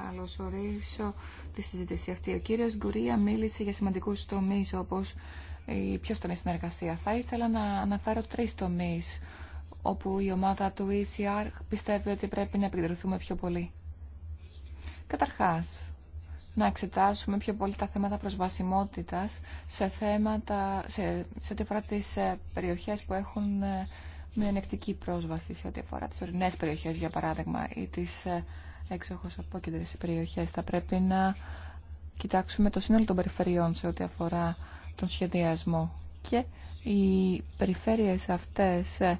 καλωσορίσω τη συζήτηση αυτή. Ο κύριος Γκουρία μίλησε για σημαντικούς τομείς όπως η πιο στενή συνεργασία. Θα ήθελα να αναφέρω τρεις τομείς όπου η ομάδα του ECR πιστεύει ότι πρέπει να επικεντρωθούμε πιο πολύ. Καταρχάς, να εξετάσουμε πιο πολύ τα θέματα προσβασιμότητας σε, θέματα, σε, σε ό,τι αφορά τις ε, περιοχές που έχουν ε, μια ενεκτική πρόσβαση σε ό,τι αφορά τις ορεινές περιοχές για παράδειγμα ή τις εξοχος απόκεντρες περιοχές. Θα πρέπει να κοιτάξουμε το σύνολο των περιφερειών σε ό,τι αφορά τον σχεδιασμό και οι περιφέρειες αυτές ε,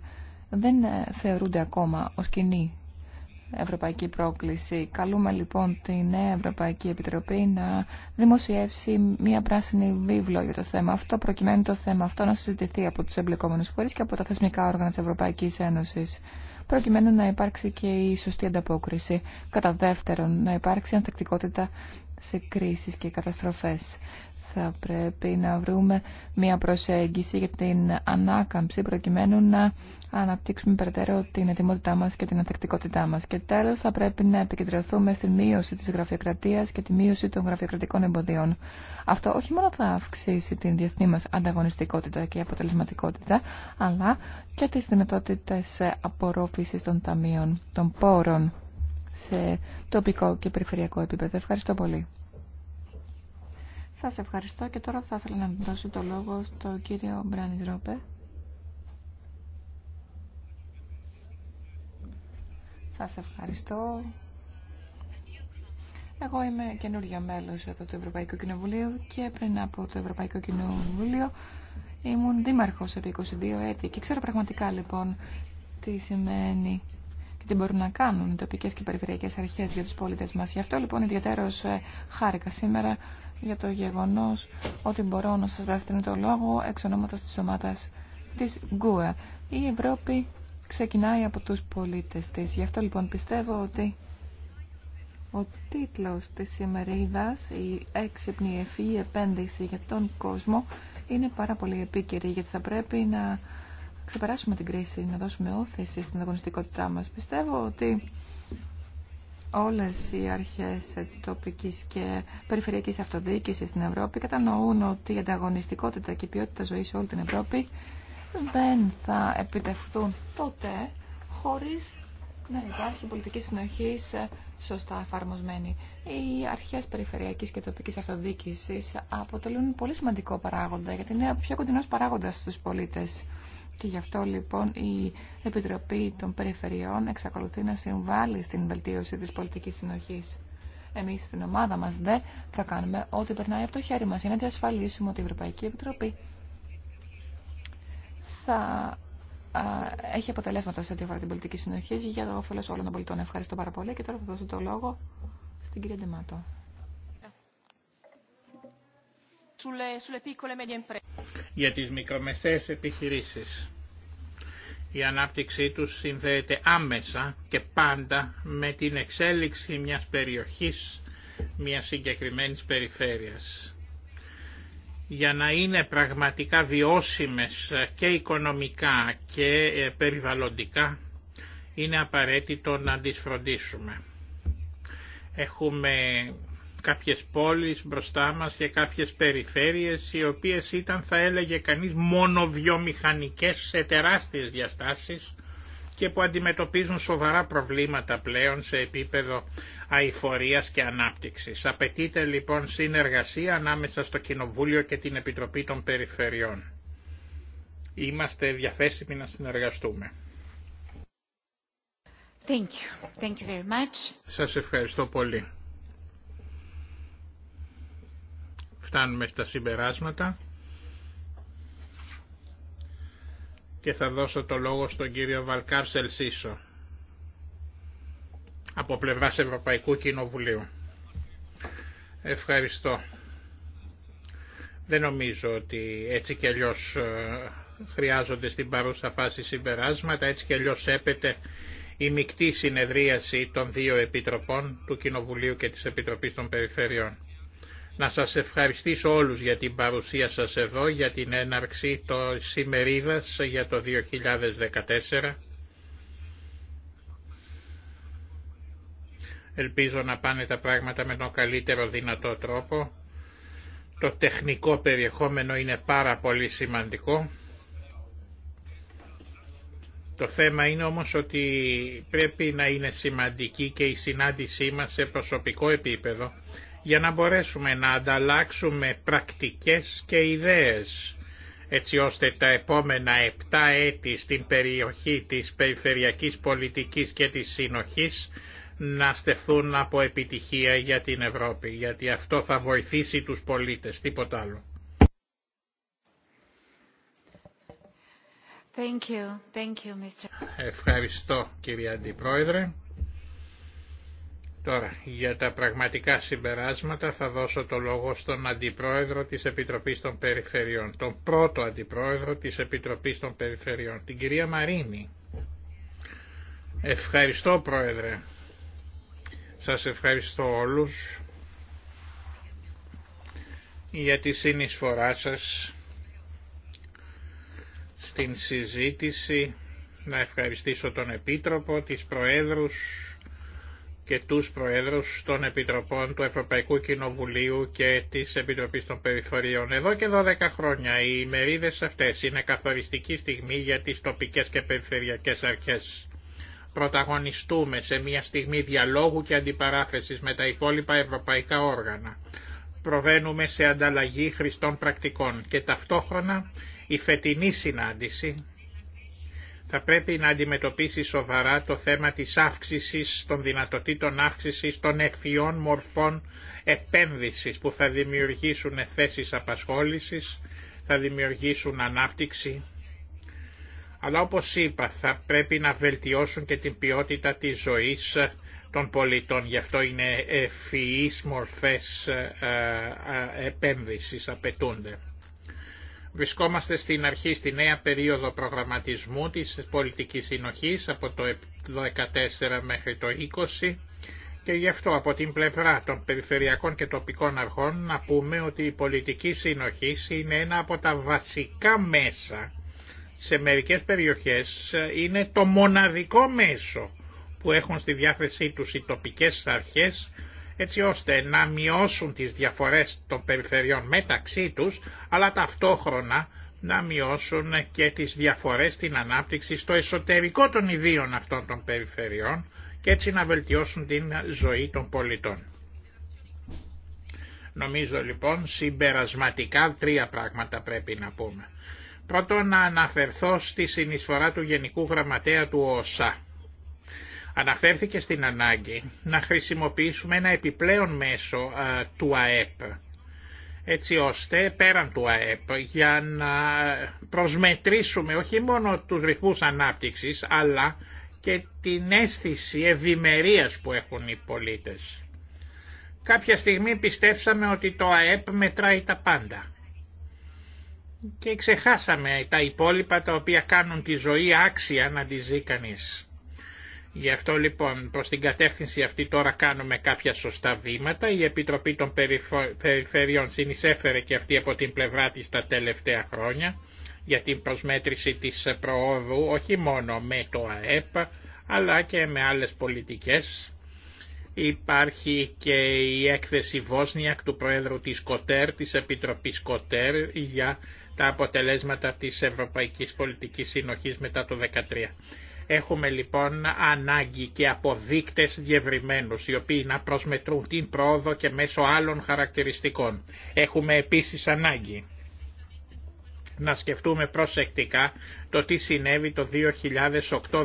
δεν θεωρούνται ακόμα ως κοινή ευρωπαϊκή πρόκληση. Καλούμε λοιπόν την νέα Ευρωπαϊκή Επιτροπή να δημοσιεύσει μία πράσινη βίβλο για το θέμα αυτό, προκειμένου το θέμα αυτό να συζητηθεί από τους εμπλεκόμενους φορείς και από τα θεσμικά όργανα της Ευρωπαϊκής Ένωσης, προκειμένου να υπάρξει και η σωστή ανταπόκριση. Κατά δεύτερον, να υπάρξει ανθεκτικότητα σε κρίσεις και καταστροφές θα πρέπει να βρούμε μια προσέγγιση για την ανάκαμψη προκειμένου να αναπτύξουμε περαιτέρω την ετοιμότητά μας και την ανθεκτικότητά μας. Και τέλος θα πρέπει να επικεντρωθούμε στη μείωση της γραφειοκρατίας και τη μείωση των γραφειοκρατικών εμποδίων. Αυτό όχι μόνο θα αυξήσει την διεθνή μας ανταγωνιστικότητα και αποτελεσματικότητα, αλλά και τις δυνατότητες απορρόφησης των ταμείων, των πόρων σε τοπικό και περιφερειακό επίπεδο. Ευχαριστώ πολύ. Σας ευχαριστώ και τώρα θα ήθελα να δώσω το λόγο στον κύριο Μπράνις Ρόπε. Σας ευχαριστώ. Εγώ είμαι καινούργια μέλος εδώ του Ευρωπαϊκού Κοινοβουλίου και πριν από το Ευρωπαϊκό Κοινοβούλιο ήμουν δήμαρχος επί 22 έτη και ξέρω πραγματικά λοιπόν τι σημαίνει και τι μπορούν να κάνουν οι τοπικές και περιφερειακές αρχές για τους πολίτες μας. Γι' αυτό λοιπόν ιδιαίτερος ε, χάρηκα σήμερα για το γεγονός ότι μπορώ να σας το λόγο εξ ονόματος της ομάδας της ΓΚΟΕ. Η Ευρώπη ξεκινάει από τους πολίτες της. Γι' αυτό λοιπόν πιστεύω ότι ο τίτλος της ημερίδας «Η έξυπνη ευφυή επένδυση για τον κόσμο» είναι πάρα πολύ επίκαιρη γιατί θα πρέπει να ξεπεράσουμε την κρίση, να δώσουμε όθηση στην αγωνιστικότητά μας. Πιστεύω ότι όλες οι αρχές τοπικής και περιφερειακής αυτοδιοίκησης στην Ευρώπη κατανοούν ότι η ανταγωνιστικότητα και η ποιότητα ζωής σε όλη την Ευρώπη δεν θα επιτευχθούν ποτέ χωρίς να υπάρχει πολιτική συνοχή σωστά εφαρμοσμένη. Οι αρχές περιφερειακής και τοπικής αυτοδιοίκησης αποτελούν πολύ σημαντικό παράγοντα γιατί είναι ο πιο κοντινός παράγοντας στους πολίτες. Και γι' αυτό λοιπόν η Επιτροπή των Περιφερειών εξακολουθεί να συμβάλλει στην βελτίωση της πολιτικής συνοχής. Εμείς στην ομάδα μας δε θα κάνουμε ό,τι περνάει από το χέρι μας για να διασφαλίσουμε ότι η Ευρωπαϊκή Επιτροπή θα έχει αποτελέσματα σε ό,τι αφορά την πολιτική συνοχή για το όφελο όλων των πολιτών. Ευχαριστώ πάρα πολύ και τώρα θα δώσω το λόγο στην κυρία Ντεμάτο. E για τις μικρομεσαίες επιχειρήσεις. Η ανάπτυξή τους συνδέεται άμεσα και πάντα με την εξέλιξη μιας περιοχής, μιας συγκεκριμένης περιφέρειας. Για να είναι πραγματικά βιώσιμες και οικονομικά και ε, περιβαλλοντικά, είναι απαραίτητο να τις φροντίσουμε. Έχουμε κάποιες πόλεις μπροστά μας και κάποιες περιφέρειες οι οποίες ήταν θα έλεγε κανείς μόνο βιομηχανικές σε τεράστιες διαστάσεις και που αντιμετωπίζουν σοβαρά προβλήματα πλέον σε επίπεδο αηφορίας και ανάπτυξης. Απαιτείται λοιπόν συνεργασία ανάμεσα στο Κοινοβούλιο και την Επιτροπή των Περιφερειών. Είμαστε διαθέσιμοι να συνεργαστούμε. Thank you. Thank you very Σας ευχαριστώ πολύ. φτάνουμε στα συμπεράσματα και θα δώσω το λόγο στον κύριο Βαλκάρ Σελσίσο από πλευράς Ευρωπαϊκού Κοινοβουλίου. Ευχαριστώ. Δεν νομίζω ότι έτσι και αλλιώς ε, χρειάζονται στην παρούσα φάση συμπεράσματα, έτσι κι αλλιώς έπεται η μεικτή συνεδρίαση των δύο επιτροπών, του Κοινοβουλίου και της Επιτροπής των Περιφερειών. Να σας ευχαριστήσω όλους για την παρουσία σας εδώ, για την έναρξη το σημερίδας για το 2014. Ελπίζω να πάνε τα πράγματα με τον καλύτερο δυνατό τρόπο. Το τεχνικό περιεχόμενο είναι πάρα πολύ σημαντικό. Το θέμα είναι όμως ότι πρέπει να είναι σημαντική και η συνάντησή μας σε προσωπικό επίπεδο για να μπορέσουμε να ανταλλάξουμε πρακτικές και ιδέες έτσι ώστε τα επόμενα 7 έτη στην περιοχή της περιφερειακής πολιτικής και της συνοχής να στεφθούν από επιτυχία για την Ευρώπη, γιατί αυτό θα βοηθήσει τους πολίτες, τίποτα άλλο. Thank you. Thank you, Ευχαριστώ κύριε Αντιπρόεδρε. Τώρα, για τα πραγματικά συμπεράσματα θα δώσω το λόγο στον Αντιπρόεδρο της Επιτροπής των Περιφερειών, τον πρώτο Αντιπρόεδρο της Επιτροπής των Περιφερειών, την κυρία Μαρίνη. Ευχαριστώ Πρόεδρε. Σας ευχαριστώ όλους για τη συνεισφορά σας στην συζήτηση. Να ευχαριστήσω τον Επίτροπο, τις Προέδρους, και τους Προέδρους των Επιτροπών του Ευρωπαϊκού Κοινοβουλίου και της Επιτροπής των Περιφορίων. Εδώ και 12 χρόνια οι ημερίδες αυτές είναι καθοριστική στιγμή για τις τοπικές και περιφερειακές αρχές. Πρωταγωνιστούμε σε μια στιγμή διαλόγου και αντιπαράθεσης με τα υπόλοιπα ευρωπαϊκά όργανα. Προβαίνουμε σε ανταλλαγή χρηστών πρακτικών και ταυτόχρονα η φετινή συνάντηση θα πρέπει να αντιμετωπίσει σοβαρά το θέμα της αύξησης των δυνατοτήτων αύξησης των ευφυών μορφών επένδυσης που θα δημιουργήσουν θέσεις απασχόλησης, θα δημιουργήσουν ανάπτυξη. Αλλά όπως είπα θα πρέπει να βελτιώσουν και την ποιότητα της ζωής των πολιτών. Γι' αυτό είναι ευφυείς μορφές ε, ε, ε, επένδυσης απαιτούνται. Βρισκόμαστε στην αρχή, στη νέα περίοδο προγραμματισμού της πολιτικής συνοχής από το 2014 μέχρι το 2020 και γι' αυτό από την πλευρά των περιφερειακών και τοπικών αρχών να πούμε ότι η πολιτική συνοχή είναι ένα από τα βασικά μέσα. Σε μερικές περιοχές είναι το μοναδικό μέσο που έχουν στη διάθεσή τους οι τοπικές αρχές έτσι ώστε να μειώσουν τις διαφορές των περιφερειών μεταξύ τους, αλλά ταυτόχρονα να μειώσουν και τις διαφορές στην ανάπτυξη στο εσωτερικό των ιδίων αυτών των περιφερειών και έτσι να βελτιώσουν την ζωή των πολιτών. Νομίζω λοιπόν συμπερασματικά τρία πράγματα πρέπει να πούμε. Πρώτον να αναφερθώ στη συνεισφορά του Γενικού Γραμματέα του ΟΣΑ Αναφέρθηκε στην ανάγκη να χρησιμοποιήσουμε ένα επιπλέον μέσο του ΑΕΠ έτσι ώστε πέραν του ΑΕΠ για να προσμετρήσουμε όχι μόνο τους ρυθμούς ανάπτυξης αλλά και την αίσθηση ευημερία που έχουν οι πολίτες. Κάποια στιγμή πιστέψαμε ότι το ΑΕΠ μετράει τα πάντα και ξεχάσαμε τα υπόλοιπα τα οποία κάνουν τη ζωή άξια να τη ζει κανείς. Γι' αυτό λοιπόν προς την κατεύθυνση αυτή τώρα κάνουμε κάποια σωστά βήματα. Η Επιτροπή των Περιφερειών συνεισέφερε και αυτή από την πλευρά της τα τελευταία χρόνια για την προσμέτρηση της προόδου όχι μόνο με το ΑΕΠ αλλά και με άλλες πολιτικές. Υπάρχει και η έκθεση Βόσνιακ του Προέδρου της ΚΟΤΕΡ, της Επιτροπής ΚΟΤΕΡ για τα αποτελέσματα της Ευρωπαϊκής Πολιτικής Συνοχής μετά το 2013. Έχουμε λοιπόν ανάγκη και από δείκτες διευρυμένους, οι οποίοι να προσμετρούν την πρόοδο και μέσω άλλων χαρακτηριστικών. Έχουμε επίσης ανάγκη να σκεφτούμε προσεκτικά το τι συνέβη το 2008-2013.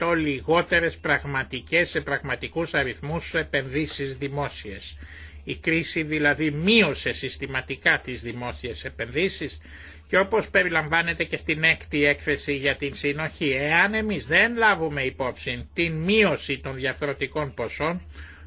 20% λιγότερες πραγματικές σε πραγματικούς αριθμούς επενδύσεις δημόσιες. Η κρίση δηλαδή μείωσε συστηματικά τις δημόσιες επενδύσεις και όπως περιλαμβάνεται και στην έκτη έκθεση για την συνοχή, εάν εμείς δεν λάβουμε υπόψη την μείωση των διαφορετικών ποσών,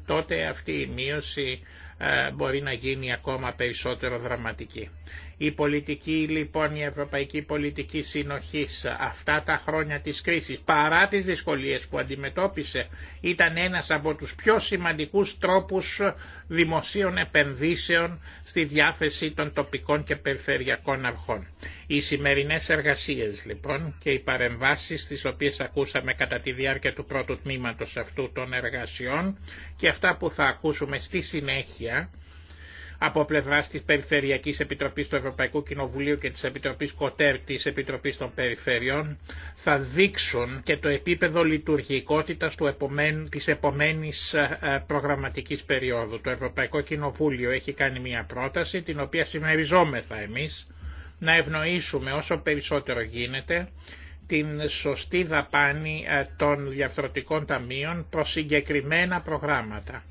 τότε αυτή η μείωση ε, μπορεί να γίνει ακόμα περισσότερο δραματική. Η πολιτική λοιπόν, η ευρωπαϊκή πολιτική συνοχής αυτά τα χρόνια της κρίσης, παρά τις δυσκολίες που αντιμετώπισε, ήταν ένας από τους πιο σημαντικούς τρόπους δημοσίων επενδύσεων στη διάθεση των τοπικών και περιφερειακών αρχών. Οι σημερινές εργασίες λοιπόν και οι παρεμβάσεις τις οποίες ακούσαμε κατά τη διάρκεια του πρώτου τμήματος αυτού των εργασιών και αυτά που θα ακούσουμε στη συνέχεια, από πλευρά τη Περιφερειακή Επιτροπή του Ευρωπαϊκού Κοινοβουλίου και τη Επιτροπή Κοτέρ τη Επιτροπή των Περιφερειών θα δείξουν και το επίπεδο λειτουργικότητα τη επομένη ε, ε, προγραμματική περίοδου. Το Ευρωπαϊκό Κοινοβούλιο έχει κάνει μια πρόταση την οποία συμμεριζόμεθα εμεί να ευνοήσουμε όσο περισσότερο γίνεται την σωστή δαπάνη ε, των διαφθορτικών ταμείων προς συγκεκριμένα προγράμματα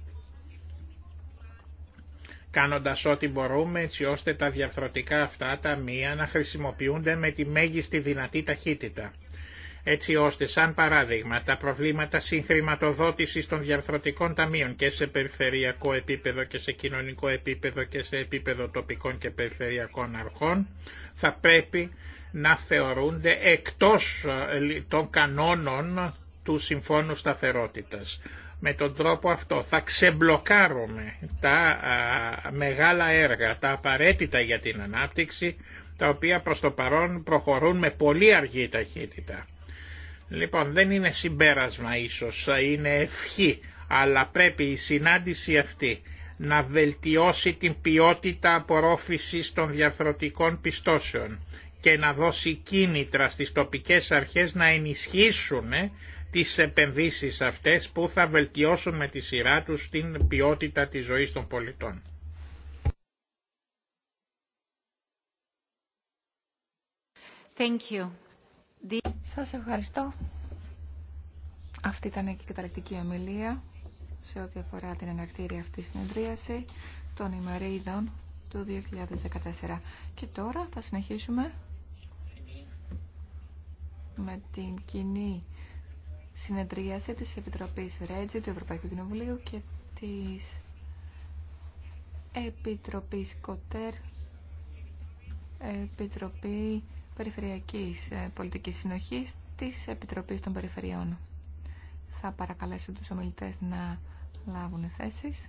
κάνοντας ό,τι μπορούμε έτσι ώστε τα διαρθρωτικά αυτά μία να χρησιμοποιούνται με τη μέγιστη δυνατή ταχύτητα. Έτσι ώστε, σαν παράδειγμα, τα προβλήματα συγχρηματοδότησης των διαρθρωτικών ταμείων και σε περιφερειακό επίπεδο και σε κοινωνικό επίπεδο και σε επίπεδο τοπικών και περιφερειακών αρχών θα πρέπει να θεωρούνται εκτός ε, των κανόνων του Συμφώνου Σταθερότητας. Με τον τρόπο αυτό θα ξεμπλοκάρουμε τα μεγάλα έργα, τα απαραίτητα για την ανάπτυξη, τα οποία προς το παρόν προχωρούν με πολύ αργή ταχύτητα. Λοιπόν, δεν είναι συμπέρασμα ίσως, είναι ευχή, αλλά πρέπει η συνάντηση αυτή να βελτιώσει την ποιότητα απορρόφησης των διαρθρωτικών πιστώσεων και να δώσει κίνητρα στις τοπικές αρχές να ενισχύσουν ε, τις επενδύσεις αυτές που θα βελτιώσουν με τη σειρά τους την ποιότητα της ζωής των πολιτών. Thank you. Σας ευχαριστώ. Αυτή ήταν η καταληκτική ομιλία σε ό,τι αφορά την ενακτήρια αυτή συνεδρίαση των ημερίδων του 2014. Και τώρα θα συνεχίσουμε με την κοινή συνεδρίαση της Επιτροπής Ρέτζι του Ευρωπαϊκού Κοινοβουλίου και της Επιτροπής Κοτέρ, Επιτροπή Περιφερειακής ε, Πολιτικής Συνοχής της Επιτροπής των Περιφερειών. Θα παρακαλέσω τους ομιλητές να λάβουν θέσεις.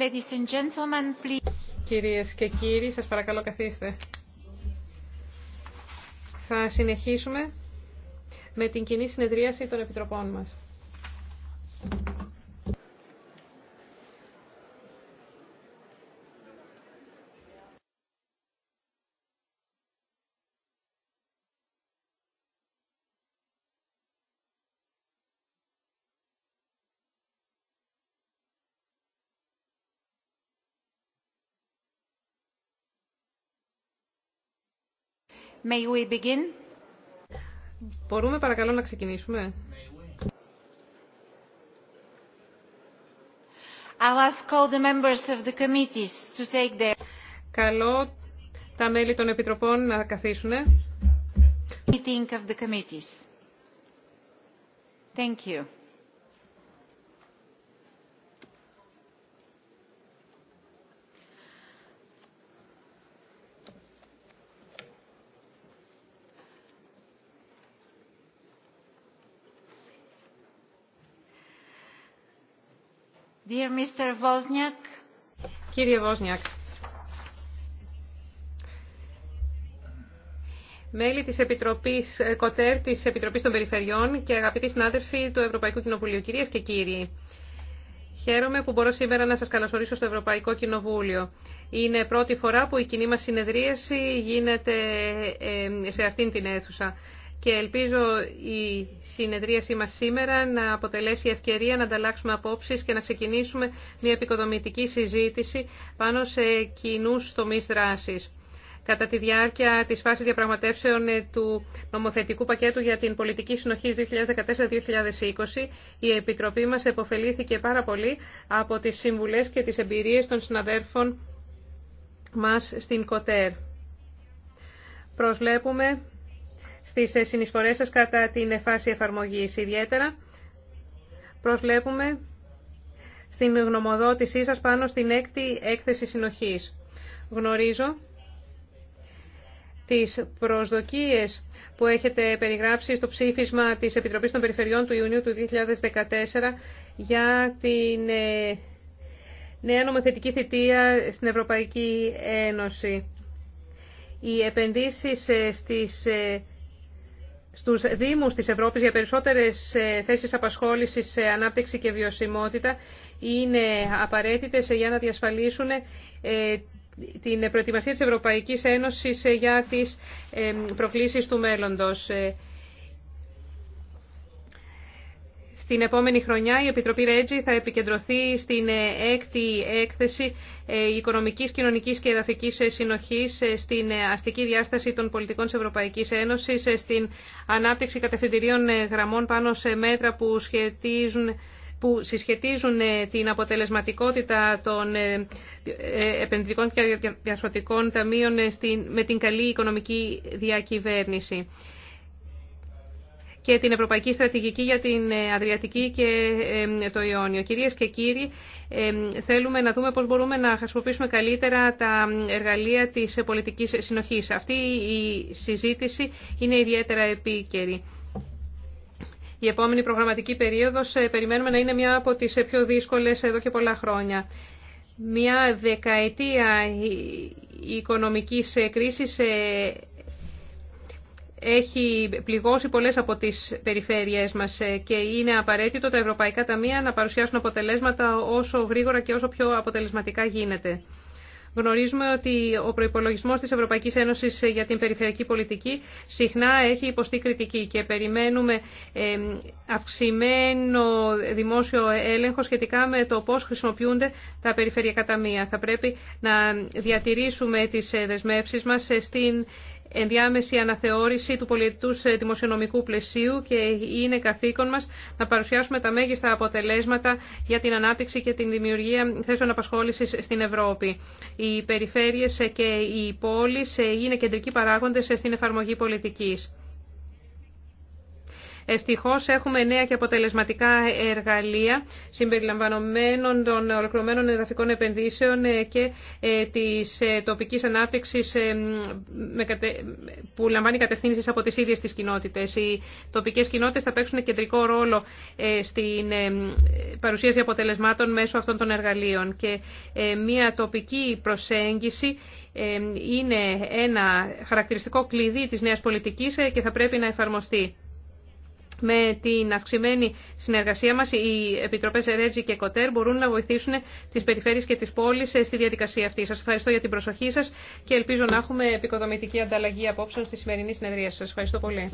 Ladies and gentlemen, please. Κυρίες και κύριοι, σας παρακαλώ καθίστε. Θα συνεχίσουμε με την κοινή συνεδρίαση των επιτροπών μας. May we begin? Μπορούμε παρακαλώ να ξεκινήσουμε. I'll ask all the members of the committees to take their... Καλό τα μέλη των επιτροπών να καθίσουν. Meeting of the committees. Thank you. Κύριε Βόσνιακ, μέλη της Επιτροπής ε, ΚΟΤΕΡ, της Επιτροπής των Περιφερειών και αγαπητοί συνάδελφοι του Ευρωπαϊκού Κοινοβουλίου, κυρίες και κύριοι, χαίρομαι που μπορώ σήμερα να σας καλωσορίσω στο Ευρωπαϊκό Κοινοβούλιο. Είναι πρώτη φορά που η κοινή μας συνεδρίαση γίνεται ε, σε αυτήν την αίθουσα και ελπίζω η συνεδρίασή μας σήμερα να αποτελέσει ευκαιρία να ανταλλάξουμε απόψεις και να ξεκινήσουμε μια επικοδομητική συζήτηση πάνω σε κοινού τομεί δράση. Κατά τη διάρκεια της φάσης διαπραγματεύσεων ε, του νομοθετικού πακέτου για την πολιτική συνοχή 2014-2020, η Επιτροπή μας επωφελήθηκε πάρα πολύ από τις συμβουλές και τις εμπειρίες των συναδέρφων μας στην ΚΟΤΕΡ. Προσβλέπουμε στις ε, συνεισφορές σας κατά την φάση εφαρμογής. Ιδιαίτερα προσλέπουμε στην γνωμοδότησή σας πάνω στην έκτη έκθεση συνοχής. Γνωρίζω τις προσδοκίες που έχετε περιγράψει στο ψήφισμα της Επιτροπής των Περιφερειών του Ιουνίου του 2014 για την ε, νέα νομοθετική θητεία στην Ευρωπαϊκή Ένωση. Οι επενδύσεις ε, στις στους Δήμους της Ευρώπης για περισσότερες ε, θέσεις απασχόλησης σε ανάπτυξη και βιωσιμότητα είναι απαραίτητες ε, για να διασφαλίσουν ε, την προετοιμασία της Ευρωπαϊκής Ένωσης για τις προκλήσεις του μέλλοντος. Την επόμενη χρονιά η Επιτροπή Ρέτζι θα επικεντρωθεί στην ε, έκτη έκθεση ε, οικονομικής, κοινωνικής και εδαφικής ε, συνοχής στην αστική διάσταση των πολιτικών της Ευρωπαϊκής Ένωσης, στην ανάπτυξη κατευθυντηρίων γραμμών πάνω σε μέτρα που σχετίζουν που συσχετίζουν την αποτελεσματικότητα των επενδυτικών και διαρθρωτικών ταμείων με την καλή οικονομική διακυβέρνηση και την Ευρωπαϊκή Στρατηγική για την ε, Αδριατική και το Ιόνιο. Κυρίες και κύριοι, θέλουμε να δούμε πώς μπορούμε να χρησιμοποιήσουμε καλύτερα τα εργαλεία της πολιτικής συνοχής. Αυτή η συζήτηση είναι ιδιαίτερα επίκαιρη. Η επόμενη προγραμματική περίοδος ε, περιμένουμε να είναι μια από τις πιο δύσκολες εδώ και πολλά χρόνια. Μια δεκαετία ε, οικονομικής κρίσης έχει πληγώσει πολλές από τις περιφέρειές μας ε, και είναι απαραίτητο τα Ευρωπαϊκά Ταμεία να παρουσιάσουν αποτελέσματα όσο γρήγορα και όσο πιο αποτελεσματικά γίνεται. Γνωρίζουμε ότι ο προπολογισμό τη Ευρωπαϊκή Ένωση ε, για την περιφερειακή πολιτική συχνά έχει υποστεί κριτική και περιμένουμε ε, αυξημένο δημόσιο έλεγχο σχετικά με το πώ χρησιμοποιούνται τα περιφερειακά ταμεία. Θα πρέπει να διατηρήσουμε τι δεσμεύσει μα στην ενδιάμεση αναθεώρηση του πολιτού ε, δημοσιονομικού πλαισίου και είναι καθήκον μας να παρουσιάσουμε τα μέγιστα αποτελέσματα για την ανάπτυξη και την δημιουργία θέσεων απασχόλησης στην Ευρώπη. Οι περιφέρειες και οι πόλεις ε, είναι κεντρικοί παράγοντες ε, στην εφαρμογή πολιτικής. Ευτυχώ έχουμε νέα και αποτελεσματικά εργαλεία συμπεριλαμβανομένων των ολοκληρωμένων εδαφικών επενδύσεων ε, και ε, της ε, τοπικής ανάπτυξη, που λαμβάνει κατευθύνσει από τις ίδιε τι κοινότητε. Οι τοπικές κοινότητε θα παίξουν κεντρικό ρόλο στην παρουσίαση αποτελεσμάτων μέσω αυτών των εργαλείων και μια τοπική προσέγγιση είναι ένα χαρακτηριστικό κλειδί της νέας πολιτικής και θα πρέπει να εφαρμοστεί με την αυξημένη συνεργασία μας οι Επιτροπές Ρέτζι και Κοτέρ μπορούν να βοηθήσουν τις περιφέρειες και τις πόλεις ε, στη διαδικασία αυτή. Σας ευχαριστώ για την προσοχή σας και ελπίζω να έχουμε επικοδομητική ανταλλαγή απόψεων στη σημερινή συνεδρία. Σας ευχαριστώ πολύ.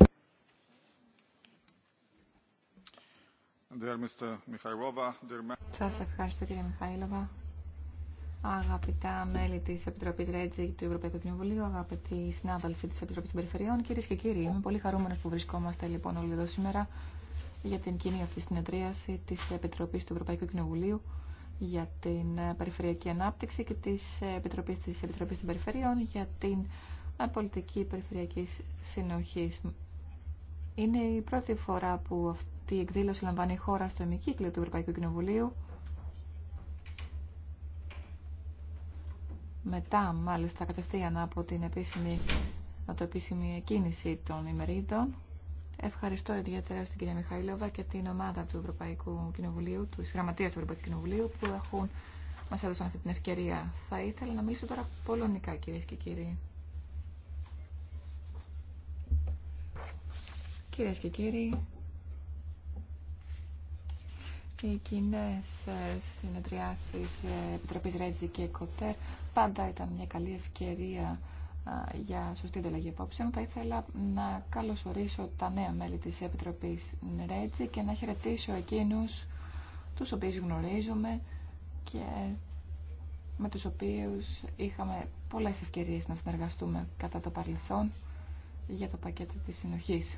Σας ευχαριστώ κύριε Αγαπητά μέλη τη Επιτροπή Ρέτζη του Ευρωπαϊκού Κοινοβουλίου, αγαπητοί συνάδελφοι τη Επιτροπή των Περιφερειών, κυρίε και κύριοι, είμαι πολύ χαρούμενο που βρισκόμαστε λοιπόν όλοι εδώ σήμερα για την κοινή αυτή συνεδρίαση τη Επιτροπή του Ευρωπαϊκού Κοινοβουλίου για την ε, Περιφερειακή Ανάπτυξη και τη ε, Επιτροπή τη Επιτροπή των Περιφερειών για την ε, πολιτική περιφερειακή συνοχή. Είναι η πρώτη φορά που αυτή η εκδήλωση λαμβάνει η χώρα στο ημικύκλιο του Ευρωπαϊκού Κοινοβουλίου μετά μάλιστα κατευθείαν από την επίσημη, το επίσημη κίνηση των ημερίδων. Ευχαριστώ ιδιαίτερα στην κυρία Μιχαήλοβα και την ομάδα του Ευρωπαϊκού Κοινοβουλίου, του Γραμματεία του Ευρωπαϊκού Κοινοβουλίου που έχουν, μας έδωσαν αυτή την ευκαιρία. Θα ήθελα να μιλήσω τώρα πολωνικά κυρίες και κύριοι. Κυρίες και κύριοι, οι κοινέ συνεδριάσεις Επιτροπή Ρέτζη και Κοτέρ πάντα ήταν μια καλή ευκαιρία για σωστή ανταλλαγή απόψεων. Θα ήθελα να καλωσορίσω τα νέα μέλη της Επιτροπής Ρέτζη και να χαιρετήσω εκείνους τους οποίους γνωρίζουμε και με τους οποίους είχαμε πολλές ευκαιρίες να συνεργαστούμε κατά το παρελθόν για το πακέτο της συνοχής.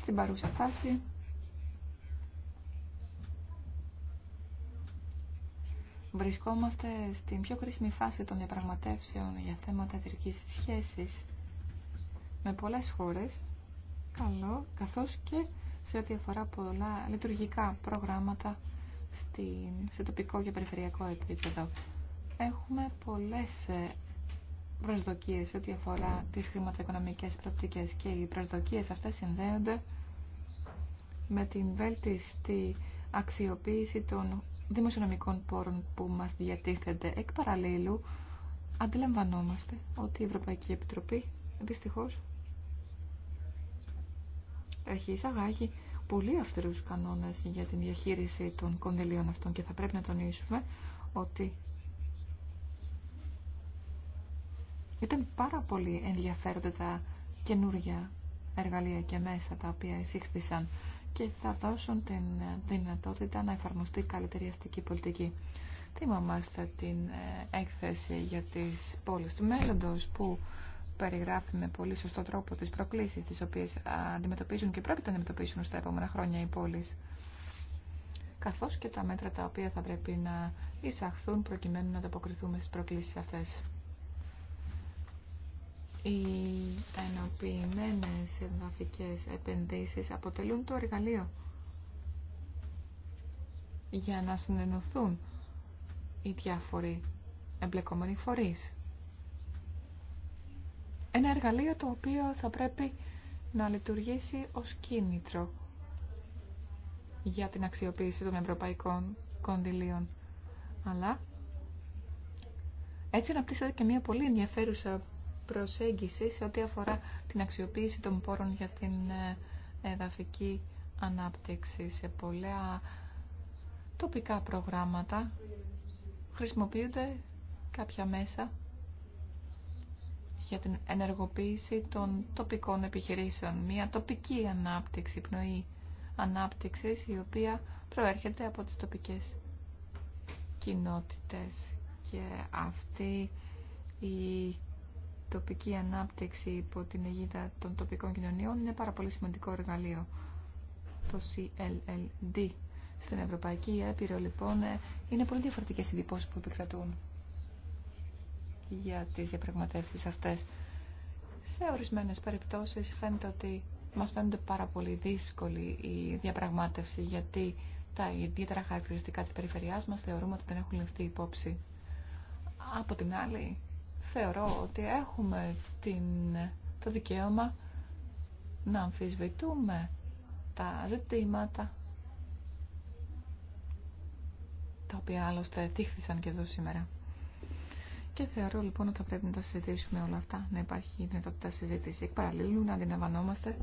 Στην παρούσα φάση Βρισκόμαστε στην πιο κρίσιμη φάση των διαπραγματεύσεων για θέματα εταιρικής σχέσης με πολλές χώρες, καλό, καθώς και σε ό,τι αφορά πολλά λειτουργικά προγράμματα σε τοπικό και περιφερειακό επίπεδο. Έχουμε πολλές ε, προσδοκίες σε ό,τι αφορά τις χρηματοοικονομικές προοπτικές και οι προσδοκίες αυτές συνδέονται με την βέλτιστη αξιοποίηση των δημοσιονομικών πόρων που μας διατίθενται εκ παραλλήλου, αντιλαμβανόμαστε ότι η Ευρωπαϊκή Επιτροπή δυστυχώς έχει εισαγάγει πολύ αυστηρούς κανόνες για την διαχείριση των κονδυλίων αυτών και θα πρέπει να τονίσουμε ότι ήταν πάρα πολύ ενδιαφέροντα τα καινούργια εργαλεία και μέσα τα οποία εισήχθησαν και θα δώσουν την δυνατότητα να εφαρμοστεί καλύτερη αστική πολιτική. Θυμόμαστε την ε, έκθεση για τις πόλεις του μέλλοντος που περιγράφει με πολύ σωστό τρόπο τις προκλήσεις τις οποίες αντιμετωπίζουν και πρόκειται να αντιμετωπίσουν στα επόμενα χρόνια οι πόλεις καθώς και τα μέτρα τα οποία θα πρέπει να εισαχθούν προκειμένου να ανταποκριθούμε στις προκλήσεις αυτές. Οι ενοποιημένες εδαφικές επενδύσεις αποτελούν το εργαλείο για να συνενωθούν οι διάφοροι εμπλεκόμενοι φορείς. Ένα εργαλείο το οποίο θα πρέπει να λειτουργήσει ως κίνητρο για την αξιοποίηση των ευρωπαϊκών κονδυλίων. Αλλά έτσι αναπτύσσεται και μια πολύ ενδιαφέρουσα προσέγγιση σε ό,τι αφορά την αξιοποίηση των πόρων για την ε, εδαφική ανάπτυξη σε πολλά τοπικά προγράμματα χρησιμοποιούνται κάποια μέσα για την ενεργοποίηση των τοπικών επιχειρήσεων. Μια τοπική ανάπτυξη, πνοή ανάπτυξης, η οποία προέρχεται από τις τοπικές κοινότητες. Και αυτή η τοπική ανάπτυξη υπό την αιγίδα των τοπικών κοινωνιών είναι πάρα πολύ σημαντικό εργαλείο, το CLLD. Στην Ευρωπαϊκή Έπειρο, λοιπόν, είναι πολύ διαφορετικές εντυπώσεις που επικρατούν για τις διαπραγματεύσεις αυτές. Σε ορισμένες περιπτώσεις φαίνεται ότι μας φαίνεται πάρα πολύ δύσκολη η διαπραγμάτευση γιατί τα ιδιαίτερα χαρακτηριστικά της περιφερειάς μας θεωρούμε ότι δεν έχουν ληφθεί υπόψη. Από την άλλη, θεωρώ ότι έχουμε την, το δικαίωμα να αμφισβητούμε τα ζητήματα τα οποία άλλωστε τύχθησαν και εδώ σήμερα. Και θεωρώ λοιπόν ότι θα πρέπει να τα συζητήσουμε όλα αυτά, να υπάρχει δυνατότητα συζήτηση εκ παραλλήλου, να αντιλαμβανόμαστε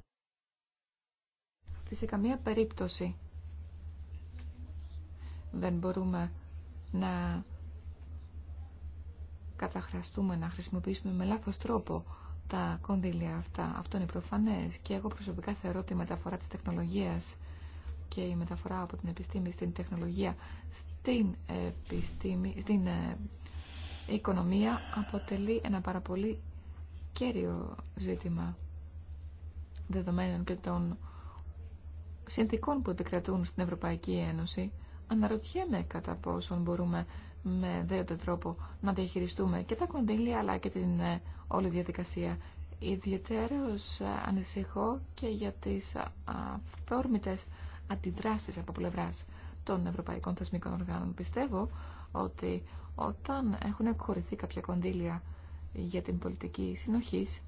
ότι σε καμία περίπτωση δεν μπορούμε να καταχραστούμε, να χρησιμοποιήσουμε με λάθος τρόπο τα κονδύλια αυτά. Αυτό είναι προφανές και εγώ προσωπικά θεωρώ ότι η μεταφορά της τεχνολογίας και η μεταφορά από την επιστήμη στην τεχνολογία στην, επιστήμη, στην ε, οικονομία αποτελεί ένα πάρα πολύ κέριο ζήτημα δεδομένων και των συνθήκων που επικρατούν στην Ευρωπαϊκή Ένωση. Αναρωτιέμαι κατά πόσον μπορούμε με δέοντα τρόπο να διαχειριστούμε και τα κονδύλια αλλά και την ε, όλη διαδικασία. Ιδιαιτέρως ε, ανησυχώ και για τις αφόρμητες αντιδράσεις από πλευράς των Ευρωπαϊκών Θεσμικών Οργάνων. Πιστεύω ότι όταν έχουν εκχωρηθεί κάποια κονδύλια για την πολιτική συνοχής,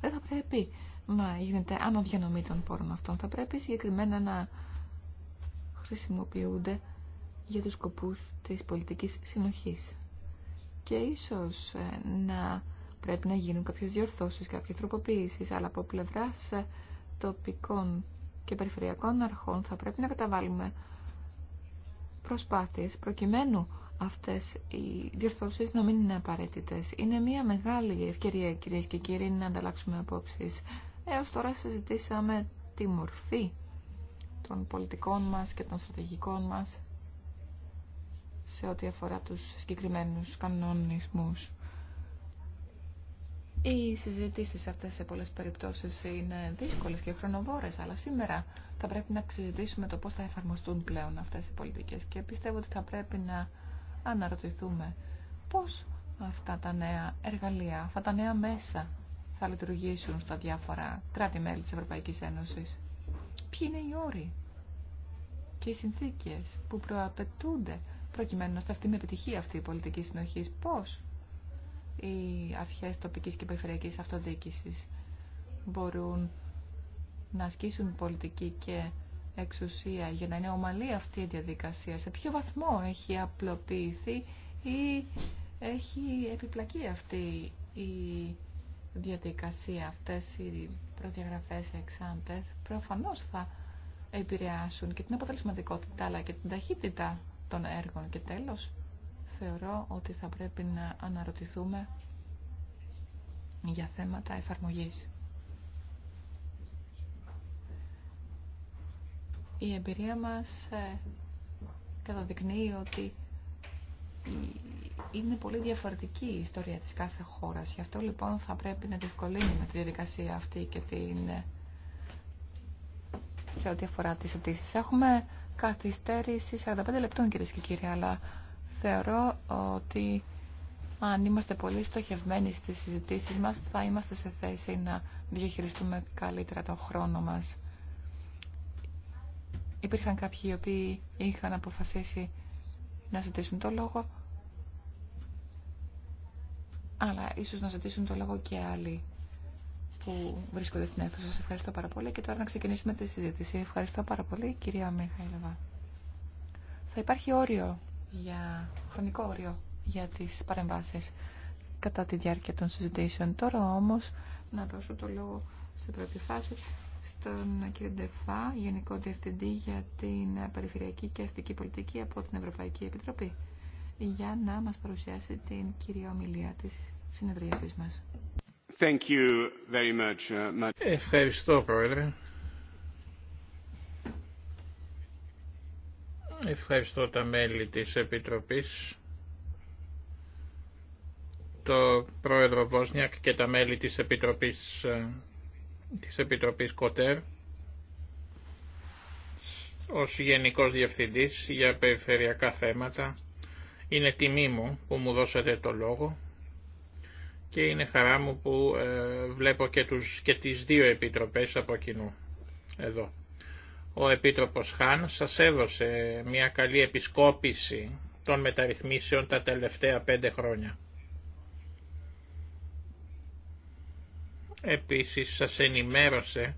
δεν θα πρέπει να γίνεται αναδιανομή των πόρων αυτών. Θα πρέπει συγκεκριμένα να χρησιμοποιούνται για τους σκοπούς της πολιτικής συνοχής. Και ίσως ε, να πρέπει να γίνουν κάποιες διορθώσεις, κάποιες τροποποίησεις, αλλά από πλευράς ε, τοπικών και περιφερειακών αρχών θα πρέπει να καταβάλουμε προσπάθειες προκειμένου αυτές οι διορθώσεις να μην είναι απαραίτητες. Είναι μια μεγάλη ευκαιρία κυρίες και κύριοι να ανταλλάξουμε απόψεις. Έως τώρα συζητήσαμε τη μορφή των πολιτικών μας και των στρατηγικών μας σε ό,τι αφορά τους συγκεκριμένους κανονισμούς. Οι συζητήσεις αυτές σε πολλές περιπτώσεις είναι δύσκολες και χρονοβόρες, αλλά σήμερα θα πρέπει να συζητήσουμε το πώς θα εφαρμοστούν πλέον αυτές οι πολιτικές και πιστεύω ότι θα πρέπει να αναρωτηθούμε πώς αυτά τα νέα εργαλεία, αυτά τα νέα μέσα θα λειτουργήσουν στα διάφορα κράτη-μέλη της Ευρωπαϊκής Ένωσης. Ποιοι είναι οι όροι και οι συνθήκες που προαπαιτούνται προκειμένου να σταθεί με επιτυχία αυτή η πολιτική συνοχή. Πώς οι αρχέ τοπική και περιφερειακής αυτοδιοίκησης μπορούν να ασκήσουν πολιτική και εξουσία για να είναι ομαλή αυτή η διαδικασία. Σε ποιο βαθμό έχει απλοποιηθεί ή έχει επιπλακεί αυτή η διαδικασία, αυτές οι προδιαγραφές εξάντες προφανώς θα επηρεάσουν και την αποτελεσματικότητα αλλά και την ταχύτητα των έργων. Και τέλος, θεωρώ ότι θα πρέπει να αναρωτηθούμε για θέματα εφαρμογής. Η εμπειρία μας ε, καταδεικνύει ότι είναι πολύ διαφορετική η ιστορία της κάθε χώρας. Γι' αυτό λοιπόν θα πρέπει να διευκολύνουμε τη διαδικασία αυτή και την... Ε, σε ό,τι αφορά τις αιτήσει. Έχουμε καθυστέρηση 45 λεπτών κυρίε και κύριοι, αλλά θεωρώ ότι αν είμαστε πολύ στοχευμένοι στις συζητήσεις μας θα είμαστε σε θέση να διαχειριστούμε καλύτερα τον χρόνο μας. Υπήρχαν κάποιοι οι οποίοι είχαν αποφασίσει να ζητήσουν το λόγο, αλλά ίσως να ζητήσουν το λόγο και άλλοι που βρίσκονται στην αίθουσα. Σας ευχαριστώ πάρα πολύ και τώρα να ξεκινήσουμε τη συζήτηση. Ευχαριστώ πάρα πολύ, κυρία Μιχαήλεβα. Θα υπάρχει όριο, για, χρονικό όριο για τις παρεμβάσεις κατά τη διάρκεια των συζητήσεων. Τώρα όμως να δώσω το λόγο σε πρώτη φάση στον κύριο Ντεφά, Γενικό Διευθυντή για την Περιφερειακή και Αστική Πολιτική από την Ευρωπαϊκή Επιτροπή για να μας παρουσιάσει την κυρία ομιλία της συνεδρίασής μας. Uh, Ευχαριστώ Πρόεδρε. Ευχαριστώ τα μέλη της Επιτροπής, το Πρόεδρο Βόσνιακ και τα μέλη της Επιτροπής, ε, της Επιτροπής Κοτέρ ως Γενικός Διευθυντής για Περιφερειακά Θέματα. Είναι τιμή μου που μου δώσατε το λόγο και είναι χαρά μου που ε, βλέπω και, τους, και τις δύο επιτροπές από κοινού εδώ. Ο Επίτροπος Χάν σας έδωσε μια καλή επισκόπηση των μεταρρυθμίσεων τα τελευταία πέντε χρόνια. Επίσης σας ενημέρωσε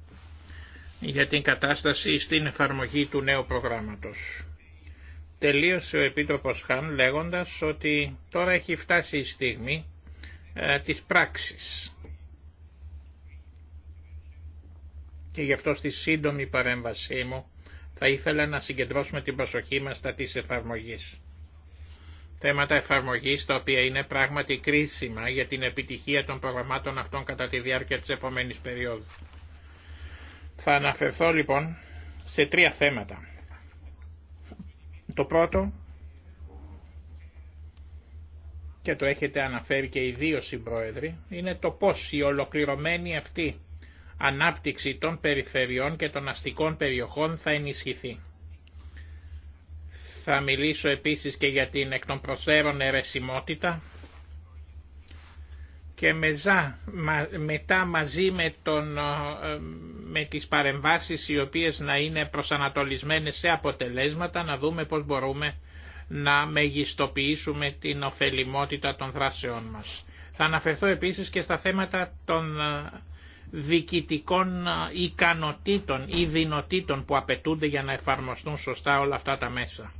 για την κατάσταση στην εφαρμογή του νέου προγράμματος. Τελείωσε ο Επίτροπος Χάν λέγοντας ότι τώρα έχει φτάσει η στιγμή ε, της πράξης. Και γι' αυτό στη σύντομη παρέμβασή μου θα ήθελα να συγκεντρώσουμε την προσοχή μας στα της εφαρμογής. Θέματα εφαρμογής τα οποία είναι πράγματι κρίσιμα για την επιτυχία των προγραμμάτων αυτών κατά τη διάρκεια της επόμενης περίοδου. Θα αναφερθώ λοιπόν σε τρία θέματα. Το πρώτο και το έχετε αναφέρει και οι δύο συμπρόεδροι, είναι το πώς η ολοκληρωμένη αυτή ανάπτυξη των περιφερειών και των αστικών περιοχών θα ενισχυθεί. Θα μιλήσω επίσης και για την εκ των προσέρων αιρεσιμότητα και μετά μαζί με, τον, ε, με τις παρεμβάσεις οι οποίες να είναι προσανατολισμένες σε αποτελέσματα να δούμε πώς μπορούμε να μεγιστοποιήσουμε την ωφελημότητα των δράσεών μας. Θα αναφερθώ επίσης και στα θέματα των ε, διοικητικών ε, ικανοτήτων ή δυνοτήτων που απαιτούνται για να εφαρμοστούν σωστά όλα αυτά τα μέσα.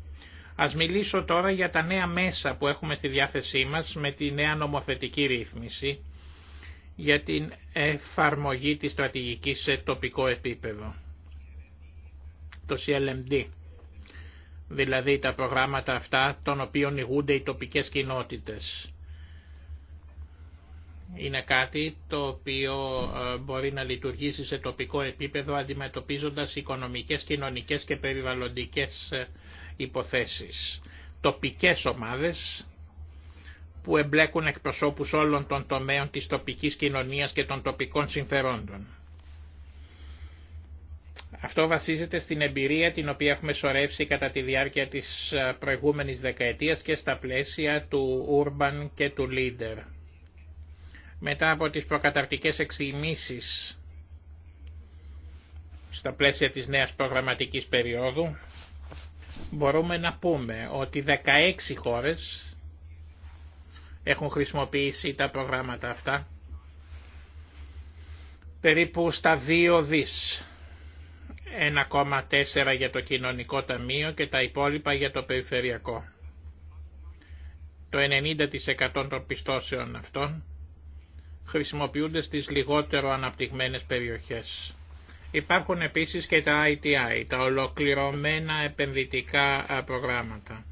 Ας μιλήσω τώρα για τα νέα μέσα που έχουμε στη διάθεσή μας με τη νέα νομοθετική ρύθμιση για την εφαρμογή της στρατηγικής σε τοπικό επίπεδο, το CLMD δηλαδή τα προγράμματα αυτά των οποίων ηγούνται οι τοπικές κοινότητες. Είναι κάτι το οποίο ε, μπορεί να λειτουργήσει σε τοπικό επίπεδο αντιμετωπίζοντας οικονομικές, κοινωνικές και περιβαλλοντικές ε, υποθέσεις. Τοπικές ομάδες που εμπλέκουν εκπροσώπους όλων των τομέων της τοπικής κοινωνίας και των τοπικών συμφερόντων. Αυτό βασίζεται στην εμπειρία την οποία έχουμε σωρεύσει κατά τη διάρκεια της ε, προηγούμενης δεκαετίας και στα πλαίσια του Urban και του Leader. Μετά από τις προκαταρτικές εξημίσεις στα πλαίσια της νέας προγραμματικής περίοδου, μπορούμε να πούμε ότι 16 χώρες έχουν χρησιμοποιήσει τα προγράμματα αυτά περίπου στα 2 δις 1,4 για το κοινωνικό ταμείο και τα υπόλοιπα για το περιφερειακό. Το 90% των πιστώσεων αυτών χρησιμοποιούνται στις λιγότερο αναπτυγμένες περιοχές. Υπάρχουν επίσης και τα ITI, τα ολοκληρωμένα επενδυτικά προγράμματα.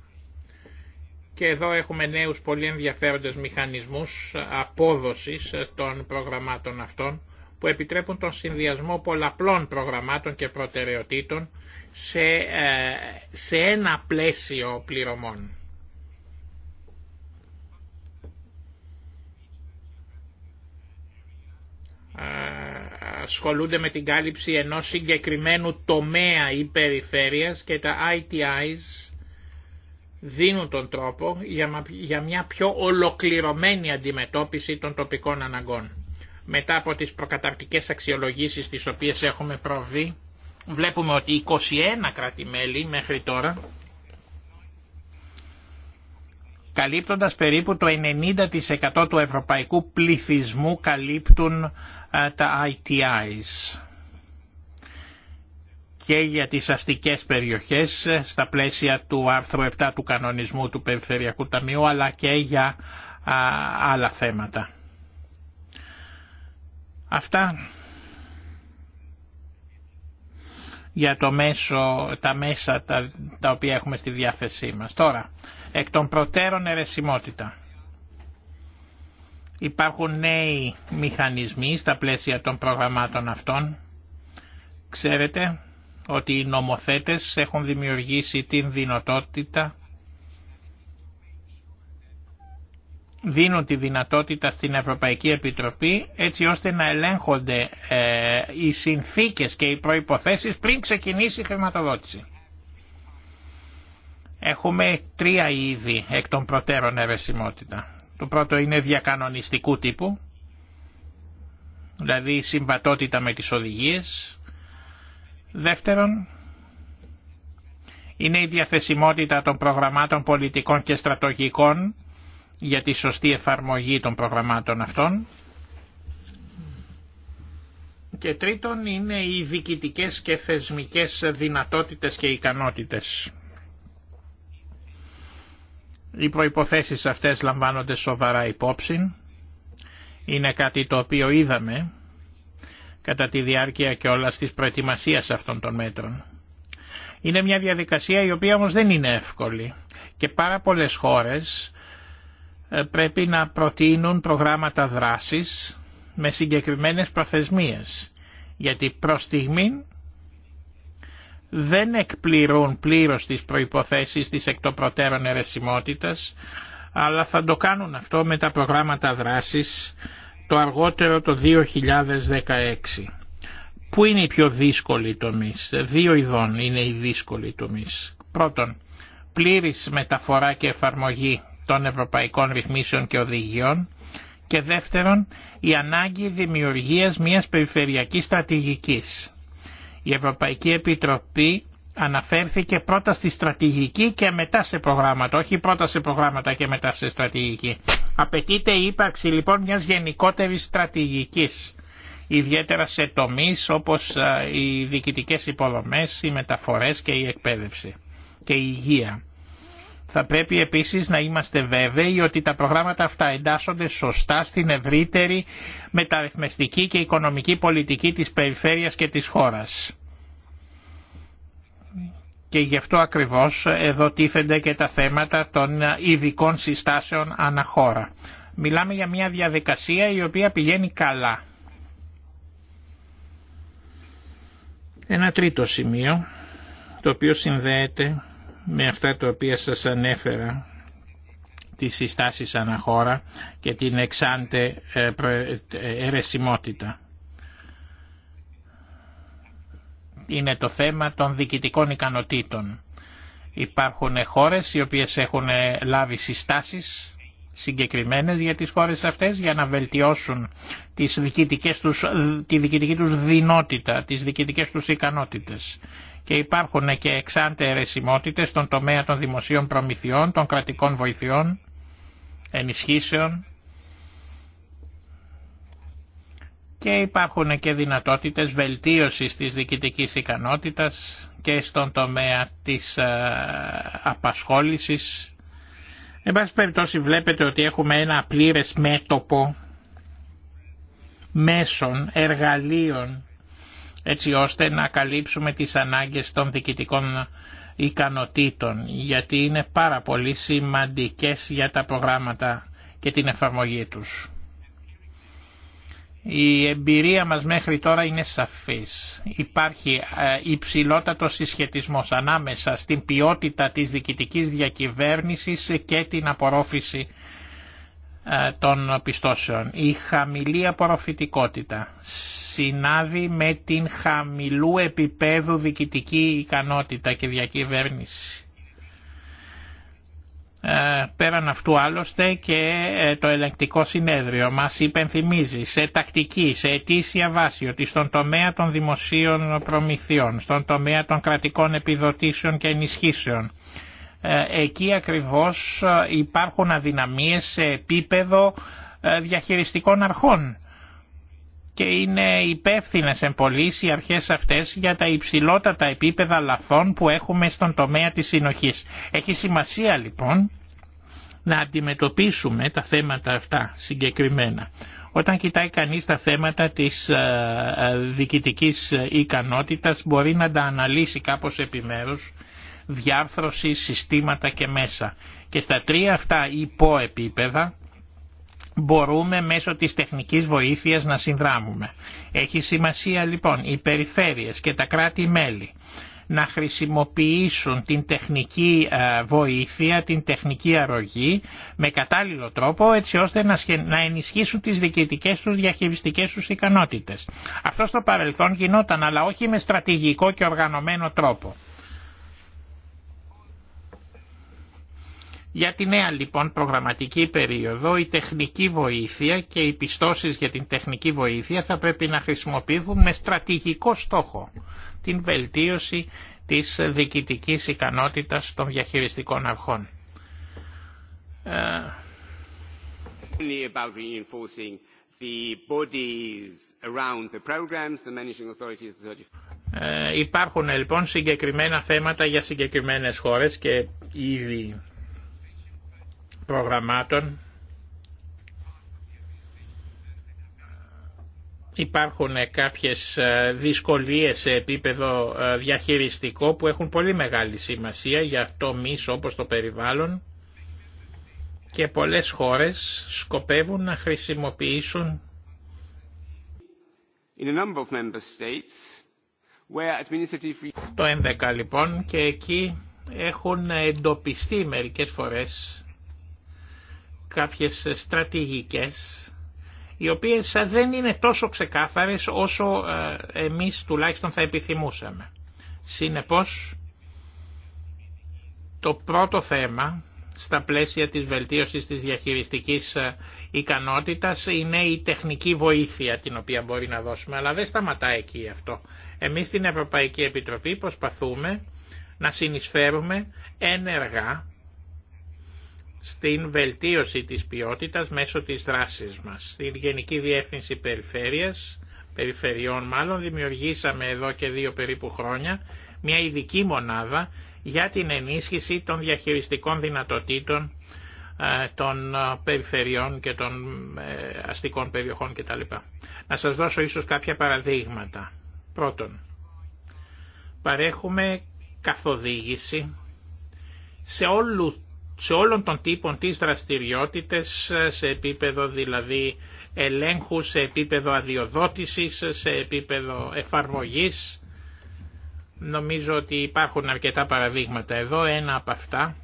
Και εδώ έχουμε νέους πολύ ενδιαφέροντες μηχανισμούς απόδοσης των προγραμμάτων αυτών, που επιτρέπουν τον συνδυασμό πολλαπλών προγραμμάτων και προτεραιοτήτων σε, ε, ένα πλαίσιο πληρωμών. Ε, ασχολούνται με την κάλυψη ενός συγκεκριμένου τομέα ή περιφέρειας και τα ITIs δίνουν τον τρόπο για μια πιο ολοκληρωμένη αντιμετώπιση των τοπικών αναγκών μετά από τις προκαταρτικές αξιολογήσεις τις οποίες έχουμε προβεί, βλέπουμε ότι 21 κράτη-μέλη μέχρι τώρα, καλύπτοντας περίπου το 90% του ευρωπαϊκού πληθυσμού καλύπτουν τα ITIs και για τις αστικές περιοχές ε, στα πλαίσια του άρθρου 7 του κανονισμού του Περιφερειακού Ταμείου αλλά και για άλλα θέματα. Αυτά για το μέσο, τα μέσα τα, τα οποία έχουμε στη διάθεσή μας. Τώρα, εκ των προτέρων ερεσιμότητα. Υπάρχουν νέοι μηχανισμοί στα πλαίσια των προγραμμάτων αυτών. Ξέρετε ότι οι νομοθέτες έχουν δημιουργήσει την δυνατότητα δίνουν τη δυνατότητα στην Ευρωπαϊκή Επιτροπή έτσι ώστε να ελέγχονται ε, οι συνθήκες και οι προϋποθέσεις πριν ξεκινήσει η χρηματοδότηση. Έχουμε τρία είδη εκ των προτέρων αιρεσιμότητα. Το πρώτο είναι διακανονιστικού τύπου, δηλαδή συμβατότητα με τις οδηγίες. Δεύτερον, είναι η διαθεσιμότητα των προγραμμάτων πολιτικών και στρατογικών για τη σωστή εφαρμογή των προγραμμάτων αυτών. Και τρίτον είναι οι διοικητικέ και θεσμικές δυνατότητες και ικανότητες. Οι προϋποθέσεις αυτές λαμβάνονται σοβαρά υπόψη. Είναι κάτι το οποίο είδαμε κατά τη διάρκεια και όλα της προετοιμασίας αυτών των μέτρων. Είναι μια διαδικασία η οποία όμως δεν είναι εύκολη και πάρα πολλές χώρες ε, πρέπει να προτείνουν προγράμματα δράσης με συγκεκριμένες προθεσμίες, γιατί προς στιγμή δεν εκπληρούν πλήρως τις προϋποθέσεις της εκ των προτέρων αιρεσιμότητας, αλλά θα το κάνουν αυτό με τα προγράμματα δράσης το αργότερο το 2016. Πού είναι οι πιο δύσκολοι τομείς, δύο ειδών είναι οι δύσκολοι τομείς. Πρώτον, πλήρης μεταφορά και εφαρμογή των ευρωπαϊκών ρυθμίσεων και οδηγιών και δεύτερον η ανάγκη δημιουργίας μιας περιφερειακής στρατηγικής. Η Ευρωπαϊκή Επιτροπή αναφέρθηκε πρώτα στη στρατηγική και μετά σε προγράμματα, όχι πρώτα σε προγράμματα και μετά σε στρατηγική. Απαιτείται η ύπαρξη λοιπόν μιας γενικότερης στρατηγικής, ιδιαίτερα σε τομείς όπως ε, οι διοικητικές υποδομές, οι μεταφορές και η εκπαίδευση και η υγεία. Θα πρέπει επίσης να είμαστε βέβαιοι ότι τα προγράμματα αυτά εντάσσονται σωστά στην ευρύτερη μεταρρυθμιστική και οικονομική πολιτική της περιφέρειας και της χώρας. Και γι' αυτό ακριβώς εδώ τίθενται και τα θέματα των ειδικών συστάσεων αναχώρα. Μιλάμε για μια διαδικασία η οποία πηγαίνει καλά. Ένα τρίτο σημείο το οποίο συνδέεται με αυτά τα οποία σας ανέφερα τις συστάσεις αναχώρα και την εξάντε ερεσιμότητα. Ε, Είναι το θέμα των διοικητικών ικανοτήτων. Υπάρχουν χώρες οι οποίες έχουν ε, λάβει συστάσεις συγκεκριμένες για τις χώρες αυτές για να βελτιώσουν τις τους, τη διοικητική τους δυνότητα, τις διοικητικές τους ικανότητες και υπάρχουν και εξάντε αιρεσιμότητες στον τομέα των δημοσίων προμηθειών, των κρατικών βοηθειών, ενισχύσεων και υπάρχουν και δυνατότητες βελτίωσης της διοικητικής ικανότητας και στον τομέα της ε, απασχόλησης. Εν πάση περιπτώσει βλέπετε ότι έχουμε ένα πλήρες μέτωπο μέσων, εργαλείων έτσι ώστε να καλύψουμε τις ανάγκες των διοικητικών ικανοτήτων, γιατί είναι πάρα πολύ σημαντικές για τα προγράμματα και την εφαρμογή τους. Η εμπειρία μας μέχρι τώρα είναι σαφής. Υπάρχει ε, υψηλότατο συσχετισμός ανάμεσα στην ποιότητα της διοικητικής διακυβέρνησης και την απορρόφηση ε, των πιστώσεων. Η χαμηλή απορροφητικότητα συνάδει με την χαμηλού επίπεδου διοικητική ικανότητα και διακυβέρνηση. Ε, πέραν αυτού άλλωστε και ε, το ελεγκτικό συνέδριο μας υπενθυμίζει σε τακτική, σε αιτήσια βάση ότι στον τομέα των δημοσίων προμηθειών, στον τομέα των κρατικών επιδοτήσεων και ενισχύσεων ε, εκεί ακριβώς ε, υπάρχουν αδυναμίες σε επίπεδο ε, διαχειριστικών αρχών και είναι υπεύθυνες εμπολείς οι αρχές αυτές για τα υψηλότατα επίπεδα λαθών που έχουμε στον τομέα της συνοχής. Έχει σημασία λοιπόν να αντιμετωπίσουμε τα θέματα αυτά συγκεκριμένα. Όταν κοιτάει κανείς τα θέματα της διοικητικής ικανότητας μπορεί να τα αναλύσει κάπως επιμέρους διάρθρωση, συστήματα και μέσα. Και στα τρία αυτά υποεπίπεδα μπορούμε μέσω της τεχνικής βοήθειας να συνδράμουμε. Έχει σημασία λοιπόν οι περιφέρειες και τα κράτη-μέλη να χρησιμοποιήσουν την τεχνική ε, βοήθεια, την τεχνική αρρωγή με κατάλληλο τρόπο έτσι ώστε να ενισχύσουν τις διοικητικές τους διαχειριστικές τους ικανότητες. Αυτό στο παρελθόν γινόταν αλλά όχι με στρατηγικό και οργανωμένο τρόπο. Για τη νέα λοιπόν προγραμματική περίοδο η τεχνική βοήθεια και οι πιστώσεις για την τεχνική βοήθεια θα πρέπει να χρησιμοποιηθούν με στρατηγικό στόχο την βελτίωση της διοικητικής ικανότητας των διαχειριστικών αρχών. Ε, ε, υπάρχουν λοιπόν συγκεκριμένα θέματα για συγκεκριμένες χώρες και ήδη προγραμμάτων υπάρχουν ε, κάποιες ε, δυσκολίες σε επίπεδο ε, διαχειριστικό που έχουν πολύ μεγάλη σημασία για αυτό μισό όπως το περιβάλλον και πολλές χώρες σκοπεύουν να χρησιμοποιήσουν το 11 λοιπόν και εκεί έχουν εντοπιστεί μερικές φορές κάποιες στρατηγικές οι οποίες δεν είναι τόσο ξεκάθαρες όσο ε, εμείς τουλάχιστον θα επιθυμούσαμε. Συνεπώς, το πρώτο θέμα στα πλαίσια της βελτίωσης της διαχειριστικής ε, ικανότητας είναι η τεχνική βοήθεια την οποία μπορεί να δώσουμε, αλλά δεν σταματά εκεί αυτό. Εμείς στην Ευρωπαϊκή Επιτροπή προσπαθούμε να συνεισφέρουμε ενεργά στην βελτίωση της ποιότητας μέσω της δράσης μας. Στην Γενική Διεύθυνση Περιφέρειας, Περιφερειών μάλλον, δημιουργήσαμε εδώ και δύο περίπου χρόνια μια ειδική μονάδα για την ενίσχυση των διαχειριστικών δυνατοτήτων ε, των ε, περιφερειών και των ε, αστικών περιοχών κτλ. Να σας δώσω ίσως κάποια παραδείγματα. Πρώτον, παρέχουμε καθοδήγηση σε όλου σε όλων των τύπων της δραστηριότητες, σε επίπεδο δηλαδή ελέγχου, σε επίπεδο αδειοδότησης, σε επίπεδο εφαρμογής. Νομίζω ότι υπάρχουν αρκετά παραδείγματα εδώ, ένα από αυτά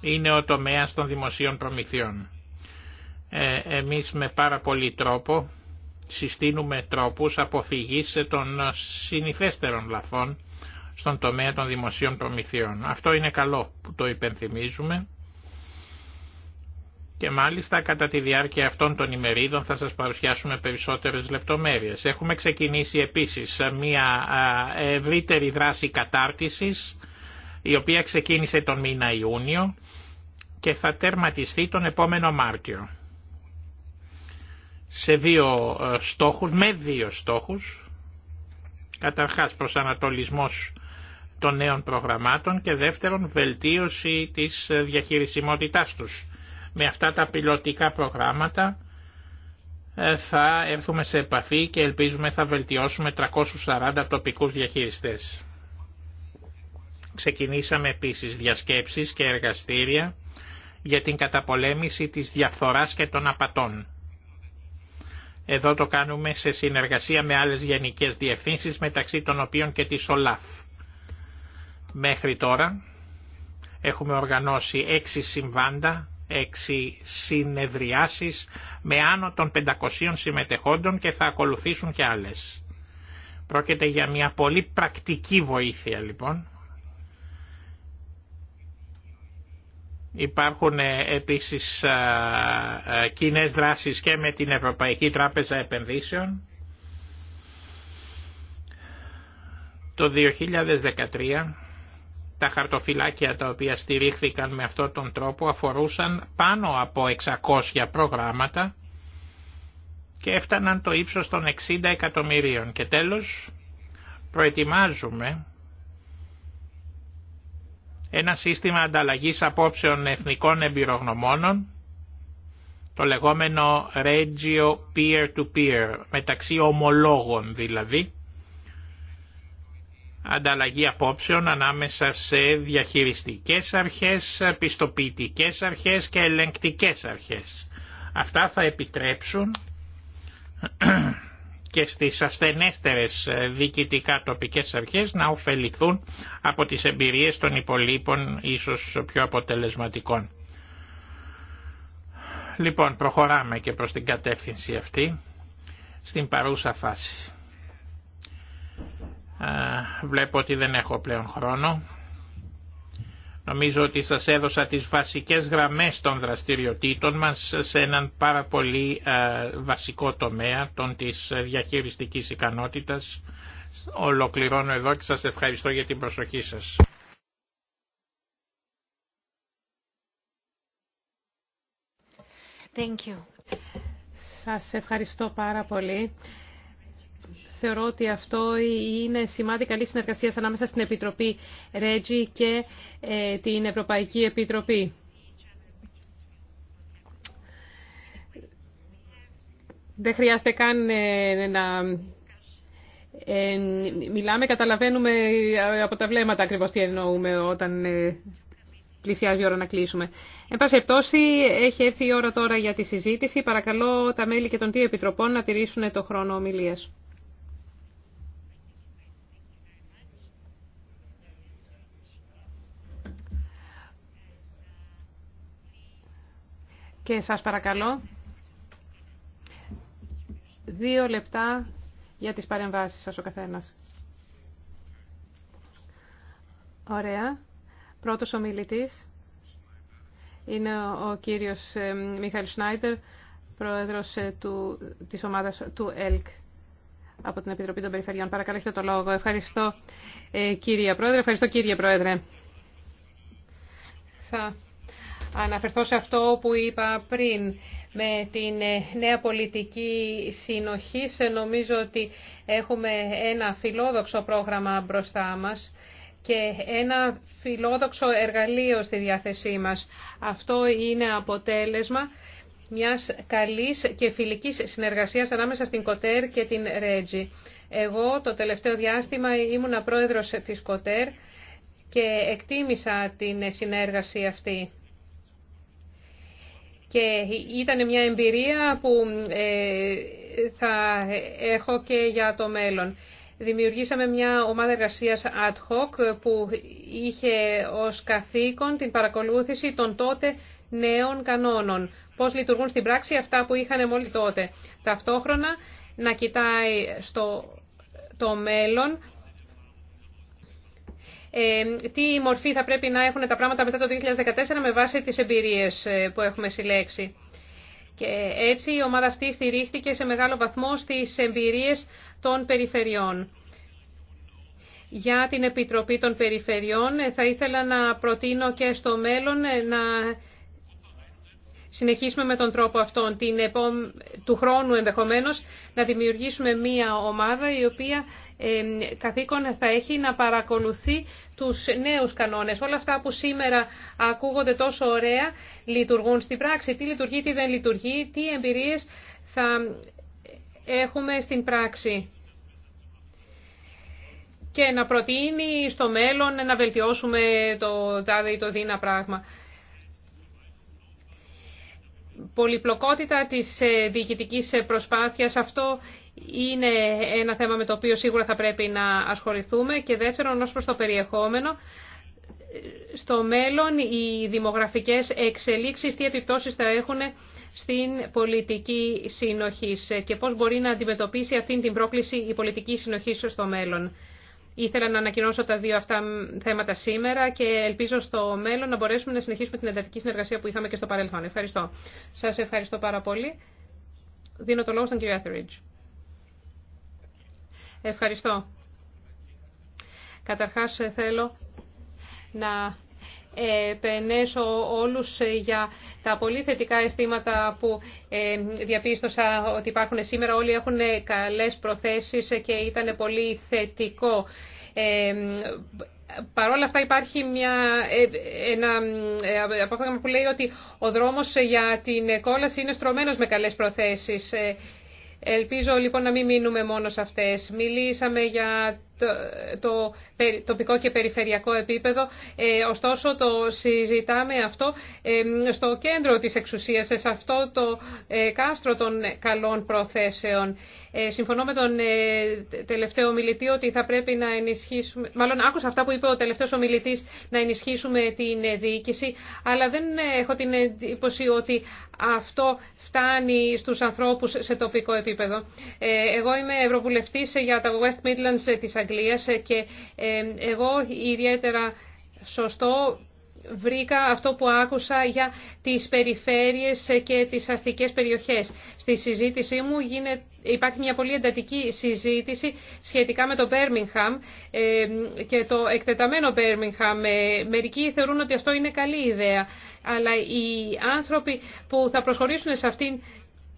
είναι ο τομέας των δημοσίων προμηθειών. Ε, εμείς με πάρα πολύ τρόπο συστήνουμε τρόπους αποφυγής των συνηθέστερων λαθών στον τομέα των δημοσίων προμηθειών. Αυτό είναι καλό που το υπενθυμίζουμε και μάλιστα κατά τη διάρκεια αυτών των ημερίδων θα σας παρουσιάσουμε περισσότερες λεπτομέρειες. Έχουμε ξεκινήσει επίσης μια ευρύτερη δράση κατάρτισης η οποία ξεκίνησε τον μήνα Ιούνιο και θα τερματιστεί τον επόμενο Μάρτιο. Σε δύο ε, στόχους, με δύο στόχους, καταρχάς προσανατολισμός των νέων προγραμμάτων και δεύτερον βελτίωση της διαχειρισιμότητάς τους. Με αυτά τα πιλωτικά προγράμματα ε, θα έρθουμε σε επαφή και ελπίζουμε θα βελτιώσουμε 340 τοπικούς διαχειριστές. Ξεκινήσαμε επίσης διασκέψεις και εργαστήρια για την καταπολέμηση της διαφθοράς και των απατών. Εδώ το κάνουμε σε συνεργασία με άλλες γενικές διευθύνσεις μεταξύ των οποίων και της ΟΛΑΦ. Μέχρι τώρα έχουμε οργανώσει έξι συμβάντα, έξι συνεδριάσεις με άνω των 500 συμμετεχόντων και θα ακολουθήσουν και άλλες. Πρόκειται για μια πολύ πρακτική βοήθεια λοιπόν. Υπάρχουν ε, επίσης κοινέ δράσεις και με την Ευρωπαϊκή Τράπεζα Επενδύσεων. Το 2013 τα χαρτοφυλάκια τα οποία στηρίχθηκαν με αυτόν τον τρόπο αφορούσαν πάνω από 600 προγράμματα και έφταναν το ύψος των 60 εκατομμυρίων. Και τέλος, προετοιμάζουμε ένα σύστημα ανταλλαγής απόψεων εθνικών εμπειρογνωμόνων, το λεγόμενο Regio Peer-to-Peer, -peer, μεταξύ ομολόγων δηλαδή, ανταλλαγή απόψεων ανάμεσα σε διαχειριστικές αρχές, πιστοποιητικές αρχές και ελεγκτικές αρχές. Αυτά θα επιτρέψουν και στις ασθενέστερες διοικητικά τοπικές αρχές να ωφεληθούν από τις εμπειρίες των υπολείπων ίσως πιο αποτελεσματικών. Λοιπόν, προχωράμε και προς την κατεύθυνση αυτή στην παρούσα φάση. Βλέπω ότι δεν έχω πλέον χρόνο. Νομίζω ότι σας έδωσα τις βασικές γραμμές των δραστηριοτήτων μας σε έναν πάρα πολύ βασικό τομέα των της διαχειριστικής ικανότητας. Ολοκληρώνω εδώ και σας ευχαριστώ για την προσοχή σας. Thank Σας ευχαριστώ πάρα πολύ θεωρώ ότι αυτό είναι σημάδι καλή συνεργασία ανάμεσα στην Επιτροπή Ρέτζι και ε, την Ευρωπαϊκή Επιτροπή. Δεν χρειάζεται καν ε, να ε, μιλάμε, καταλαβαίνουμε από τα βλέμματα ακριβώς τι εννοούμε όταν πλησιάζει η ώρα να κλείσουμε. Εν πάση περιπτώσει, έχει έρθει η ώρα τώρα για τη συζήτηση. Παρακαλώ τα μέλη και των δύο επιτροπών να τηρήσουν το χρόνο ομιλίας. Και σας παρακαλώ, δύο λεπτά για τις παρεμβάσεις σας ο καθένας. Ωραία. Πρώτος ομιλητής είναι ο κύριος ε, Μιχαήλ Σνάιτερ, πρόεδρος ε, του, της ομάδας του ΕΛΚ από την Επιτροπή των Περιφερειών. Παρακαλώ, έχετε το λόγο. Ευχαριστώ, ε, κύριε Πρόεδρε. Ευχαριστώ, κύριε Πρόεδρε. Θα αναφερθώ σε αυτό που είπα πριν. Με την ε, νέα πολιτική συνοχή νομίζω ότι έχουμε ένα φιλόδοξο πρόγραμμα μπροστά μας και ένα φιλόδοξο εργαλείο στη διάθεσή μας. Αυτό είναι αποτέλεσμα μιας καλής και φιλικής συνεργασίας ανάμεσα στην Κοτέρ και την Ρέτζη. Εγώ το τελευταίο διάστημα ήμουν πρόεδρος της Κοτέρ και εκτίμησα την συνέργαση αυτή και ήταν μια εμπειρία που ε, θα έχω και για το μέλλον. Δημιουργήσαμε μια ομάδα εργασίας ad hoc που είχε ως καθήκον την παρακολούθηση των τότε νέων κανόνων. Πώς λειτουργούν στην πράξη αυτά που είχαν μόλις τότε. Ταυτόχρονα να κοιτάει στο το μέλλον ε, τι μορφή θα πρέπει να έχουν τα πράγματα μετά το 2014 με βάση τις εμπειρίες ε, που έχουμε συλλέξει. Και έτσι η ομάδα αυτή στηρίχθηκε σε μεγάλο βαθμό στις εμπειρίες των περιφερειών. Για την Επιτροπή των Περιφερειών ε, θα ήθελα να προτείνω και στο μέλλον να συνεχίσουμε με τον τρόπο αυτόν την του χρόνου ενδεχομένως να δημιουργήσουμε μία ομάδα η οποία καθήκον θα έχει να παρακολουθεί τους νέους κανόνες. Όλα αυτά που σήμερα ακούγονται τόσο ωραία λειτουργούν στην πράξη. Τι λειτουργεί, τι δεν λειτουργεί, τι εμπειρίες θα έχουμε στην πράξη και να προτείνει στο μέλλον να βελτιώσουμε το τάδε ή το δίνα πράγμα. Πολυπλοκότητα της ε, διοικητικής ε, προσπάθειας, αυτό είναι ένα θέμα με το οποίο σίγουρα θα πρέπει να ασχοληθούμε και δεύτερον ως προς το περιεχόμενο στο μέλλον οι δημογραφικές εξελίξεις τι επιπτώσεις θα έχουν στην πολιτική συνοχή και πώς μπορεί να αντιμετωπίσει αυτή την πρόκληση η πολιτική συνοχή στο μέλλον. Ήθελα να ανακοινώσω τα δύο αυτά θέματα σήμερα και ελπίζω στο μέλλον να μπορέσουμε να συνεχίσουμε την εντατική συνεργασία που είχαμε και στο παρελθόν. Ευχαριστώ. Σας ευχαριστώ πάρα πολύ. Δίνω το λόγο στον κύριο Etheridge. Ευχαριστώ. Καταρχάς ε, θέλω να επενέσω όλους ε, για τα πολύ θετικά αισθήματα που ε, διαπίστωσα ότι υπάρχουν σήμερα. Όλοι έχουν καλές προθέσεις και ήταν πολύ θετικό. Παρ' όλα αυτά υπάρχει μια, ένα απόφαγμα που λέει ότι ο δρόμος για την κόλαση είναι στρωμένος με καλές προθέσεις. Ελπίζω λοιπόν να μην μείνουμε μόνο σε αυτές. Μιλήσαμε για το τοπικό και περιφερειακό επίπεδο. Ε, ωστόσο, το συζητάμε αυτό ε, στο κέντρο της εξουσίας, σε αυτό το ε, κάστρο των καλών προθέσεων. Συμφωνώ με τον τελευταίο μιλητή ότι θα πρέπει να ενισχύσουμε... Μάλλον άκουσα αυτά που είπε ο τελευταίος ομιλητής να ενισχύσουμε την διοίκηση, αλλά δεν έχω την εντύπωση ότι αυτό φτάνει στους ανθρώπους σε τοπικό επίπεδο. Εγώ είμαι Ευρωβουλευτής για τα West Midlands της Αγγλίας και ε, εγώ ιδιαίτερα σωστό βρήκα αυτό που άκουσα για τις περιφέρειες και τις αστικές περιοχές. Στη συζήτησή μου γίνεται, υπάρχει μια πολύ εντατική συζήτηση σχετικά με το Birmingham ε, και το εκτεταμένο Birmingham. Ε, μερικοί θεωρούν ότι αυτό είναι καλή ιδέα, αλλά οι άνθρωποι που θα προσχωρήσουν σε αυτήν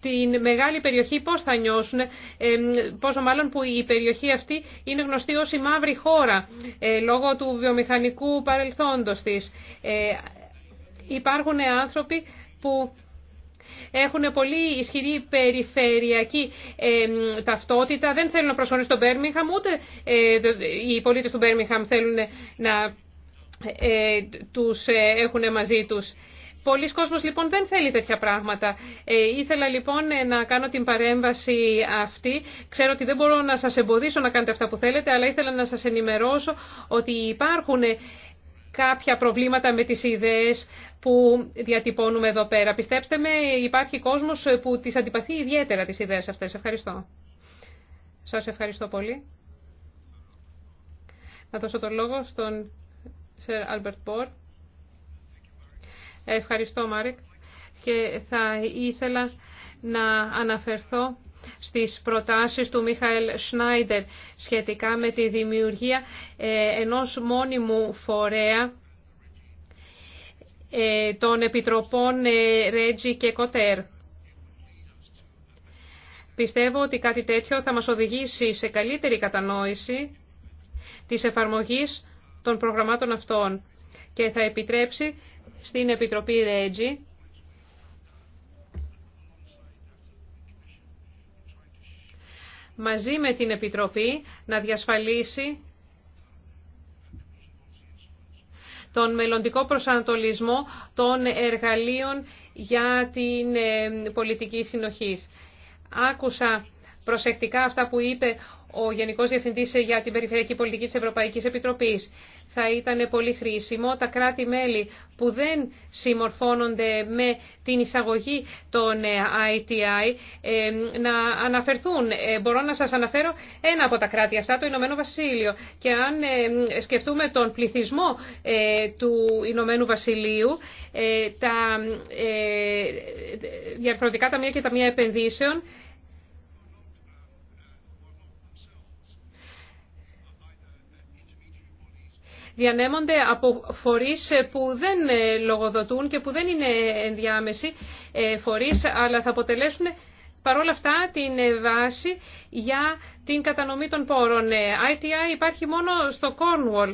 την μεγάλη περιοχή πώς θα νιώσουν, πόσο μάλλον που η περιοχή αυτή είναι γνωστή ως η μαύρη χώρα ε, λόγω του βιομηχανικού παρελθόντος της. Ε, υπάρχουν άνθρωποι που έχουν πολύ ισχυρή περιφερειακή ταυτότητα. Δεν θέλουν να προσχωρήσουν στο Μπέρμιχαμ, ούτε ε, οι πολίτες του Μπέρμιχαμ θέλουν να ε, τους έχουν μαζί τους. Πολλοί κόσμος λοιπόν δεν θέλει τέτοια πράγματα. Ε, ήθελα λοιπόν ε, να κάνω την παρέμβαση αυτή. Ξέρω ότι δεν μπορώ να σας εμποδίσω να κάνετε αυτά που θέλετε, αλλά ήθελα να σας ενημερώσω ότι υπάρχουν ε, κάποια προβλήματα με τις ιδέες που διατυπώνουμε εδώ πέρα. Πιστέψτε με, υπάρχει κόσμος που τις αντιπαθεί ιδιαίτερα τις ιδέες αυτές. Ευχαριστώ. Σας ευχαριστώ πολύ. Να δώσω το λόγο στον Σερ Άλμπερτ Μπορτ Ευχαριστώ Μάρικ και θα ήθελα να αναφερθώ στις προτάσεις του Μίχαελ Σνάιντερ σχετικά με τη δημιουργία ε, ενός μόνιμου φορέα ε, των Επιτροπών ε, Ρέτζι και Κοτέρ. Πιστεύω ότι κάτι τέτοιο θα μας οδηγήσει σε καλύτερη κατανόηση της εφαρμογής των προγραμμάτων αυτών και θα επιτρέψει στην Επιτροπή Ρέτζι μαζί με την Επιτροπή να διασφαλίσει τον μελλοντικό προσανατολισμό των εργαλείων για την ε, πολιτική συνοχής. Άκουσα προσεκτικά αυτά που είπε ο Γενικός Διευθυντής για την Περιφερειακή Πολιτική της Ευρωπαϊκής Επιτροπής θα ήταν πολύ χρήσιμο τα κράτη-μέλη που δεν συμμορφώνονται με την εισαγωγή των ITI ε, ε, να αναφερθούν. Ε, μπορώ να σας αναφέρω ένα από τα κράτη αυτά, το Ηνωμένο Βασίλειο. Και αν σκεφτούμε τον πληθυσμό του Ηνωμένου Βασιλείου, τα διαρθρωτικά ταμεία και ταμεία επενδύσεων διανέμονται από φορείς ε, που δεν ε, λογοδοτούν και που δεν είναι ενδιάμεση ε, φορείς, αλλά θα αποτελέσουν παρόλα αυτά την βάση για την κατανομή των πόρων. ITI υπάρχει μόνο στο Cornwall.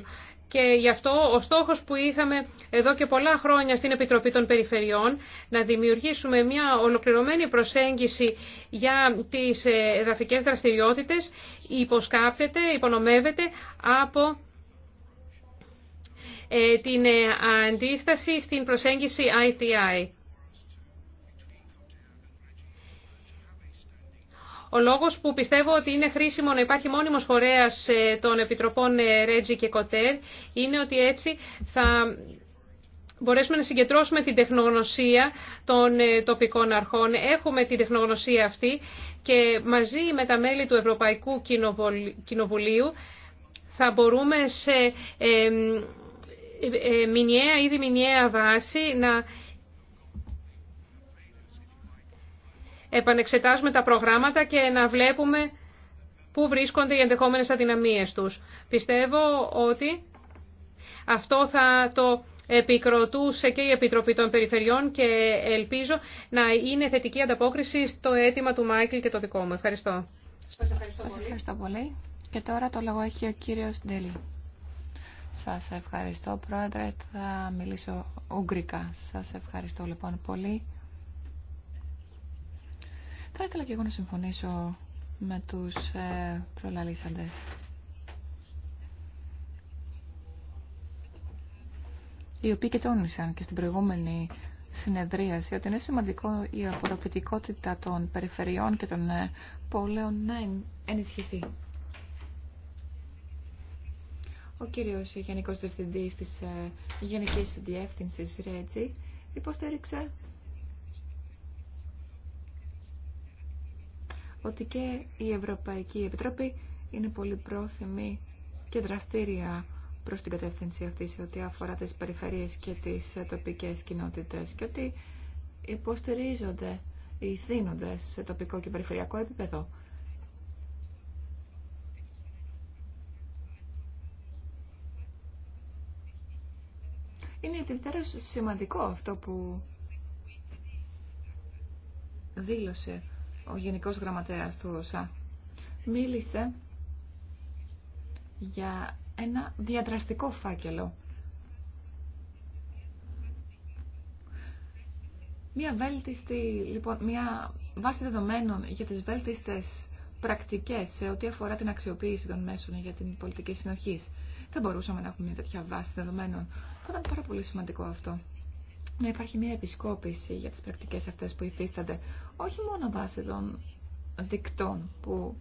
Και γι' αυτό ο στόχος που είχαμε εδώ και πολλά χρόνια στην Επιτροπή των Περιφερειών να δημιουργήσουμε μια ολοκληρωμένη προσέγγιση για τις εδαφικές δραστηριότητες υποσκάπτεται, υπονομεύεται από ε, την ε, αντίσταση στην προσέγγιση ITI. Ο λόγος που πιστεύω ότι είναι χρήσιμο να υπάρχει μόνιμος φορέας ε, των Επιτροπών Ρέτζι και Κοτέρ είναι ότι έτσι θα μπορέσουμε να συγκεντρώσουμε την τεχνογνωσία των τοπικών αρχών. Έχουμε την τεχνογνωσία αυτή και μαζί με τα μέλη του Ευρωπαϊκού Κοινοβουλίου θα μπορούμε σε ε, ε, μηνιαία ή διμηνιαία βάση να επανεξετάζουμε τα προγράμματα και να βλέπουμε πού βρίσκονται οι ενδεχόμενες αδυναμίες τους. Πιστεύω ότι αυτό θα το επικροτούσε και η Επιτροπή των Περιφερειών και ελπίζω να είναι θετική ανταπόκριση στο αίτημα του Μάικλ και το δικό μου. Ευχαριστώ. Σας ευχαριστώ πολύ. Σας ευχαριστώ πολύ. Και τώρα το λόγο έχει ο κύριος Ντέλη. Σας ευχαριστώ πρόεδρε, θα μιλήσω ουγγρικά. Σας ευχαριστώ λοιπόν πολύ. Θα ήθελα και εγώ να συμφωνήσω με τους ε, προλαλήσαντες. Οι οποίοι και τόνισαν και στην προηγούμενη συνεδρίαση ότι είναι σημαντικό η απορροφητικότητα των περιφερειών και των ε, πόλεων να ενισχυθεί. Ο κύριος Γενικός Διευθυντής της ε, Γενικής Διεύθυνσης Ρέτζη υποστήριξε ότι και η Ευρωπαϊκή Επιτροπή είναι πολύ πρόθυμη και δραστήρια προς την κατεύθυνση αυτή σε ό,τι αφορά τις περιφερειές και τις ε, τοπικές κοινότητες και ότι υποστηρίζονται οι θύνοντες σε τοπικό και περιφερειακό επίπεδο. Είναι ιδιαίτερα σημαντικό αυτό που δήλωσε ο Γενικός Γραμματέας του ΩΣΑ. Μίλησε για ένα διαδραστικό φάκελο. Μια βέλτιστη, λοιπόν, μια βάση δεδομένων για τις βέλτιστες πρακτικές σε ό,τι αφορά την αξιοποίηση των μέσων για την πολιτική συνοχής θα μπορούσαμε να έχουμε μια τέτοια βάση δεδομένων. Θα ήταν πάρα πολύ σημαντικό αυτό. Να υπάρχει μια επισκόπηση για τις πρακτικές αυτές που υφίστανται, όχι μόνο βάσει των δικτών που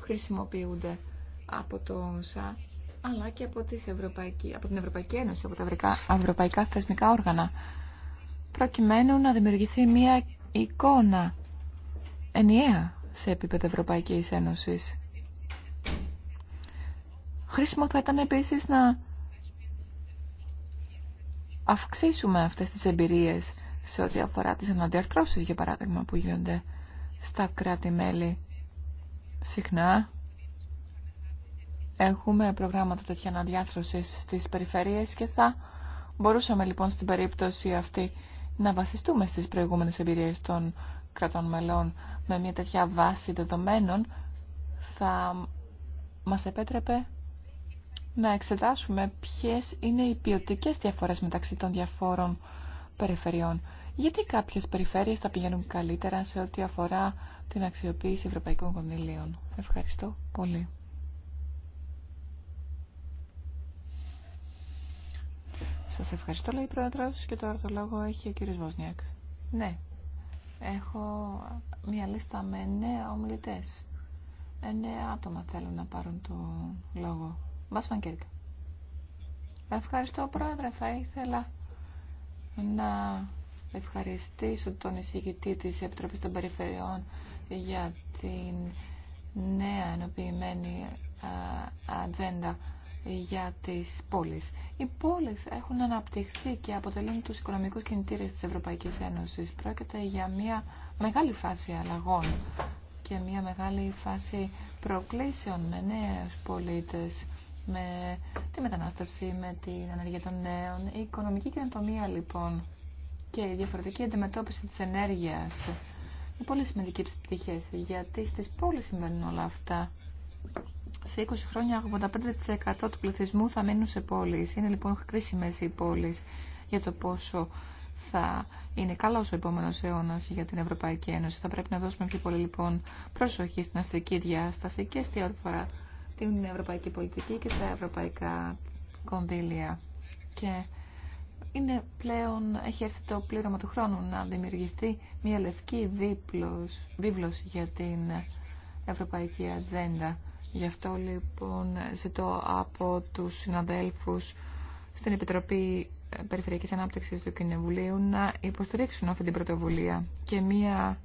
χρησιμοποιούνται από το ΩΣΑ, αλλά και από, τις Ευρωπαϊκή, από την Ευρωπαϊκή Ένωση, από τα ευρωπαϊκά θεσμικά όργανα, προκειμένου να δημιουργηθεί μια εικόνα ενιαία σε επίπεδο Ευρωπαϊκής Ένωσης Χρήσιμο θα ήταν επίσης να αυξήσουμε αυτές τις εμπειρίες σε ό,τι αφορά τις αναδιαρθρώσεις, για παράδειγμα, που γίνονται στα κράτη-μέλη. Συχνά έχουμε προγράμματα τέτοια αναδιάρθρωσης στις περιφέρειες και θα μπορούσαμε λοιπόν στην περίπτωση αυτή να βασιστούμε στις προηγούμενες εμπειρίες των κρατών μελών με μια τέτοια βάση δεδομένων θα μας επέτρεπε να εξετάσουμε ποιες είναι οι ποιοτικές διαφορές μεταξύ των διαφόρων περιφερειών. Γιατί κάποιες περιφέρειες θα πηγαίνουν καλύτερα σε ό,τι αφορά την αξιοποίηση ευρωπαϊκών κονδυλίων. Ευχαριστώ πολύ. Σας ευχαριστώ, λέει η Πρόεδρος, και τώρα το λόγο έχει ο κύριος Βοσνιάκ. Ναι, έχω μια λίστα με νέα ομιλητές. Εννέα άτομα θέλουν να πάρουν το λόγο. Μπας Ευχαριστώ πρόεδρε. Θα ήθελα να ευχαριστήσω τον εισηγητή της Επιτροπής των Περιφερειών για την νέα ενοποιημένη ατζέντα για τις πόλεις. Οι πόλεις έχουν αναπτυχθεί και αποτελούν τους οικονομικούς κινητήρες της Ευρωπαϊκής Ένωσης. Πρόκειται για μια μεγάλη φάση αλλαγών και μια μεγάλη φάση προκλήσεων με νέους πολίτες με τη μετανάστευση, με την ενέργεια των νέων. Η οικονομική καινοτομία λοιπόν και η διαφορετική αντιμετώπιση της ενέργειας είναι πολύ σημαντική πτυχές, γιατί στις πόλεις συμβαίνουν όλα αυτά. Σε 20 χρόνια 85% του πληθυσμού θα μείνουν σε πόλεις. Είναι λοιπόν χρήσιμε οι πόλεις για το πόσο θα είναι καλό ο επόμενο αιώνα για την Ευρωπαϊκή Ένωση. Θα πρέπει να δώσουμε πιο πολύ λοιπόν προσοχή στην αστική διάσταση και στη αφορά την ευρωπαϊκή πολιτική και τα ευρωπαϊκά κονδύλια. Και είναι πλέον, έχει έρθει το πλήρωμα του χρόνου να δημιουργηθεί μια λευκή βίπλος, βίβλος για την ευρωπαϊκή ατζέντα. Γι' αυτό λοιπόν ζητώ από τους συναδέλφους στην Επιτροπή Περιφερειακής Ανάπτυξης του Κοινοβουλίου να υποστηρίξουν αυτή την πρωτοβουλία και μία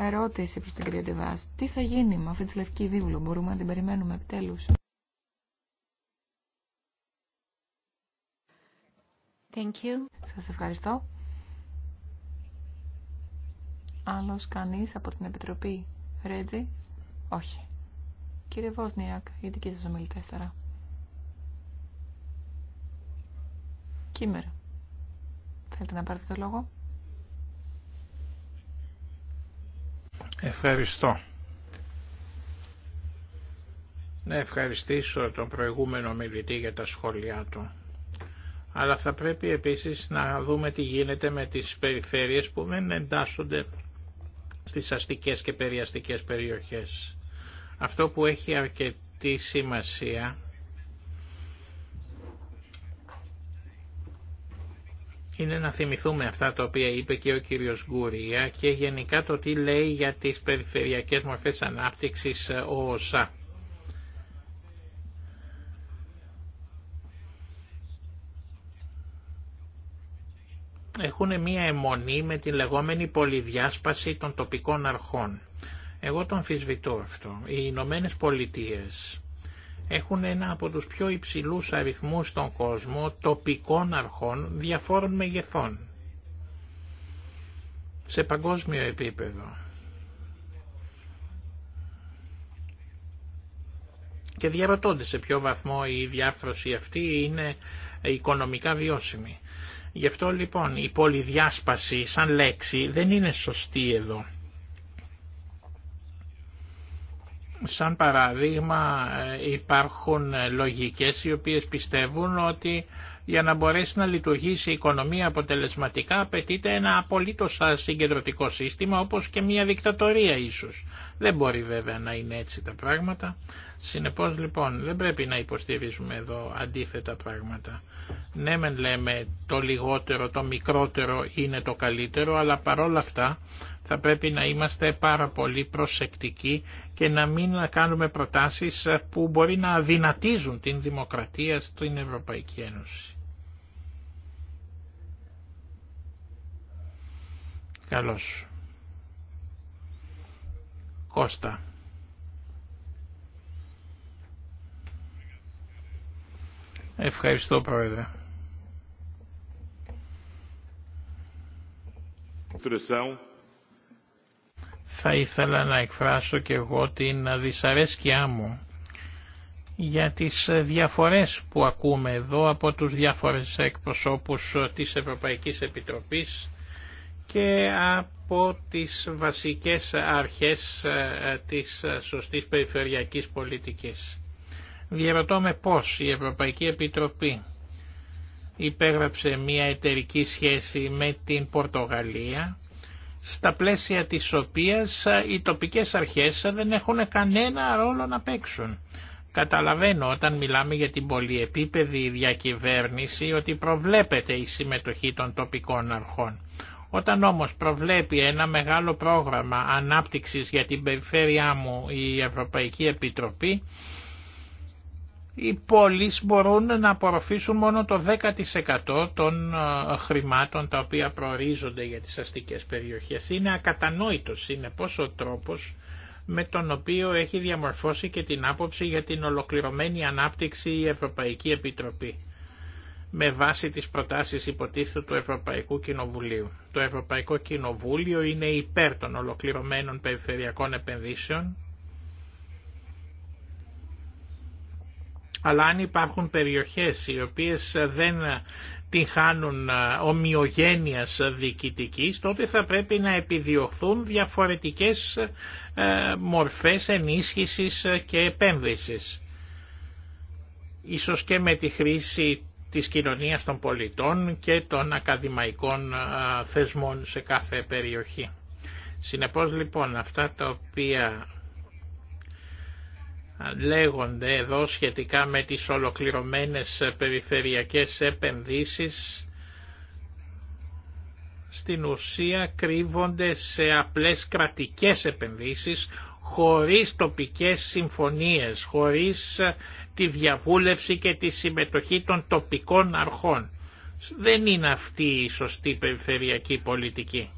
ερώτηση προς την κύριο Ντεβάς. Τι θα γίνει με αυτή τη λευκή βίβλο, μπορούμε να την περιμένουμε επιτέλους. Thank you. Σας ευχαριστώ. Άλλος κανείς από την Επιτροπή Ρέτζι. Όχι. Κύριε Βόσνιακ, γιατί και σας ομιλητές τώρα. Κίμερ. Θέλετε να πάρετε το λόγο. Ευχαριστώ. Να ευχαριστήσω τον προηγούμενο μιλητή για τα σχόλιά του. Αλλά θα πρέπει επίσης να δούμε τι γίνεται με τις περιφέρειες που δεν εντάσσονται στις αστικές και περιαστικές περιοχές. Αυτό που έχει αρκετή σημασία είναι να θυμηθούμε αυτά τα οποία είπε και ο κύριος Γκουρία και γενικά το τι λέει για τις περιφερειακές μορφές ανάπτυξης ε, ο ΩΣΑ. Έχουν μία αιμονή με την λεγόμενη πολυδιάσπαση των τοπικών αρχών. Εγώ τον φυσβητώ αυτό. Οι Ηνωμένε Πολιτείες έχουν ένα από τους πιο υψηλούς αριθμούς στον κόσμο τοπικών αρχών διαφόρων μεγεθών σε παγκόσμιο επίπεδο. Και διαρωτώνται σε ποιο βαθμό η διάρθρωση αυτή είναι οικονομικά βιώσιμη. Γι' αυτό λοιπόν η πολυδιάσπαση σαν λέξη δεν είναι σωστή εδώ. Σαν παράδειγμα ε, υπάρχουν ε, λογικές οι οποίες πιστεύουν ότι για να μπορέσει να λειτουργήσει η οικονομία αποτελεσματικά απαιτείται ένα απολύτως συγκεντρωτικό σύστημα όπως και μια δικτατορία ίσως. Δεν μπορεί βέβαια να είναι έτσι τα πράγματα. Συνεπώς λοιπόν δεν πρέπει να υποστηρίζουμε εδώ αντίθετα πράγματα. Ναι μεν λέμε το λιγότερο, το μικρότερο είναι το καλύτερο αλλά παρόλα αυτά θα πρέπει να είμαστε πάρα πολύ προσεκτικοί και να μην κάνουμε προτάσεις που μπορεί να αδυνατίζουν την δημοκρατία στην Ευρωπαϊκή Ένωση. Καλώς. Κώστα. Ευχαριστώ Πρόεδρε. Tração θα ήθελα να εκφράσω και εγώ την δυσαρέσκειά μου για τις διαφορές που ακούμε εδώ από τους διάφορες εκπροσώπους της Ευρωπαϊκής Επιτροπής και από τις βασικές αρχές ε, της σωστής περιφερειακής πολιτικής. Διαρωτώ με πώς η Ευρωπαϊκή Επιτροπή υπέγραψε μια εταιρική σχέση με την Πορτογαλία στα πλαίσια της οποίας οι τοπικές αρχές δεν έχουν κανένα ρόλο να παίξουν. Καταλαβαίνω όταν μιλάμε για την πολυεπίπεδη διακυβέρνηση ότι προβλέπεται η συμμετοχή των τοπικών αρχών. Όταν όμως προβλέπει ένα μεγάλο πρόγραμμα ανάπτυξης για την περιφέρειά μου η Ευρωπαϊκή Επιτροπή, οι πόλεις μπορούν να απορροφήσουν μόνο το 10% των ε, χρημάτων τα οποία προορίζονται για τις αστικές περιοχές. Είναι ακατανόητος, είναι πόσο τρόπος με τον οποίο έχει διαμορφώσει και την άποψη για την ολοκληρωμένη ανάπτυξη η Ευρωπαϊκή Επιτροπή με βάση τις προτάσεις υποτίθετου του Ευρωπαϊκού Κοινοβουλίου. Το Ευρωπαϊκό Κοινοβούλιο είναι υπέρ των ολοκληρωμένων περιφερειακών επενδύσεων Αλλά αν υπάρχουν περιοχές οι οποίες δεν την χάνουν ε, ομοιογένειας διοικητικής, τότε θα πρέπει να επιδιωχθούν διαφορετικές ε, μορφές ενίσχυσης και επένδυσης. Ίσως και με τη χρήση της κοινωνίας των πολιτών και των ακαδημαϊκών ε, θεσμών σε κάθε περιοχή. Συνεπώς λοιπόν αυτά τα οποία λέγονται εδώ σχετικά με τις ολοκληρωμένες περιφερειακές επενδύσεις στην ουσία κρύβονται σε απλές κρατικές επενδύσεις χωρίς τοπικές συμφωνίες, χωρίς τη διαβούλευση και τη συμμετοχή των τοπικών αρχών. Δεν είναι αυτή η σωστή περιφερειακή πολιτική.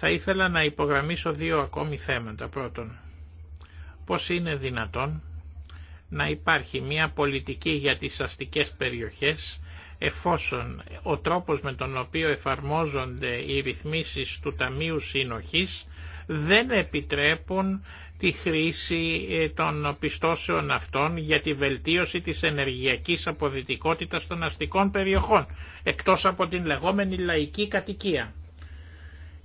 Θα ήθελα να υπογραμμίσω δύο ακόμη θέματα. Πρώτον, πώς είναι δυνατόν να υπάρχει μια πολιτική για τις αστικές περιοχές εφόσον ο τρόπος με τον οποίο εφαρμόζονται οι ρυθμίσεις του Ταμείου Συνοχής δεν επιτρέπουν τη χρήση ε, των πιστώσεων αυτών για τη βελτίωση της ενεργειακής αποδυτικότητας των αστικών περιοχών, εκτός από την λεγόμενη λαϊκή κατοικία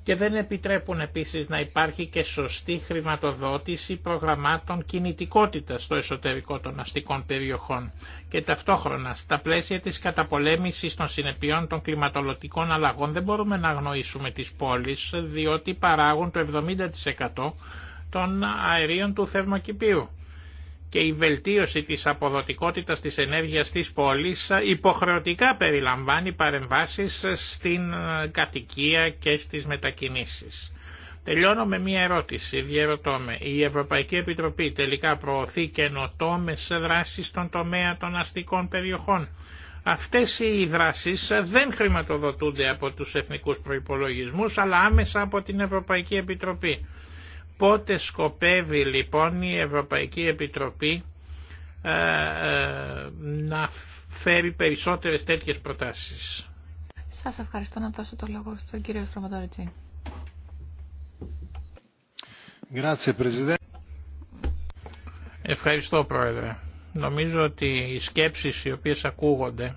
και δεν επιτρέπουν επίσης να υπάρχει και σωστή χρηματοδότηση προγραμμάτων κινητικότητας στο εσωτερικό των αστικών περιοχών και ταυτόχρονα στα πλαίσια της καταπολέμησης των συνεπειών των κλιματολογικών αλλαγών δεν μπορούμε να αγνοήσουμε τις πόλεις διότι παράγουν το 70% των αερίων του θερμοκηπίου και η βελτίωση της αποδοτικότητας της ενέργειας της πόλης υποχρεωτικά περιλαμβάνει παρεμβάσεις στην ε, κατοικία και στις μετακινήσεις. Τελειώνω με μία ερώτηση, διαρωτώ με. Η Ευρωπαϊκή Επιτροπή τελικά προωθεί καινοτόμες δράσεις στον τομέα των αστικών περιοχών. Αυτές οι δράσεις δεν χρηματοδοτούνται από τους εθνικούς προϋπολογισμούς αλλά άμεσα από την Ευρωπαϊκή Επιτροπή. Πότε σκοπεύει λοιπόν η Ευρωπαϊκή Επιτροπή ε, ε, να φέρει περισσότερες τέτοιες προτάσεις. Σας ευχαριστώ να δώσω το λόγο στον κύριο Στροματοριτσί. Ευχαριστώ Πρόεδρε. Νομίζω ότι οι σκέψεις οι οποίες ακούγονται,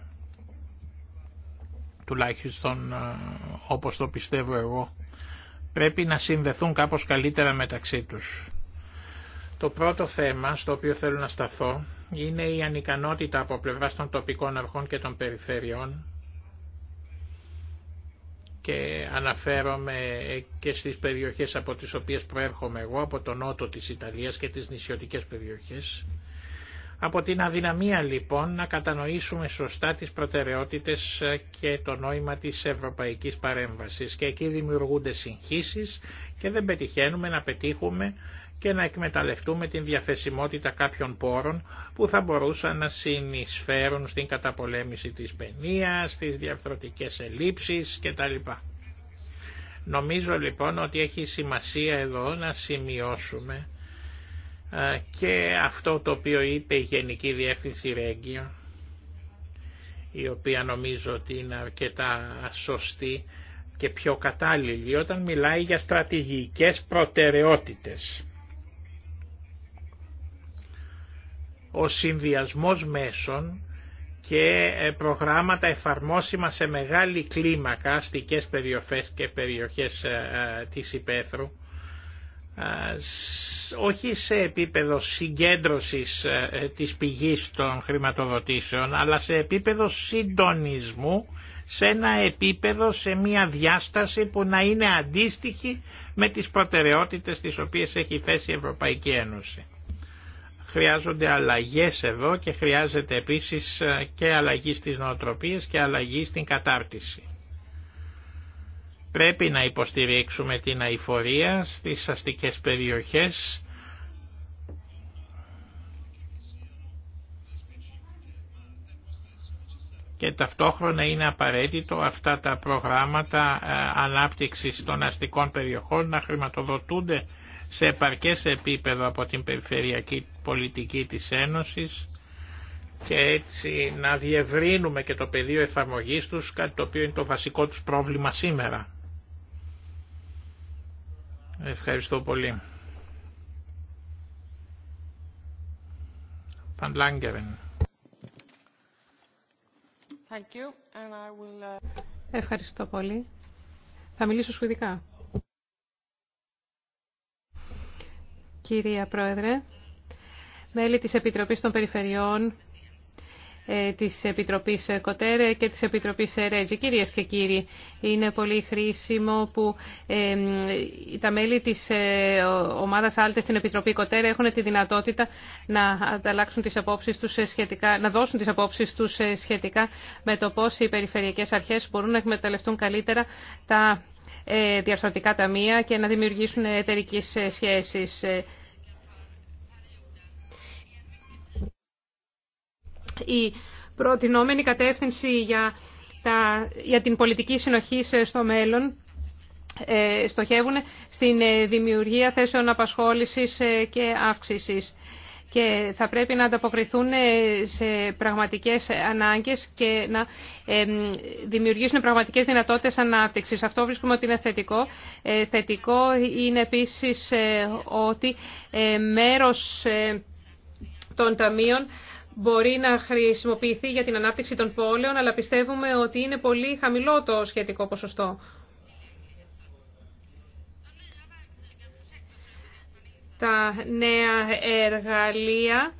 τουλάχιστον ε, όπως το πιστεύω εγώ, πρέπει να συνδεθούν κάπως καλύτερα μεταξύ τους. Το πρώτο θέμα στο οποίο θέλω να σταθώ είναι η ανικανότητα από πλευράς των τοπικών αρχών και των περιφερειών και αναφέρομαι και στις περιοχές από τις οποίες προέρχομαι εγώ, από τον νότο της Ιταλίας και τις νησιωτικές περιοχές, από την αδυναμία λοιπόν να κατανοήσουμε σωστά τις προτεραιότητες ε, και το νόημα της ευρωπαϊκής παρέμβασης και εκεί δημιουργούνται συγχύσεις και δεν πετυχαίνουμε να πετύχουμε και να εκμεταλλευτούμε την διαθεσιμότητα κάποιων πόρων που θα μπορούσαν να συνεισφέρουν στην καταπολέμηση της παινίας, στις διαφθρωτικές ελλείψεις κτλ. Νομίζω λοιπόν ότι έχει σημασία εδώ να σημειώσουμε ε, και αυτό το οποίο είπε η Γενική Διεύθυνση Ρέγγιο, η οποία νομίζω ότι είναι αρκετά σωστή και πιο κατάλληλη όταν μιλάει για στρατηγικές προτεραιότητες. Ο συνδυασμός μέσων και ε, προγράμματα εφαρμόσιμα σε μεγάλη κλίμακα αστικές περιοχές και περιοχές ε, της υπαίθρου όχι σε επίπεδο συγκέντρωσης ε, ε, της πηγής των χρηματοδοτήσεων, αλλά σε επίπεδο συντονισμού, σε ένα επίπεδο, σε μια διάσταση που να είναι αντίστοιχη με τις προτεραιότητες τις οποίες έχει θέσει η Ευρωπαϊκή Ένωση. Χρειάζονται αλλαγές εδώ και χρειάζεται επίσης ε, και αλλαγή στις νοοτροπίες και αλλαγή στην κατάρτιση. Πρέπει να υποστηρίξουμε την αηφορία στις αστικές περιοχές και ταυτόχρονα είναι απαραίτητο αυτά τα προγράμματα ε, ανάπτυξης των αστικών περιοχών να χρηματοδοτούνται σε επαρκές επίπεδο από την περιφερειακή πολιτική της Ένωσης και έτσι να διευρύνουμε και το πεδίο εφαρμογής τους, κάτι το οποίο είναι το βασικό τους πρόβλημα σήμερα. Ευχαριστώ πολύ. Uh, Ευχαριστώ πολύ. Θα μιλήσω σχετικά. Κυρία Πρόεδρε, μέλη της Επιτροπής των Περιφερειών, ε, της Επιτροπής Κοτέρε και της Επιτροπής Ρέτζη. Κυρίες και κύριοι, είναι πολύ χρήσιμο που ε, τα μέλη της ε, ομάδας Άλτε στην Επιτροπή Κοτέρε έχουν τη δυνατότητα να, ανταλλάξουν τις απόψεις τους σχετικά, να δώσουν τις απόψεις τους σχετικά με το πώς οι περιφερειακές αρχές μπορούν να εκμεταλλευτούν καλύτερα τα διαρθρωτικά ταμεία και να δημιουργήσουν εταιρικές σχέσεις. η προτινόμενη κατεύθυνση για, τα, την πολιτική συνοχή στο μέλλον ε, στοχεύουν στην ε, δημιουργία θέσεων απασχόλησης ε, και αύξησης και θα πρέπει να ανταποκριθούν σε πραγματικές ανάγκες και να δημιουργήσουν πραγματικές δυνατότητες ανάπτυξης. Αυτό βρίσκουμε ότι είναι θετικό. Θετικό είναι επίσης ότι μέρος των ταμείων μπορεί να χρησιμοποιηθεί για την ανάπτυξη των πόλεων, αλλά πιστεύουμε ότι είναι πολύ χαμηλό το σχετικό ποσοστό. Τα νέα εργαλεία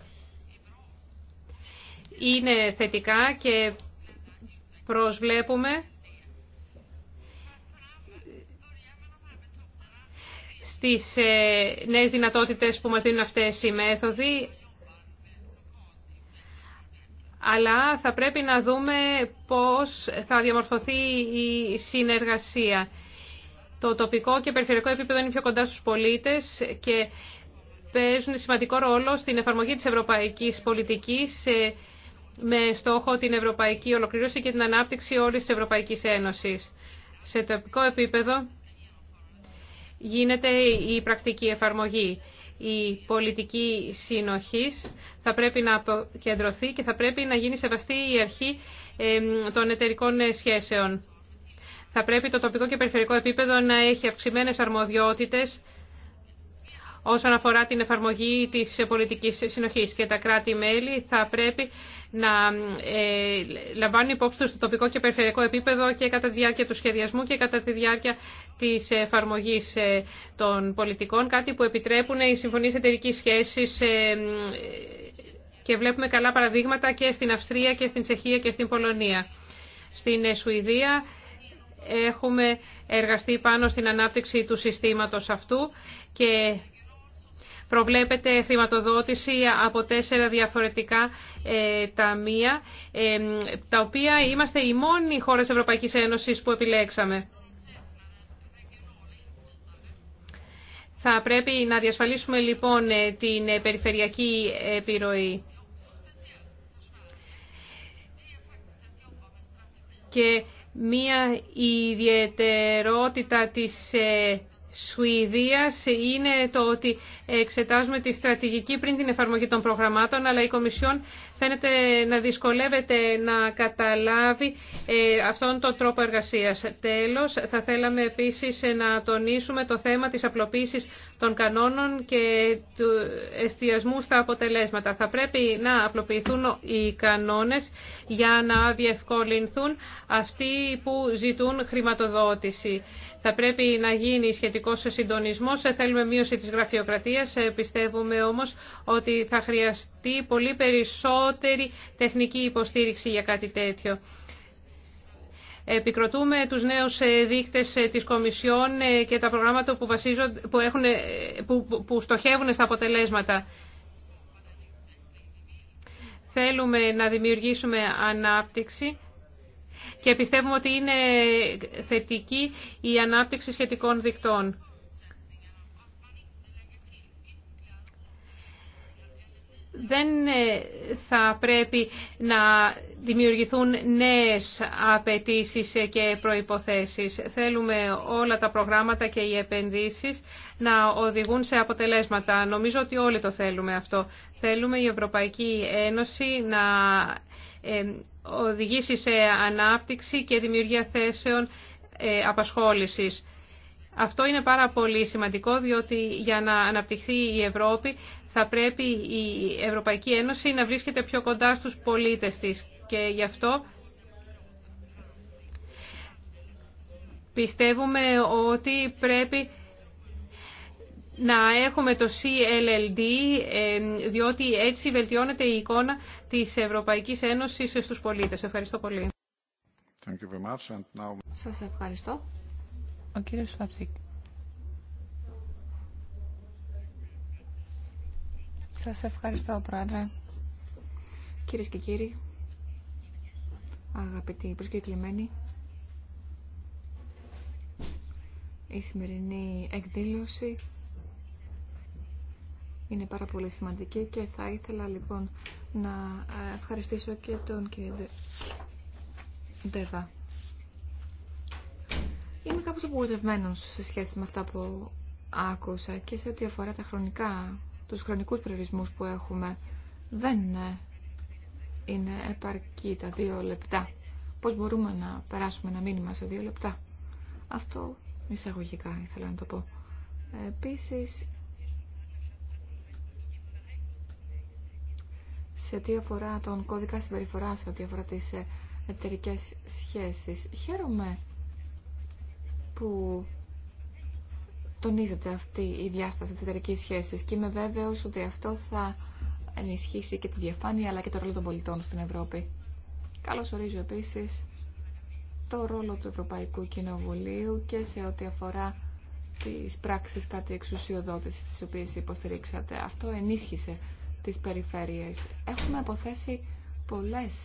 είναι θετικά και προσβλέπουμε στις ε, νέες δυνατότητες που μας δίνουν αυτές οι μέθοδοι αλλά θα πρέπει να δούμε πώς θα διαμορφωθεί η συνεργασία. Το τοπικό και περιφερειακό επίπεδο είναι πιο κοντά στους πολίτες και παίζουν σημαντικό ρόλο στην εφαρμογή της ευρωπαϊκής πολιτικής ε, με στόχο την ευρωπαϊκή ολοκληρώση και την ανάπτυξη όλης της Ευρωπαϊκής Ένωσης. Σε τοπικό επίπεδο γίνεται η πρακτική εφαρμογή η πολιτική συνοχής θα πρέπει να αποκεντρωθεί και θα πρέπει να γίνει σεβαστή η αρχή των εταιρικών σχέσεων. Θα πρέπει το τοπικό και περιφερειακό επίπεδο να έχει αυξημένες αρμοδιότητες όσον αφορά την εφαρμογή της πολιτικής συνοχής και τα κράτη-μέλη θα πρέπει να ε, λαμβάνουν υπόψη τους στο τοπικό και περιφερειακό επίπεδο και κατά τη διάρκεια του σχεδιασμού και κατά τη διάρκεια της εφαρμογής ε, των πολιτικών, κάτι που επιτρέπουν οι συμφωνίες εταιρικής σχέσης ε, και βλέπουμε καλά παραδείγματα και στην Αυστρία και στην Τσεχία και στην Πολωνία. Στην Σουηδία έχουμε εργαστεί πάνω στην ανάπτυξη του συστήματος αυτού και προβλέπεται χρηματοδότηση από τέσσερα διαφορετικά ε, ταμεία, ε, τα οποία είμαστε η μόνη χώρα της Ευρωπαϊκής Ένωσης που επιλέξαμε. Θα πρέπει να διασφαλίσουμε λοιπόν ε, την περιφερειακή επιρροή. Και μία ιδιαιτερότητα της Σουηδία είναι το ότι εξετάζουμε τη στρατηγική πριν την εφαρμογή των προγραμμάτων, αλλά η Κομισιόν φαίνεται να δυσκολεύεται να καταλάβει ε, αυτόν τον τρόπο εργασίας. Τέλος, θα θέλαμε επίσης να τονίσουμε το θέμα της απλοποίησης των κανόνων και του εστιασμού στα αποτελέσματα. Θα πρέπει να απλοποιηθούν οι κανόνες για να διευκολυνθούν αυτοί που ζητούν χρηματοδότηση. Θα πρέπει να γίνει σχετικό συντονισμό. Θέλουμε μείωση τη γραφειοκρατία. Πιστεύουμε όμω ότι θα χρειαστεί πολύ περισσότερο περισσότερη τεχνική υποστήριξη για κάτι τέτοιο. Επικροτούμε τους νέους ε, δείκτες ε, της Κομισιόν ε, και τα προγράμματα που, βασίζονται, που, έχουν, που, που στοχεύουν στα αποτελέσματα. Θέλουμε να δημιουργήσουμε ανάπτυξη και πιστεύουμε ότι είναι θετική η ανάπτυξη σχετικών δικτών. δεν ε, θα πρέπει να δημιουργηθούν νέες απαιτήσει ε, και προϋποθέσεις. Θέλουμε όλα τα προγράμματα και οι επενδύσεις να οδηγούν σε αποτελέσματα. Νομίζω ότι όλοι το θέλουμε αυτό. Θέλουμε η Ευρωπαϊκή Ένωση να ε, οδηγήσει σε ανάπτυξη και δημιουργία θέσεων απασχόλησης. Αυτό είναι πάρα πολύ σημαντικό διότι για να αναπτυχθεί η Ευρώπη θα πρέπει η Ευρωπαϊκή Ένωση να βρίσκεται πιο κοντά στους πολίτες της και γι' αυτό πιστεύουμε ότι πρέπει να έχουμε το CLLD, ε, διότι έτσι βελτιώνεται η εικόνα της Ευρωπαϊκής Ένωσης στους πολίτες. Ευχαριστώ πολύ. Thank Σας ευχαριστώ. Ο κύριος Φαψίκ. Σας ευχαριστώ, Πρόεδρε. Κυρίες και κύριοι, αγαπητοί προσκεκλημένοι, η σημερινή εκδήλωση είναι πάρα πολύ σημαντική και θα ήθελα λοιπόν να ευχαριστήσω και τον κύριο Ντεβά. Είμαι κάπως απογοητευμένος σε σχέση με αυτά που άκουσα και σε ό,τι αφορά τα χρονικά τους χρονικούς περιορισμούς που έχουμε. Δεν είναι επαρκή τα δύο λεπτά. Πώς μπορούμε να περάσουμε ένα μήνυμα σε δύο λεπτά. Αυτό εισαγωγικά ήθελα να το πω. Επίσης, σε τι αφορά τον κώδικα συμπεριφορά, σε ό,τι αφορά τις εταιρικές σχέσεις, χαίρομαι που τονίζεται αυτή η διάσταση της εταιρικής σχέσης και είμαι βέβαιο ότι αυτό θα ενισχύσει και τη διαφάνεια αλλά και το ρόλο των πολιτών στην Ευρώπη. Καλώς ορίζω επίσης το ρόλο του Ευρωπαϊκού Κοινοβουλίου και σε ό,τι αφορά τις πράξεις κάτι εξουσιοδότηση τις οποίες υποστηρίξατε. Αυτό ενίσχυσε τις περιφέρειες. Έχουμε αποθέσει πολλές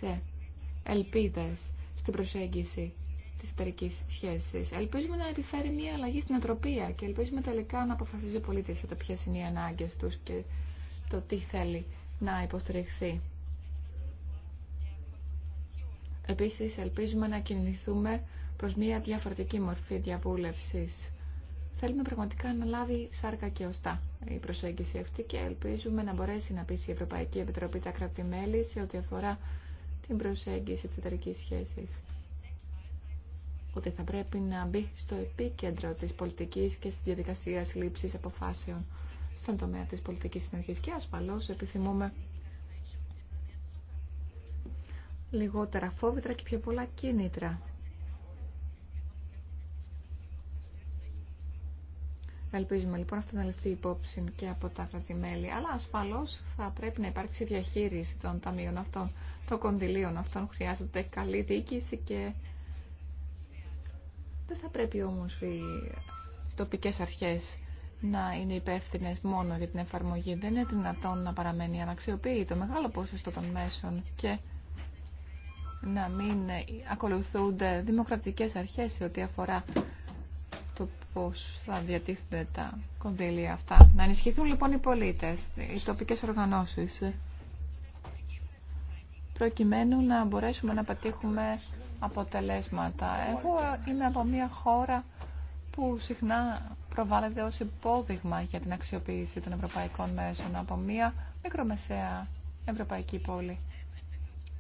ελπίδες στην προσέγγιση Τη εταιρική σχέση. Ελπίζουμε να επιφέρει μια αλλαγή στην ατροπία και ελπίζουμε τελικά να αποφασίζει ο πολίτη για το ποιε είναι οι ανάγκε τους και το τι θέλει να υποστηριχθεί. Επίση, ελπίζουμε να κινηθούμε προς μια διαφορετική μορφή διαβούλευση. Θέλουμε πραγματικά να λάβει σάρκα και οστά η προσέγγιση αυτή και ελπίζουμε να μπορέσει να πείσει η Ευρωπαϊκή Επιτροπή τα κρατη σε ό,τι αφορά την προσέγγιση τη εταιρική σχέση ότι θα πρέπει να μπει στο επίκεντρο της πολιτικής και της διαδικασίας λήψης αποφάσεων στον τομέα της πολιτικής συνεργής και ασφαλώς επιθυμούμε λιγότερα φόβητρα και πιο πολλά κίνητρα. Ελπίζουμε λοιπόν αυτό να ληφθεί υπόψη και από τα κρατημέλη. Αλλά ασφαλώ θα πρέπει να υπάρξει διαχείριση των ταμείων αυτών, των κονδυλίων αυτών. Χρειάζεται καλή διοίκηση και δεν θα πρέπει όμως οι τοπικές αρχές να είναι υπεύθυνε μόνο για την εφαρμογή. Δεν είναι δυνατόν να παραμένει αναξιοποιητό το μεγάλο ποσοστό των μέσων και να μην ακολουθούνται δημοκρατικές αρχές σε ό,τι αφορά το πώς θα διατίθενται τα κονδύλια αυτά. Να ενισχυθούν λοιπόν οι πολίτες, οι τοπικές οργανώσεις, προκειμένου να μπορέσουμε να πετύχουμε αποτελέσματα. Εγώ είμαι από μια χώρα που συχνά προβάλλεται ως υπόδειγμα για την αξιοποίηση των ευρωπαϊκών μέσων από μια μικρομεσαία ευρωπαϊκή πόλη.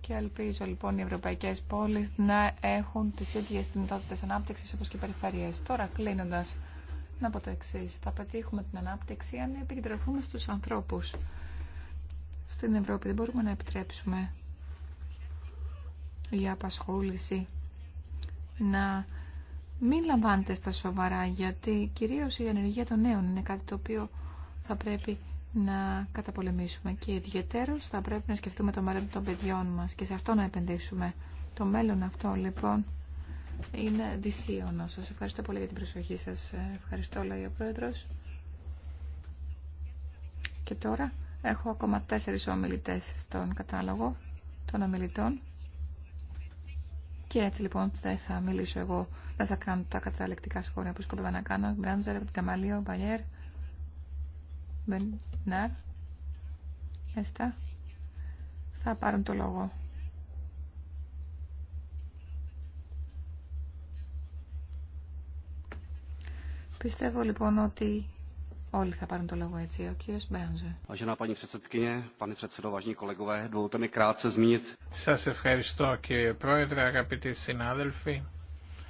Και ελπίζω λοιπόν οι ευρωπαϊκές πόλεις να έχουν τις ίδιες δυνατότητες ανάπτυξης όπως και οι περιφέρειες. Τώρα κλείνοντας να πω το εξή. Θα πετύχουμε την ανάπτυξη αν επικεντρωθούμε στους ανθρώπους. Στην Ευρώπη δεν μπορούμε να επιτρέψουμε για απασχόληση να μην λαμβάνετε στα σοβαρά γιατί κυρίως η ανεργία των νέων είναι κάτι το οποίο θα πρέπει να καταπολεμήσουμε και ιδιαιτέρως θα πρέπει να σκεφτούμε το μέλλον των παιδιών μας και σε αυτό να επενδύσουμε. Το μέλλον αυτό λοιπόν είναι δυσίωνο. Σας ευχαριστώ πολύ για την προσοχή σας. Ευχαριστώ λέει ο Πρόεδρος. Και τώρα έχω ακόμα τέσσερις ομιλητές στον κατάλογο των ομιλητών. Και έτσι λοιπόν δεν θα μιλήσω εγώ, δεν θα κάνω τα καταλεκτικά σχόλια που σκοπεύα να κάνω. Μπράντζερ, Καμαλίο, Μπαγιέρ, Μπενάρ, Έστα, θα πάρουν το λόγο. Πιστεύω λοιπόν ότι Όλοι θα πάρουν το λόγο έτσι. Ο κύριος Μπράνζε. Σας ευχαριστώ κύριε Πρόεδρε, αγαπητοί συνάδελφοι.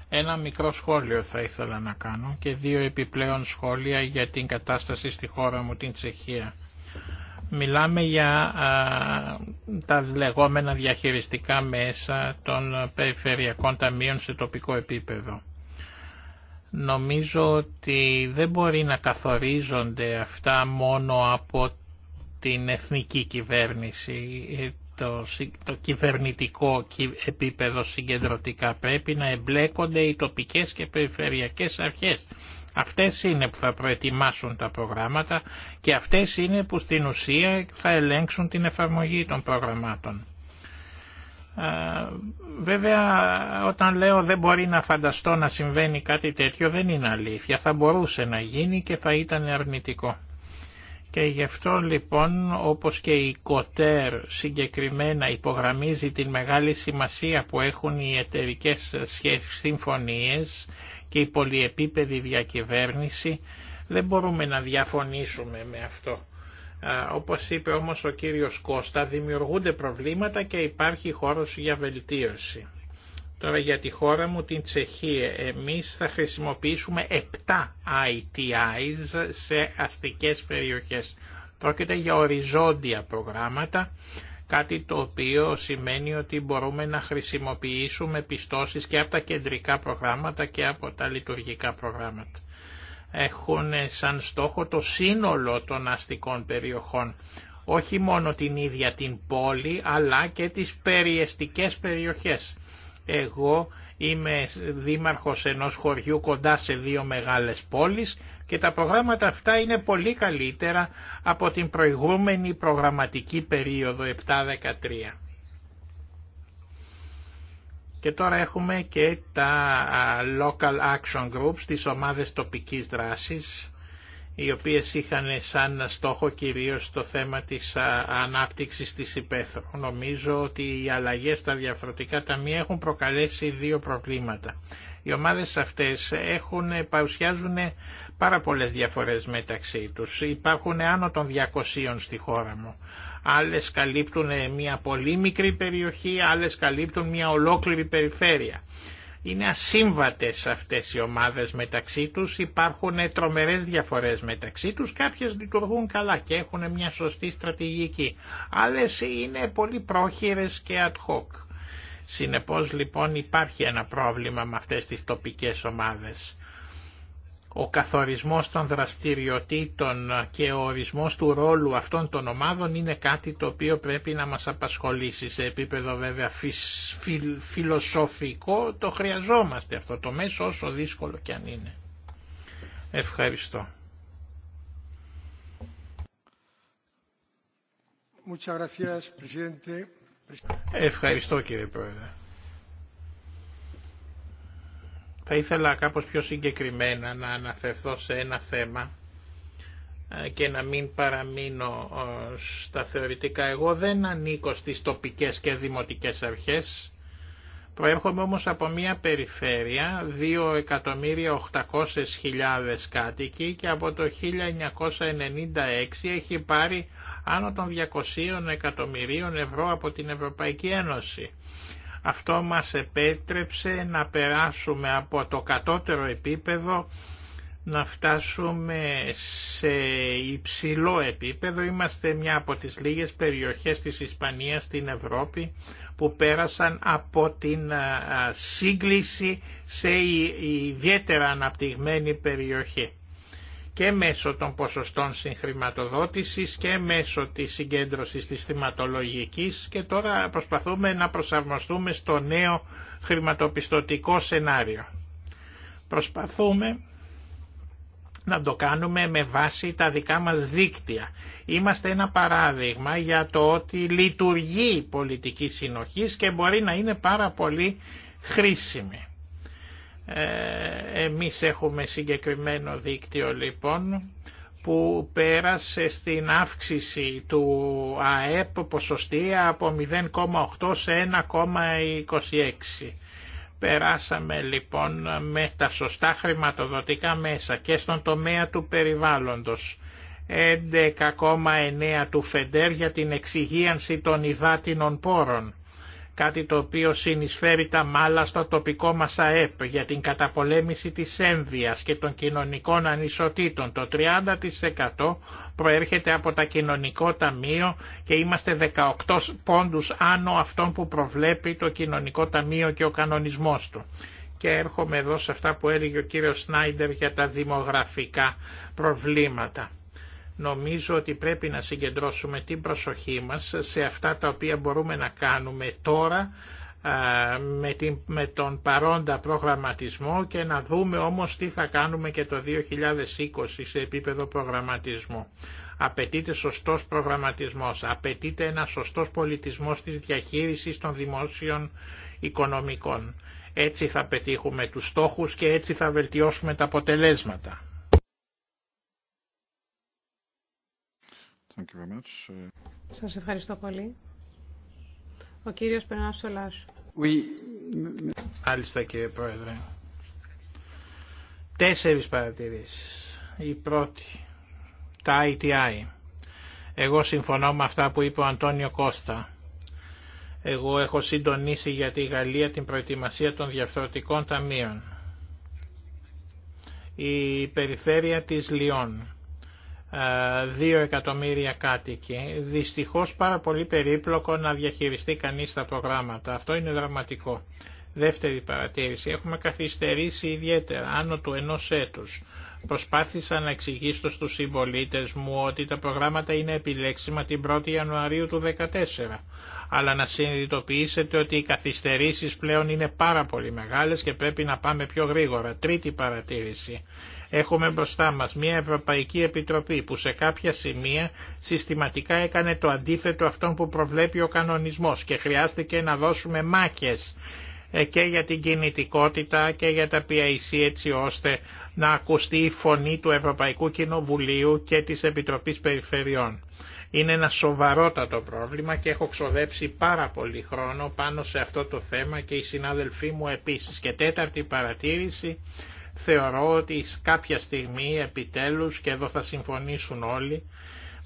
Ένα μικρό σχόλιο θα ήθελα να κάνω και δύο επιπλέον σχόλια για την κατάσταση στη χώρα μου, την Τσεχία. Μιλάμε για α, τα λεγόμενα διαχειριστικά μέσα των περιφερειακών ταμείων σε τοπικό επίπεδο. Νομίζω ότι δεν μπορεί να καθορίζονται αυτά μόνο από την εθνική κυβέρνηση, ε, το, το κυβερνητικό επίπεδο συγκεντρωτικά. Πρέπει να εμπλέκονται οι τοπικές και περιφερειακές αρχές. Αυτές είναι που θα προετοιμάσουν τα προγράμματα και αυτές είναι που στην ουσία θα ελέγξουν την εφαρμογή των προγραμμάτων. Ε, βέβαια όταν λέω δεν μπορεί να φανταστώ να συμβαίνει κάτι τέτοιο δεν είναι αλήθεια. Θα μπορούσε να γίνει και θα ήταν αρνητικό. Και γι' αυτό λοιπόν όπως και η Κοτέρ συγκεκριμένα υπογραμμίζει την μεγάλη σημασία που έχουν οι εταιρικέ συμφωνίες και η πολυεπίπεδη διακυβέρνηση δεν μπορούμε να διαφωνήσουμε με αυτό. Όπως είπε όμως ο κύριος Κώστα, δημιουργούνται προβλήματα και υπάρχει χώρος για βελτίωση. Τώρα για τη χώρα μου, την Τσεχία, ε, εμείς θα χρησιμοποιήσουμε 7 ITIs σε αστικές περιοχές. Πρόκειται για οριζόντια προγράμματα, κάτι το οποίο σημαίνει ότι μπορούμε να χρησιμοποιήσουμε πιστώσεις και από τα κεντρικά προγράμματα και από τα λειτουργικά προγράμματα έχουν σαν στόχο το σύνολο των αστικών περιοχών. Όχι μόνο την ίδια την πόλη, αλλά και τις περιεστικές περιοχές. Εγώ είμαι δήμαρχος ενός χωριού κοντά σε δύο μεγάλες πόλεις και τα προγράμματα αυτά είναι πολύ καλύτερα από την προηγούμενη προγραμματική περίοδο 7-13. Και τώρα έχουμε και τα Local Action Groups, τις ομάδες τοπικής δράσης, οι οποίες είχαν σαν στόχο κυρίως το θέμα της ανάπτυξης της υπαίθρου. Νομίζω ότι οι αλλαγές στα διαφορετικά ταμεία έχουν προκαλέσει δύο προβλήματα. Οι ομάδες αυτές έχουν, παρουσιάζουν πάρα πολλές διαφορές μεταξύ τους. Υπάρχουν άνω των 200 στη χώρα μου άλλες καλύπτουν ε, μια πολύ μικρή περιοχή, άλλες καλύπτουν μια ολόκληρη περιφέρεια. Είναι ασύμβατες αυτές οι ομάδες μεταξύ τους, υπάρχουν ε, τρομερές διαφορές μεταξύ τους, κάποιες λειτουργούν καλά και έχουν μια σωστή στρατηγική, άλλες είναι πολύ πρόχειρες και ad hoc. Συνεπώς λοιπόν υπάρχει ένα πρόβλημα με αυτές τις τοπικές ομάδες ο καθορισμός των δραστηριοτήτων και ο ορισμός του ρόλου αυτών των ομάδων είναι κάτι το οποίο πρέπει να μας απασχολήσει σε επίπεδο βέβαια φιλοσοφικό το χρειαζόμαστε αυτό το μέσο όσο δύσκολο και αν είναι. Ευχαριστώ. Ευχαριστώ κύριε Πρόεδρε. Θα ήθελα κάπως πιο συγκεκριμένα να αναφερθώ σε ένα θέμα ε, και να μην παραμείνω ε, στα θεωρητικά. Εγώ δεν ανήκω στις τοπικές και δημοτικές αρχές. Προέρχομαι όμως από μια περιφέρεια 2.800.000 κάτοικοι και από το 1996 έχει πάρει άνω των 200 εκατομμυρίων ευρώ από την Ευρωπαϊκή Ένωση. Αυτό μας επέτρεψε να περάσουμε από το κατώτερο επίπεδο να φτάσουμε σε υψηλό επίπεδο. Είμαστε μια από τις λίγες περιοχές της Ισπανίας στην Ευρώπη που πέρασαν από την σύγκληση σε ιδιαίτερα αναπτυγμένη περιοχή και μέσω των ποσοστών συγχρηματοδότησης και μέσω της συγκέντρωσης της θυματολογικής και τώρα προσπαθούμε να προσαρμοστούμε στο νέο χρηματοπιστωτικό σενάριο. Προσπαθούμε να το κάνουμε με βάση τα δικά μας δίκτυα. Είμαστε ένα παράδειγμα για το ότι λειτουργεί η πολιτική συνοχής και μπορεί να είναι πάρα πολύ χρήσιμη. Ε, εμείς έχουμε συγκεκριμένο δίκτυο λοιπόν που πέρασε στην αύξηση του ΑΕΠ ποσοστία από 0,8 σε 1,26. Περάσαμε λοιπόν με τα σωστά χρηματοδοτικά μέσα και στον τομέα του περιβάλλοντος. 11,9 του ΦΕΝΤΕΡ για την εξυγίανση των υδάτινων πόρων κάτι το οποίο συνεισφέρει τα μάλλα στο τοπικό μας ΑΕΠ για την καταπολέμηση της ένδυας και των κοινωνικών ανισοτήτων. Το 30% προέρχεται από τα κοινωνικό ταμείο και είμαστε 18 πόντους άνω αυτών που προβλέπει το κοινωνικό ταμείο και ο κανονισμός του. Και έρχομαι εδώ σε αυτά που έλεγε ο κύριος Σνάιντερ για τα δημογραφικά προβλήματα νομίζω ότι πρέπει να συγκεντρώσουμε την προσοχή μας σε αυτά τα οποία μπορούμε να κάνουμε τώρα με, τον παρόντα προγραμματισμό και να δούμε όμως τι θα κάνουμε και το 2020 σε επίπεδο προγραμματισμού. Απαιτείται σωστός προγραμματισμός, απαιτείται ένα σωστός πολιτισμός της διαχείρισης των δημόσιων οικονομικών. Έτσι θα πετύχουμε τους στόχους και έτσι θα βελτιώσουμε τα αποτελέσματα. Σας ευχαριστώ πολύ. Ο κύριος Περνάς Σολάς. Oui. Άλιστα κύριε Πρόεδρε. Τέσσερις παρατηρήσει. Η πρώτη, τα ITI. Εγώ συμφωνώ με αυτά που είπε ο Αντώνιο Κώστα. Εγώ έχω συντονίσει για τη Γαλλία την προετοιμασία των διαφθορτικών ταμείων. Η περιφέρεια της Λιών 2 ε, εκατομμύρια κάτοικοι. Δυστυχώς πάρα πολύ περίπλοκο να διαχειριστεί κανείς τα προγράμματα. Αυτό είναι δραματικό. Δεύτερη παρατήρηση. Έχουμε καθυστερήσει ιδιαίτερα, άνω του ενός έτους. Προσπάθησα να εξηγήσω στους συμπολίτε μου ότι τα προγράμματα είναι επιλέξιμα την 1η Ιανουαρίου του 2014. Αλλά να συνειδητοποιήσετε ότι οι καθυστερήσεις πλέον είναι πάρα πολύ μεγάλες και πρέπει να πάμε πιο γρήγορα. Τρίτη παρατήρηση. Έχουμε μπροστά μας μια Ευρωπαϊκή Επιτροπή που σε κάποια σημεία συστηματικά έκανε το αντίθετο αυτόν που προβλέπει ο κανονισμός και χρειάστηκε να δώσουμε μάχες ε, και για την κινητικότητα και για τα PIC έτσι ώστε να ακουστεί η φωνή του Ευρωπαϊκού Κοινοβουλίου και της Επιτροπής Περιφερειών. Είναι ένα σοβαρότατο πρόβλημα και έχω ξοδέψει πάρα πολύ χρόνο πάνω σε αυτό το θέμα και οι συνάδελφοί μου επίσης. Και τέταρτη παρατήρηση, θεωρώ ότι κάποια στιγμή επιτέλους και εδώ θα συμφωνήσουν όλοι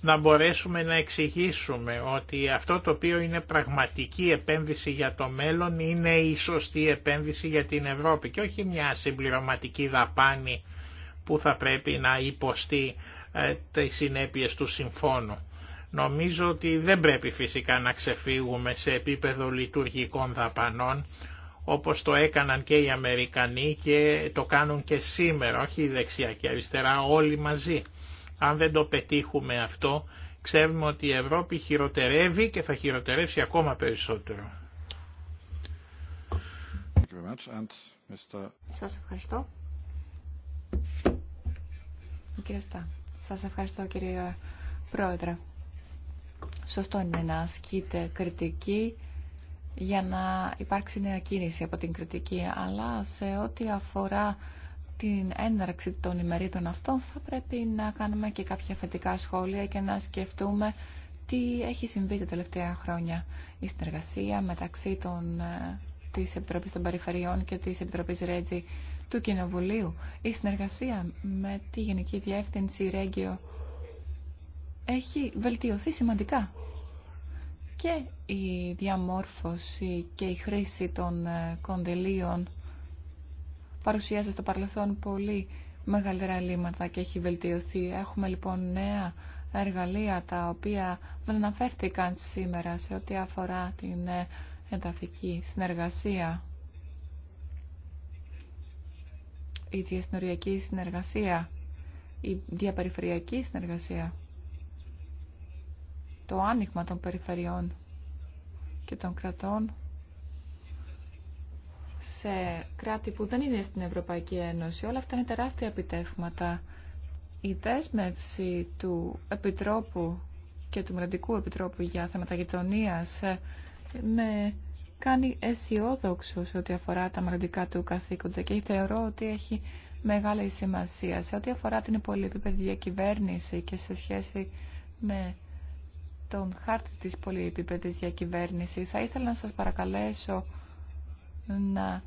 να μπορέσουμε να εξηγήσουμε ότι αυτό το οποίο είναι πραγματική επένδυση για το μέλλον είναι η σωστή επένδυση για την Ευρώπη και όχι μια συμπληρωματική δαπάνη που θα πρέπει να υποστεί ε, τις συνέπειες του συμφώνου. Νομίζω ότι δεν πρέπει φυσικά να ξεφύγουμε σε επίπεδο λειτουργικών δαπανών, όπως το έκαναν και οι Αμερικανοί και το κάνουν και σήμερα, όχι η δεξιά και η αριστερά, όλοι μαζί. Αν δεν το πετύχουμε αυτό, ξέρουμε ότι η Ευρώπη χειροτερεύει και θα χειροτερεύσει ακόμα περισσότερο. Σας ευχαριστώ. Κύριε σας ευχαριστώ κύριε Πρόεδρε. Σωστό είναι να ασκείτε κριτική για να υπάρξει νέα κίνηση από την κριτική, αλλά σε ό,τι αφορά την έναρξη των ημερίδων αυτών θα πρέπει να κάνουμε και κάποια θετικά σχόλια και να σκεφτούμε τι έχει συμβεί τα τελευταία χρόνια. Η συνεργασία μεταξύ των, ε, της Επιτροπής των Περιφερειών και της Επιτροπής Ρέτζη του Κοινοβουλίου, η συνεργασία με τη Γενική Διεύθυνση Ρέγγιο έχει βελτιωθεί σημαντικά και η διαμόρφωση και η χρήση των ε, κονδυλίων παρουσιάζει στο παρελθόν πολύ μεγαλύτερα ελλείμματα και έχει βελτιωθεί. Έχουμε λοιπόν νέα εργαλεία τα οποία δεν αναφέρθηκαν σήμερα σε ό,τι αφορά την ε, ενταφική συνεργασία η διασυνοριακή συνεργασία, η διαπεριφερειακή συνεργασία το άνοιγμα των περιφερειών και των κρατών σε κράτη που δεν είναι στην Ευρωπαϊκή Ένωση. Όλα αυτά είναι τεράστια επιτεύγματα. Η δέσμευση του Επιτρόπου και του Μελλοντικού Επιτρόπου για θέματα γειτονία ε, με κάνει αισιόδοξο σε ό,τι αφορά τα μελλοντικά του καθήκοντα και θεωρώ ότι έχει μεγάλη σημασία σε ό,τι αφορά την πολυεπίπεδη διακυβέρνηση και σε σχέση με τον χάρτη της πολυεπίπεδης διακυβέρνηση. Θα ήθελα να σας παρακαλέσω να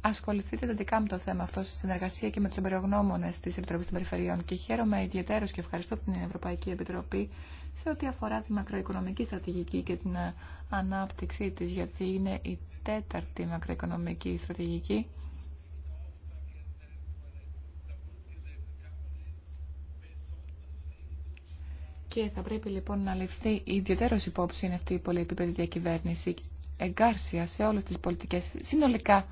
ασχοληθείτε τελικά με το θέμα αυτό στη συνεργασία και με τους εμπεριογνώμονε τη Επιτροπή των Περιφερειών. Και χαίρομαι ιδιαίτερω και ευχαριστώ την Ευρωπαϊκή Επιτροπή σε ό,τι αφορά τη μακροοικονομική στρατηγική και την ανάπτυξή τη, γιατί είναι η τέταρτη μακροοικονομική στρατηγική Και θα πρέπει λοιπόν να ληφθεί ιδιαίτερο υπόψη είναι αυτή η πολυεπίπεδη διακυβέρνηση εγκάρσια σε όλες τις πολιτικές. Συνολικά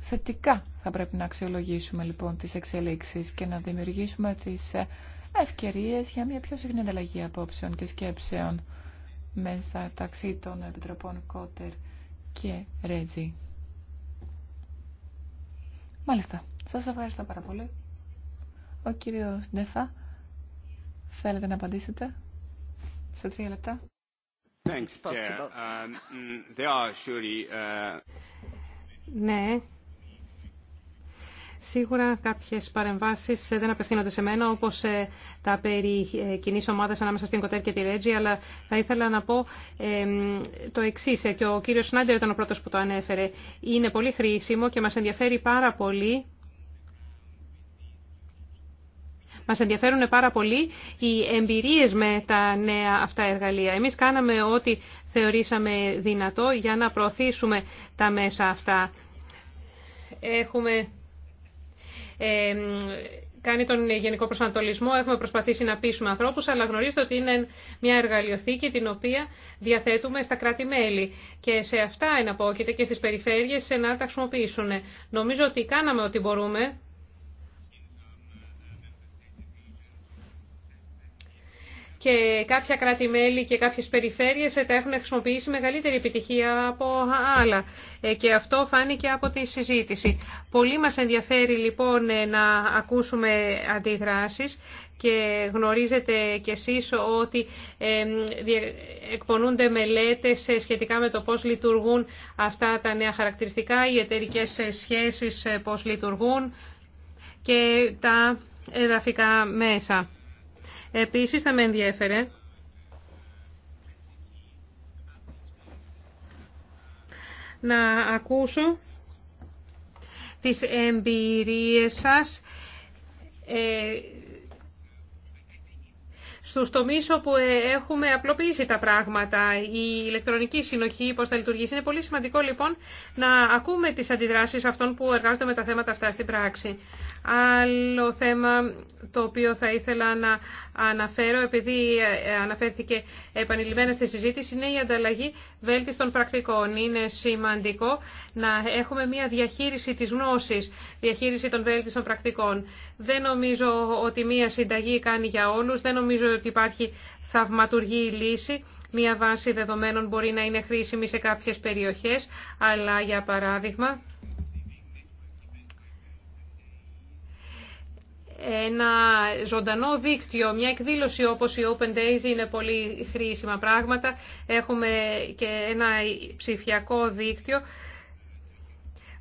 θετικά θα πρέπει να αξιολογήσουμε λοιπόν τις εξελίξεις και να δημιουργήσουμε τις ε, ευκαιρίε για μια πιο συχνή ανταλλαγή απόψεων και σκέψεων μέσα ταξί των Επιτροπών Κότερ και Ρέτζι. Μάλιστα. Σας ευχαριστώ πάρα πολύ. Ο κύριος Ντεφά Θέλετε να απαντήσετε σε τρία λεπτά. Thanks, uh, mm, There surely, uh, Ναι. Σίγουρα κάποιες παρεμβάσεις ε, δεν απευθύνονται σε μένα, όπως ε, τα περί ε, κοινή ομάδας ανάμεσα στην Κοτέρ και τη Ρέτζη, αλλά θα ήθελα να πω το εξή και ο κύριος Σνάντερ ήταν ο πρώτος που το ανέφερε. Είναι πολύ χρήσιμο και μας ενδιαφέρει πάρα πολύ Μας ενδιαφέρουν πάρα πολύ οι εμπειρίες με τα νέα αυτά εργαλεία. Εμείς κάναμε ό,τι θεωρήσαμε δυνατό για να προωθήσουμε τα μέσα αυτά. Έχουμε κάνει τον γενικό προσανατολισμό, έχουμε προσπαθήσει να πείσουμε ανθρώπους, αλλά γνωρίζετε ότι είναι μια εργαλειοθήκη την οποία διαθέτουμε στα κράτη-μέλη και σε αυτά εναπόκειται και στις περιφέρειες να τα χρησιμοποιήσουν. Νομίζω ότι κάναμε ό,τι μπορούμε και κάποια κράτη-μέλη και κάποιες περιφέρειες τα έχουν χρησιμοποιήσει μεγαλύτερη επιτυχία από άλλα. Ε, και αυτό φάνηκε από τη συζήτηση. Πολύ μας ενδιαφέρει λοιπόν ε, να ακούσουμε αντιδράσεις και γνωρίζετε κι εσείς ότι εκπονούνται μελέτες ε, σχετικά με το πώς λειτουργούν αυτά τα νέα χαρακτηριστικά, οι εταιρικέ σχέσεις πώς λειτουργούν και τα εδαφικά μέσα. Επίσης θα με ενδιέφερε να ακούσω τις εμπειρίες σας ε, στους τομείς όπου ε, έχουμε απλοποιήσει τα πράγματα. Η ηλεκτρονική συνοχή, πώς θα λειτουργήσει. Είναι πολύ σημαντικό λοιπόν να ακούμε τις αντιδράσεις αυτών που εργάζονται με τα θέματα αυτά στην πράξη. Άλλο θέμα το οποίο θα ήθελα να αναφέρω, επειδή ε, ε, αναφέρθηκε επανειλημμένα στη συζήτηση, είναι η ανταλλαγή βέλτιστων πρακτικών. Είναι σημαντικό να έχουμε μια διαχείριση της γνώσης, διαχείριση των βέλτιστων πρακτικών. Δεν νομίζω ότι μια συνταγή κάνει για όλους, δεν νομίζω ότι υπάρχει θαυματουργή λύση. Μία βάση δεδομένων μπορεί να είναι χρήσιμη σε κάποιες περιοχές, αλλά για παράδειγμα ένα ζωντανό δίκτυο, μια εκδήλωση όπως η Open Days είναι πολύ χρήσιμα πράγματα. Έχουμε και ένα ψηφιακό δίκτυο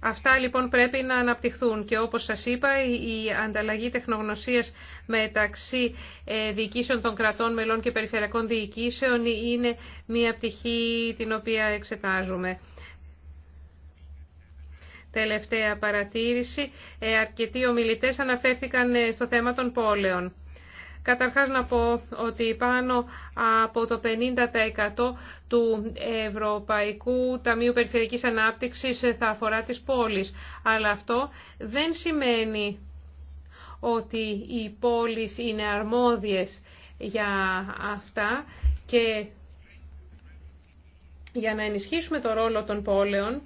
Αυτά λοιπόν πρέπει να αναπτυχθούν και όπως σας είπα η ανταλλαγή τεχνογνωσίας μεταξύ ε, διοικήσεων των κρατών μελών και περιφερειακών διοικήσεων είναι μια πτυχή την οποία εξετάζουμε. Τελευταία παρατήρηση. Ε, αρκετοί ομιλητές αναφέρθηκαν ε, στο θέμα των πόλεων. Καταρχάς να πω ότι πάνω από το 50% του Ευρωπαϊκού Ταμείου Περιφερειακής Ανάπτυξης θα αφορά τις πόλεις. Αλλά αυτό δεν σημαίνει ότι οι πόλεις είναι αρμόδιες για αυτά και για να ενισχύσουμε το ρόλο των πόλεων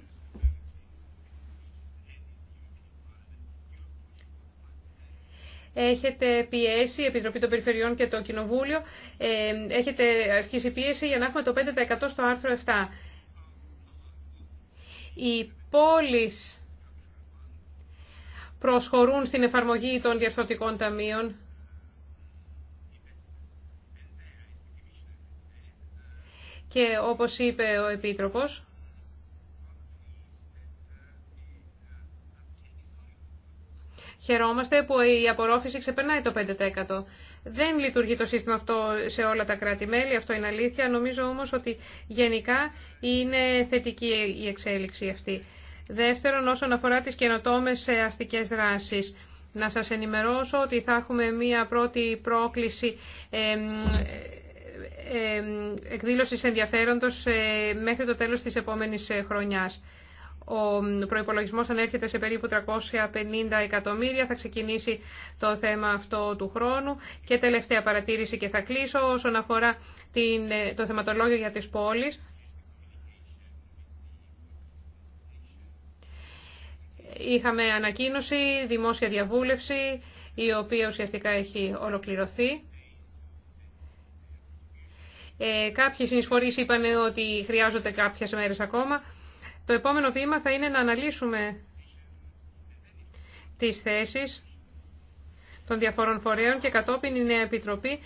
έχετε πιέσει, η Επιτροπή των Περιφερειών και το Κοινοβούλιο, ε, έχετε ασκήσει πίεση για να έχουμε το 5% στο άρθρο 7. Οι πόλεις προσχωρούν στην εφαρμογή των διαρθρωτικών ταμείων. Και όπως είπε ο Επίτροπος, Χαιρόμαστε που η απορρόφηση ξεπερνάει το 5%. Δεν λειτουργεί το σύστημα αυτό σε όλα τα κράτη-μέλη, αυτό είναι αλήθεια. Νομίζω όμως ότι γενικά είναι θετική η εξέλιξη αυτή. Δεύτερον, όσον αφορά τις καινοτόμες ε, αστικές δράσεις. Να σας ενημερώσω ότι θα έχουμε μία πρώτη πρόκληση ε, εκδήλωσης ενδιαφέροντος ε, μέχρι το τέλος της επόμενης χρονιάς ο προπολογισμό ανέρχεται σε περίπου 350 εκατομμύρια. Θα ξεκινήσει το θέμα αυτό του χρόνου. Και τελευταία παρατήρηση και θα κλείσω όσον αφορά την, το θεματολόγιο για τις πόλεις. Είχαμε ανακοίνωση, δημόσια διαβούλευση, η οποία ουσιαστικά έχει ολοκληρωθεί. Ε, κάποιοι συνεισφορείς είπαν ότι χρειάζονται κάποιες μέρες ακόμα. Το επόμενο βήμα θα είναι να αναλύσουμε τις θέσεις των διαφορών φορέων και κατόπιν η νέα Επιτροπή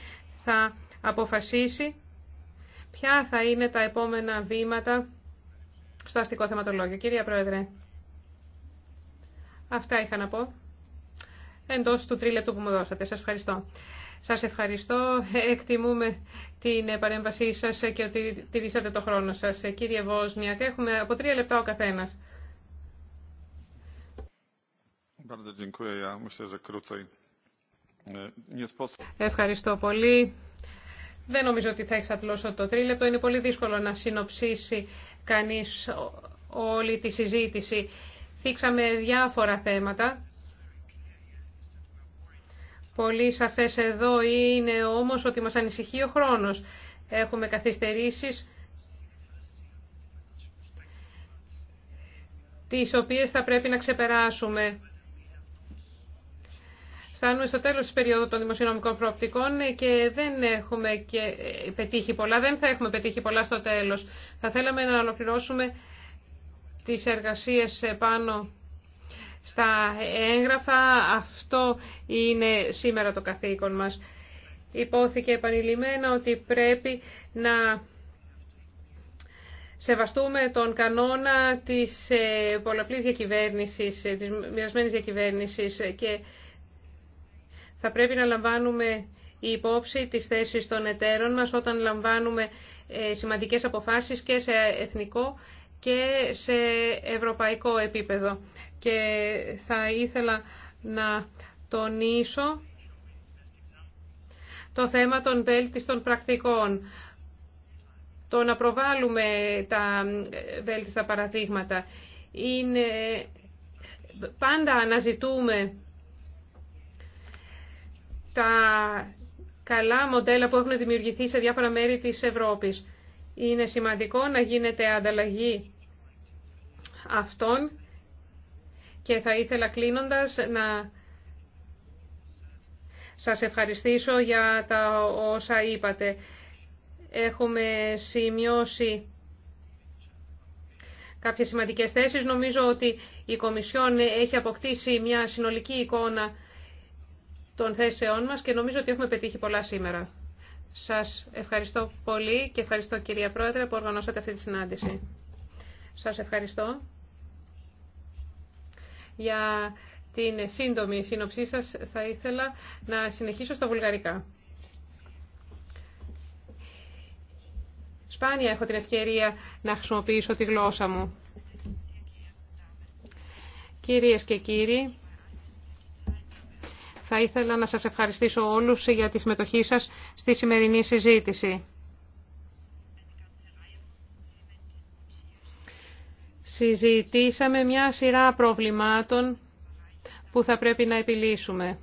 θα αποφασίσει ποια θα είναι τα επόμενα βήματα στο αστικό θεματολόγιο. Κυρία Πρόεδρε, αυτά είχα να πω εντός του τρίλεπτου που μου δώσατε. Σας ευχαριστώ. Σας ευχαριστώ. Εκτιμούμε την παρέμβασή σας και ότι τηρήσατε το χρόνο σας. Κύριε και έχουμε από τρία λεπτά ο καθένας. E, ευχαριστώ πολύ. Δεν νομίζω ότι θα εξατλώσω το τρίλεπτο. Είναι πολύ δύσκολο να συνοψίσει κανείς όλη τη συζήτηση. Θίξαμε διάφορα θέματα. Πολύ σαφές εδώ είναι όμως ότι μας ανησυχεί ο χρόνος. Έχουμε καθυστερήσεις τις οποίες θα πρέπει να ξεπεράσουμε. Φτάνουμε στο τέλος της περίοδου των δημοσιονομικών προοπτικών και δεν έχουμε και ε, πετύχει πολλά. Δεν θα έχουμε πετύχει πολλά στο τέλος. Θα θέλαμε να ολοκληρώσουμε τις εργασίες πάνω στα έγγραφα. Αυτό είναι σήμερα το καθήκον μας. Υπόθηκε επανειλημμένα ότι πρέπει να σεβαστούμε τον κανόνα της ε, πολλαπλής διακυβέρνησης, ε, της μοιρασμένης διακυβέρνησης ε, και θα πρέπει να λαμβάνουμε η υπόψη της θέσης των εταίρων μας όταν λαμβάνουμε σημαντικές αποφάσεις και σε εθνικό και σε ευρωπαϊκό επίπεδο και θα ήθελα να τονίσω το θέμα των βέλτιστων πρακτικών. Το να προβάλλουμε τα βέλτιστα παραδείγματα. Είναι πάντα αναζητούμε τα καλά μοντέλα που έχουν δημιουργηθεί σε διάφορα μέρη της Ευρώπης. Είναι σημαντικό να γίνεται ανταλλαγή αυτών και θα ήθελα κλείνοντας να σας ευχαριστήσω για τα όσα είπατε. Έχουμε σημειώσει κάποιες σημαντικές θέσεις. Νομίζω ότι η Κομισιόν έχει αποκτήσει μια συνολική εικόνα των θέσεών μας και νομίζω ότι έχουμε πετύχει πολλά σήμερα. Σας ευχαριστώ πολύ και ευχαριστώ κυρία Πρόεδρε που οργανώσατε αυτή τη συνάντηση. Σας ευχαριστώ για την σύντομη σύνοψή σας. Θα ήθελα να συνεχίσω στα βουλγαρικά. Σπάνια έχω την ευκαιρία να χρησιμοποιήσω τη γλώσσα μου. Κυρίες και κύριοι, θα ήθελα να σας ευχαριστήσω όλους για τη συμμετοχή σας στη σημερινή συζήτηση. συζητήσαμε μια σειρά προβλημάτων που θα πρέπει να επιλύσουμε.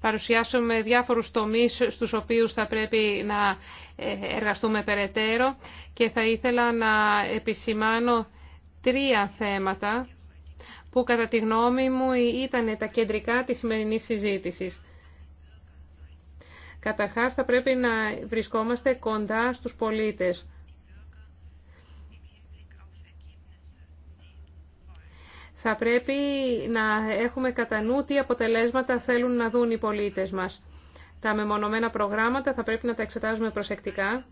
Παρουσιάσαμε διάφορους τομείς στους οποίους θα πρέπει να ε, εργαστούμε περαιτέρω και θα ήθελα να επισημάνω τρία θέματα που κατά τη γνώμη μου ήταν τα κεντρικά της σημερινής συζήτησης. Καταρχάς θα πρέπει να βρισκόμαστε κοντά στους πολίτες. Θα πρέπει να έχουμε κατά νου τι αποτελέσματα θέλουν να δουν οι πολίτες μας. Τα μεμονωμένα προγράμματα θα πρέπει να τα εξετάζουμε προσεκτικά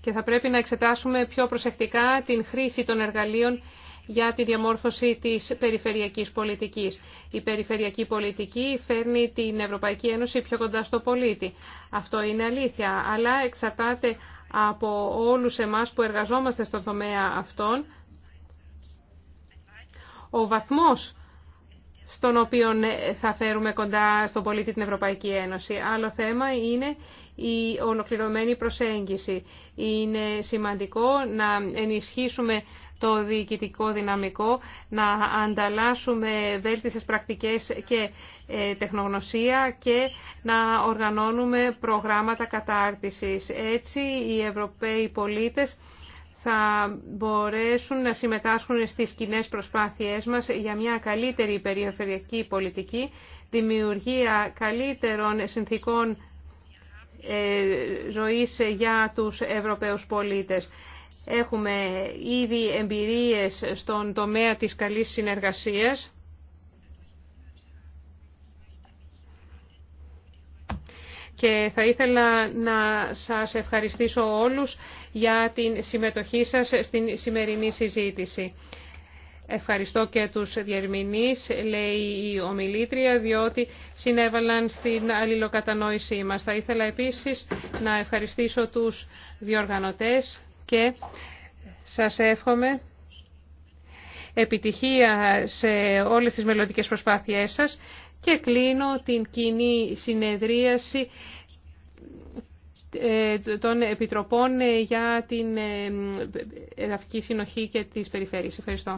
και θα πρέπει να εξετάσουμε πιο προσεκτικά την χρήση των εργαλείων για τη διαμόρφωση της περιφερειακής πολιτικής. Η περιφερειακή πολιτική φέρνει την Ευρωπαϊκή Ένωση πιο κοντά στο πολίτη. Αυτό είναι αλήθεια, αλλά εξαρτάται από όλους εμάς που εργαζόμαστε στον τομέα αυτόν, ο βαθμός στον οποίο ε, θα φέρουμε κοντά στον πολίτη την Ευρωπαϊκή Ένωση. Άλλο θέμα είναι η ολοκληρωμένη προσέγγιση. Είναι σημαντικό να ενισχύσουμε το διοικητικό δυναμικό, να ανταλλάσσουμε βέλτιστες πρακτικές και ε, τεχνογνωσία και να οργανώνουμε προγράμματα κατάρτισης. Έτσι οι Ευρωπαίοι πολίτες θα μπορέσουν να συμμετάσχουν στις κοινέ προσπάθειές μας για μια καλύτερη περιφερειακή πολιτική, δημιουργία καλύτερων συνθήκων ε, ζωής για τους Ευρωπαίους πολίτες. Έχουμε ήδη εμπειρίες στον τομέα της καλής συνεργασίας. Και θα ήθελα να σας ευχαριστήσω όλους για την συμμετοχή σας στην σημερινή συζήτηση. Ευχαριστώ και τους διερμηνείς, λέει η ομιλήτρια, διότι συνέβαλαν στην αλληλοκατανόησή μας. Θα ήθελα επίσης να ευχαριστήσω τους διοργανωτές και σας εύχομαι επιτυχία σε όλες τις μελλοντικές προσπάθειές σας και κλείνω την κοινή συνεδρίαση ε, των Επιτροπών για την ε, Εδαφική Συνοχή και τις Περιφέρειες. Ευχαριστώ.